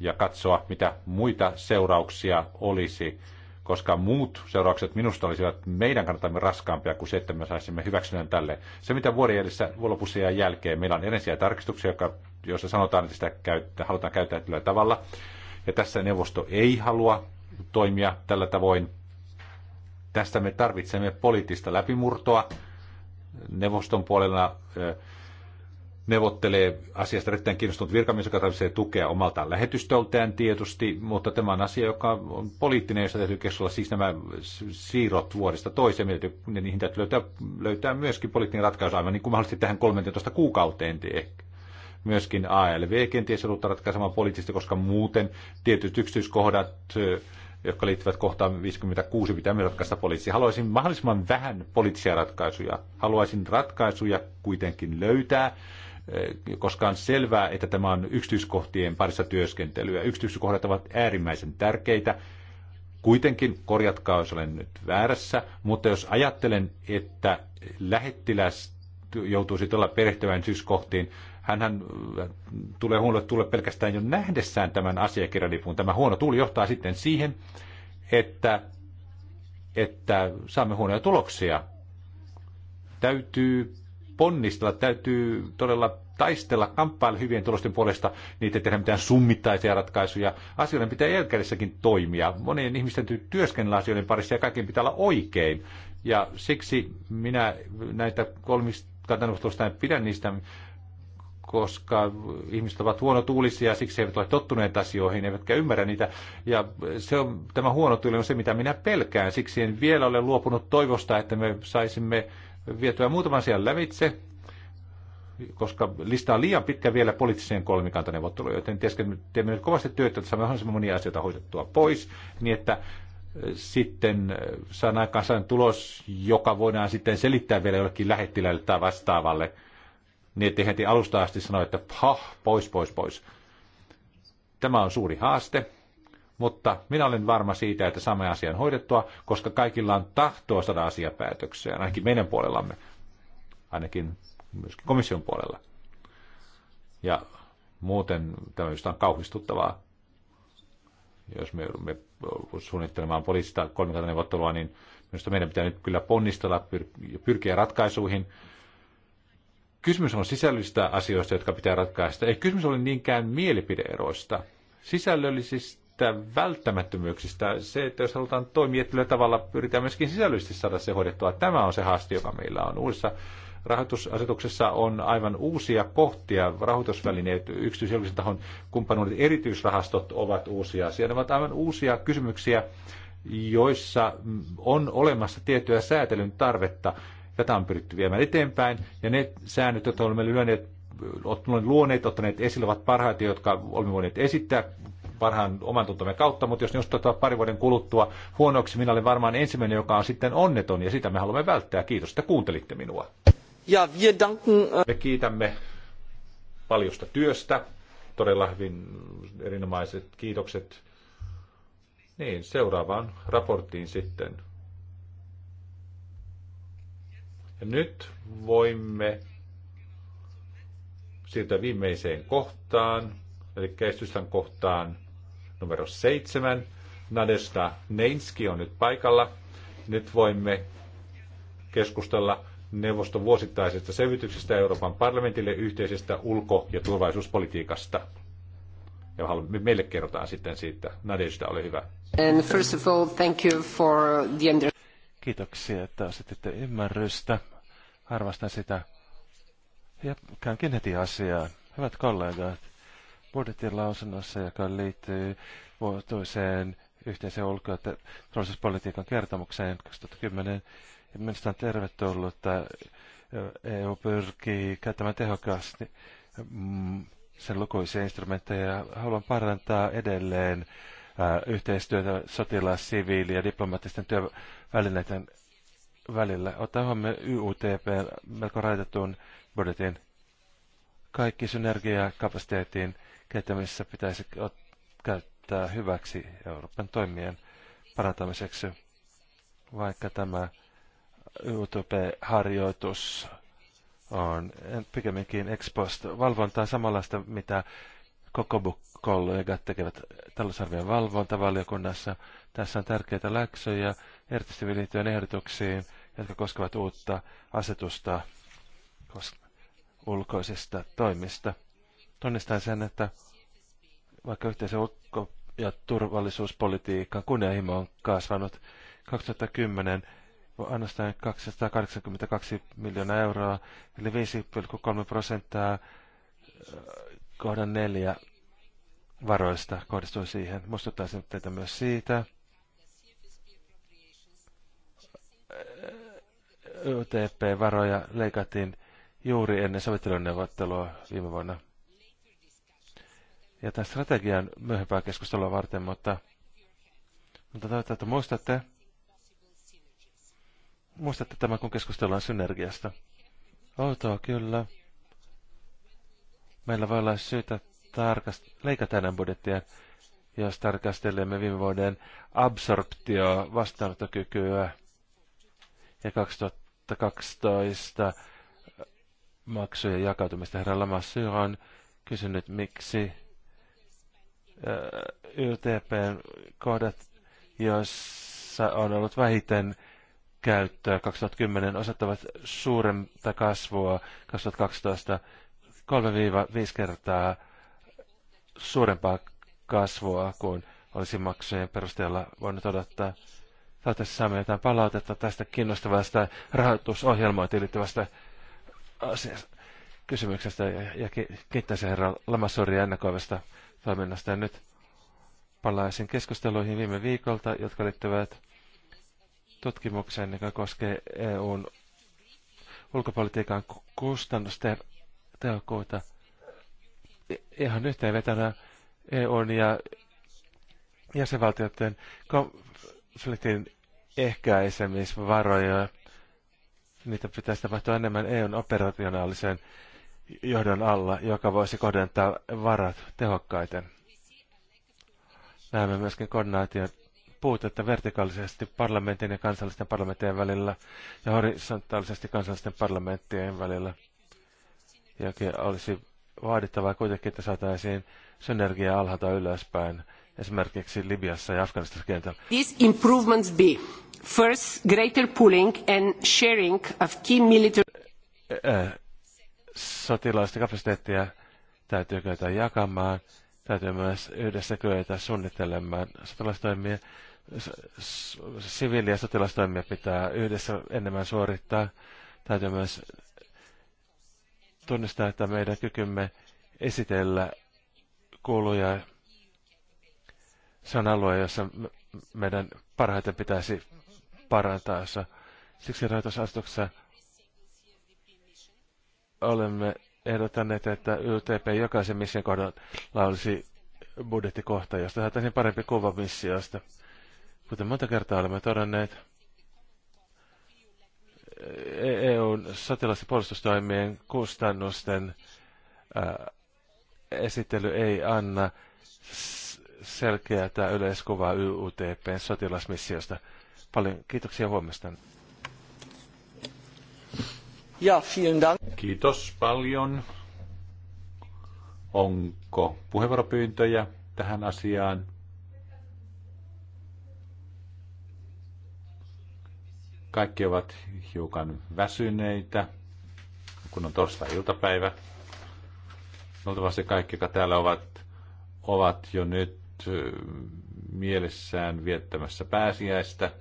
ja katsoa, mitä muita seurauksia olisi koska muut seuraukset minusta olisivat meidän kannaltamme raskaampia kuin se, että me saisimme hyväksynnän tälle. Se, mitä vuoden edessä lopussa jää jälkeen, meillä on edellisiä tarkistuksia, joka, joissa sanotaan, että sitä käyttä, halutaan käyttää tällä tavalla. Ja tässä neuvosto ei halua toimia tällä tavoin. Tästä me tarvitsemme poliittista läpimurtoa neuvoston puolella neuvottelee asiasta erittäin kiinnostunut virkamies, joka tarvitsee tukea omalta lähetystöltään tietysti, mutta tämä on asia, joka on poliittinen, jossa täytyy keskustella siis nämä siirrot vuodesta toiseen, ja niin niihin täytyy löytää, löytää myöskin poliittinen ratkaisu, aivan niin kuin mahdollisesti tähän 13 kuukauteen ehkä. Myöskin ALV kenties on ratkaisemaan poliittisesti, koska muuten tietyt yksityiskohdat jotka liittyvät kohtaan 56, pitää me ratkaista poliisi. Haluaisin mahdollisimman vähän poliittisia ratkaisuja. Haluaisin ratkaisuja kuitenkin löytää, Eh, koska on selvää, että tämä on yksityiskohtien parissa työskentelyä. Yksityiskohdat ovat äärimmäisen tärkeitä. Kuitenkin, korjatkaa jos olen nyt väärässä, mutta jos ajattelen, että lähettiläs joutuu sitten perehtymään syyskohtiin, hän äh, tulee huonolle tulle pelkästään jo nähdessään tämän asiakirjalipun. Tämä huono tuuli johtaa sitten siihen, että, että saamme huonoja tuloksia. Täytyy ponnistella, täytyy todella taistella, kamppailla hyvien tulosten puolesta, niitä ei tehdä mitään summittaisia ratkaisuja. Asioiden pitää jälkädessäkin toimia. Monien ihmisten täytyy työskennellä asioiden parissa ja kaiken pitää olla oikein. Ja siksi minä näitä kolmista kantanustelusta en pidä niistä, koska ihmiset ovat huonotuulisia, siksi he eivät ole tottuneet asioihin, eivätkä ymmärrä niitä. Ja se on, tämä huono tuuli on se, mitä minä pelkään. Siksi en vielä ole luopunut toivosta, että me saisimme vietyä muutaman asian lävitse, koska lista on liian pitkä vielä poliittiseen kolmikantaneuvotteluun, joten teemme nyt kovasti työtä, että saamme mahdollisimman monia asioita hoitettua pois, niin että äh, sitten äh, saan aikaan sellainen tulos, joka voidaan sitten selittää vielä jollekin lähettilälle tai vastaavalle, niin ettei heti alusta asti sano, että pah, pois, pois, pois. Tämä on suuri haaste mutta minä olen varma siitä, että saamme asian hoidettua, koska kaikilla on tahtoa saada asia päätökseen, ainakin meidän puolellamme, ainakin myöskin komission puolella. Ja muuten tämä on kauhistuttavaa. Jos me joudumme suunnittelemaan poliisista kolmikantaneuvottelua, niin minusta meidän pitää nyt kyllä ponnistella ja pyrkiä ratkaisuihin. Kysymys on sisällöllisistä asioista, jotka pitää ratkaista. Ei kysymys ole niinkään mielipideeroista. Sisällöllisistä niistä välttämättömyyksistä. Se, että jos halutaan toimia tällä tavalla, pyritään myöskin sisällöllisesti saada se hoidettua. Tämä on se haaste, joka meillä on. Uudessa rahoitusasetuksessa on aivan uusia kohtia, rahoitusvälineet, yksityisjulkisen tahon kumppanuudet, erityisrahastot ovat uusia asioita. ovat aivan uusia kysymyksiä, joissa on olemassa tiettyä säätelyn tarvetta. Tätä on pyritty viemään eteenpäin, ja ne säännöt, joita olemme lyöneet luoneet, ottaneet esille, ovat parhaita, jotka olemme voineet esittää parhaan oman tuntomme kautta, mutta jos ne ostetaan pari vuoden kuluttua huonoksi, minä olen varmaan ensimmäinen, joka on sitten onneton, ja sitä me haluamme välttää. Kiitos, että kuuntelitte minua. Ja wir danken... Äh, me kiitämme paljosta työstä. Todella hyvin erinomaiset kiitokset. Niin, seuraavaan raporttiin sitten. Ja nyt voimme siirtyä viimeiseen kohtaan, eli kestysän kohtaan numero seitsemän. Nadesta Neinski on nyt paikalla. Nyt voimme keskustella neuvoston vuosittaisesta selvityksestä Euroopan parlamentille yhteisestä ulko- ja turvallisuuspolitiikasta. Ja meille kerrotaan sitten siitä. Nadesta, ole hyvä. And first of all, thank you for the under- Kiitoksia, että asetitte ymmärrystä. Arvostan sitä. Ja käänkin heti asiaan. Hyvät kollegat, lausunnossa joka liittyy vuotuiseen yhteiseen ulko- ja turvallisuuspolitiikan kertomukseen 2010. Minusta on tervetullut, että EU pyrkii käyttämään tehokkaasti mm, sen lukuisia instrumentteja. Haluan parantaa edelleen yhteistyötä sotilas-, siviili- ja diplomaattisten työvälineiden välillä. Ottaa huomioon YUTP melko rajoitetun budjetin kaikki synergiakapasiteetin käyttämisessä pitäisi käyttää hyväksi Euroopan toimien parantamiseksi, vaikka tämä YouTube-harjoitus on pikemminkin ex post valvontaa samanlaista, mitä koko kollegat tekevät talousarvion valvontavaliokunnassa. Tässä on tärkeitä läksyjä erityisesti liittyen ehdotuksiin, jotka koskevat uutta asetusta ulkoisista toimista tunnistaa sen, että vaikka yhteisen ulko- ja turvallisuuspolitiikan kunnianhimo on kasvanut 2010 ainoastaan 282 miljoonaa euroa, eli 5,3 prosenttia kohdan neljä varoista kohdistuu siihen. Muistuttaisin teitä myös siitä. utp varoja leikattiin juuri ennen sovitteluneuvottelua viime vuonna ja tämän strategian myöhempää keskustelua varten, mutta, mutta toivottavasti muistatte, muistatte tämä, kun keskustellaan synergiasta. Outoa kyllä. Meillä voi olla syytä tarkast- leikata tänään budjettia, jos tarkastelemme viime vuoden absorptio vastaanottokykyä ja 2012 maksujen jakautumista. Herra Lamassu on kysynyt, miksi YTPn kohdat, joissa on ollut vähiten käyttöä 2010, osoittavat suurempaa kasvua 2012 3-5 kertaa suurempaa kasvua kuin olisi maksujen perusteella voinut odottaa. Toivottavasti saamme jotain palautetta tästä kiinnostavasta rahoitusohjelmaan liittyvästä asiasta kysymyksestä ja, ja kiittäisin herra Lamassuuria ennakoivasta toiminnasta. Ja nyt palaisin keskusteluihin viime viikolta, jotka liittyvät tutkimukseen, joka koskee EUn ulkopolitiikan kustannustehokkuutta. Ihan yhteenvetona EUn ja jäsenvaltioiden konfliktin ehkäisemisvaroja. Niitä pitäisi tapahtua enemmän EUn operationaaliseen johdon alla, joka voisi kohdentaa varat tehokkaiten. Näemme myöskin koordinaation puutetta vertikaalisesti parlamentin ja kansallisten parlamenttien välillä ja horisontaalisesti kansallisten parlamenttien välillä. Ja olisi vaadittavaa kuitenkin, että saataisiin synergiaa alhaalta ylöspäin, esimerkiksi Libiassa ja Afganistanissa kentällä. These improvements be first greater pooling and sharing of key military... Äh, sotilaallista kapasiteettia täytyy kyetä jakamaan. Täytyy myös yhdessä kyetä suunnittelemaan sotilastoimia. Siviili- ja sotilastoimia pitää yhdessä enemmän suorittaa. Täytyy myös tunnistaa, että meidän kykymme esitellä kuuluja se on alue, jossa meidän parhaiten pitäisi parantaa. Siksi rajoitusasetuksessa olemme ehdottaneet, että YTP jokaisen mission kohdalla olisi budjettikohta, josta saataisiin parempi kuva missiosta. Kuten monta kertaa olemme todenneet, e- EUn sotilas- ja puolustustoimien kustannusten ää, esittely ei anna selkeää yleiskuvaa YUTPn sotilasmissiosta. Paljon kiitoksia huomesta. Ja, vielen dank. Kiitos paljon. Onko puheenvuoropyyntöjä tähän asiaan? Kaikki ovat hiukan väsyneitä, kun on torstai-iltapäivä. Luultavasti kaikki, jotka täällä ovat, ovat jo nyt mielessään viettämässä pääsiäistä.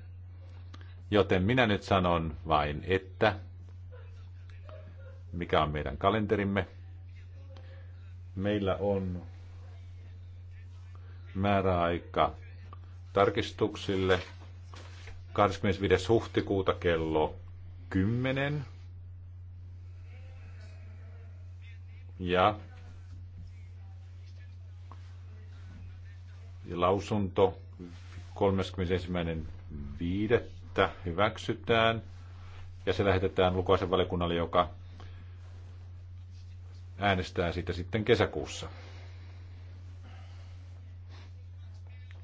Joten minä nyt sanon vain, että mikä on meidän kalenterimme. Meillä on määräaika tarkistuksille 25. huhtikuuta kello 10. Ja lausunto 31.5. hyväksytään ja se lähetetään lukuisen valiokunnalle, joka äänestää sitä sitten kesäkuussa.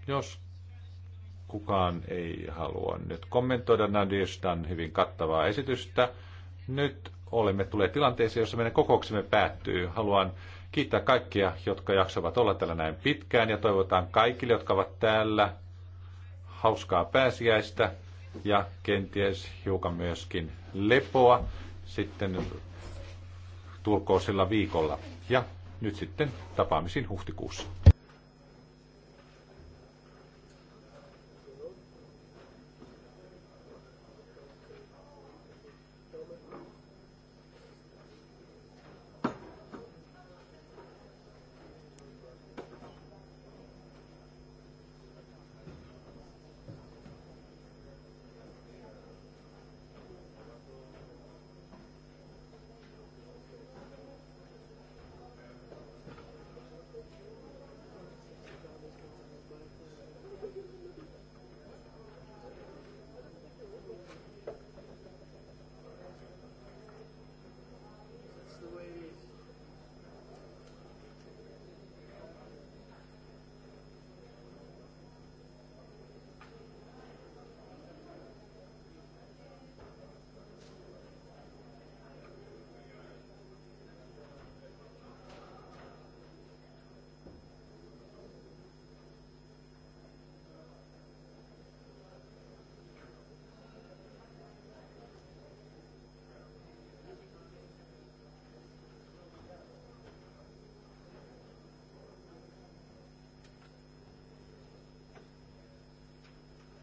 Jos kukaan ei halua nyt kommentoida Nadirstan hyvin kattavaa esitystä, nyt olemme tulee tilanteeseen, jossa meidän kokouksemme päättyy. Haluan kiittää kaikkia, jotka jaksavat olla täällä näin pitkään ja toivotaan kaikille, jotka ovat täällä, hauskaa pääsiäistä ja kenties hiukan myöskin lepoa. Sitten sillä viikolla. Ja nyt sitten tapaamisiin huhtikuussa.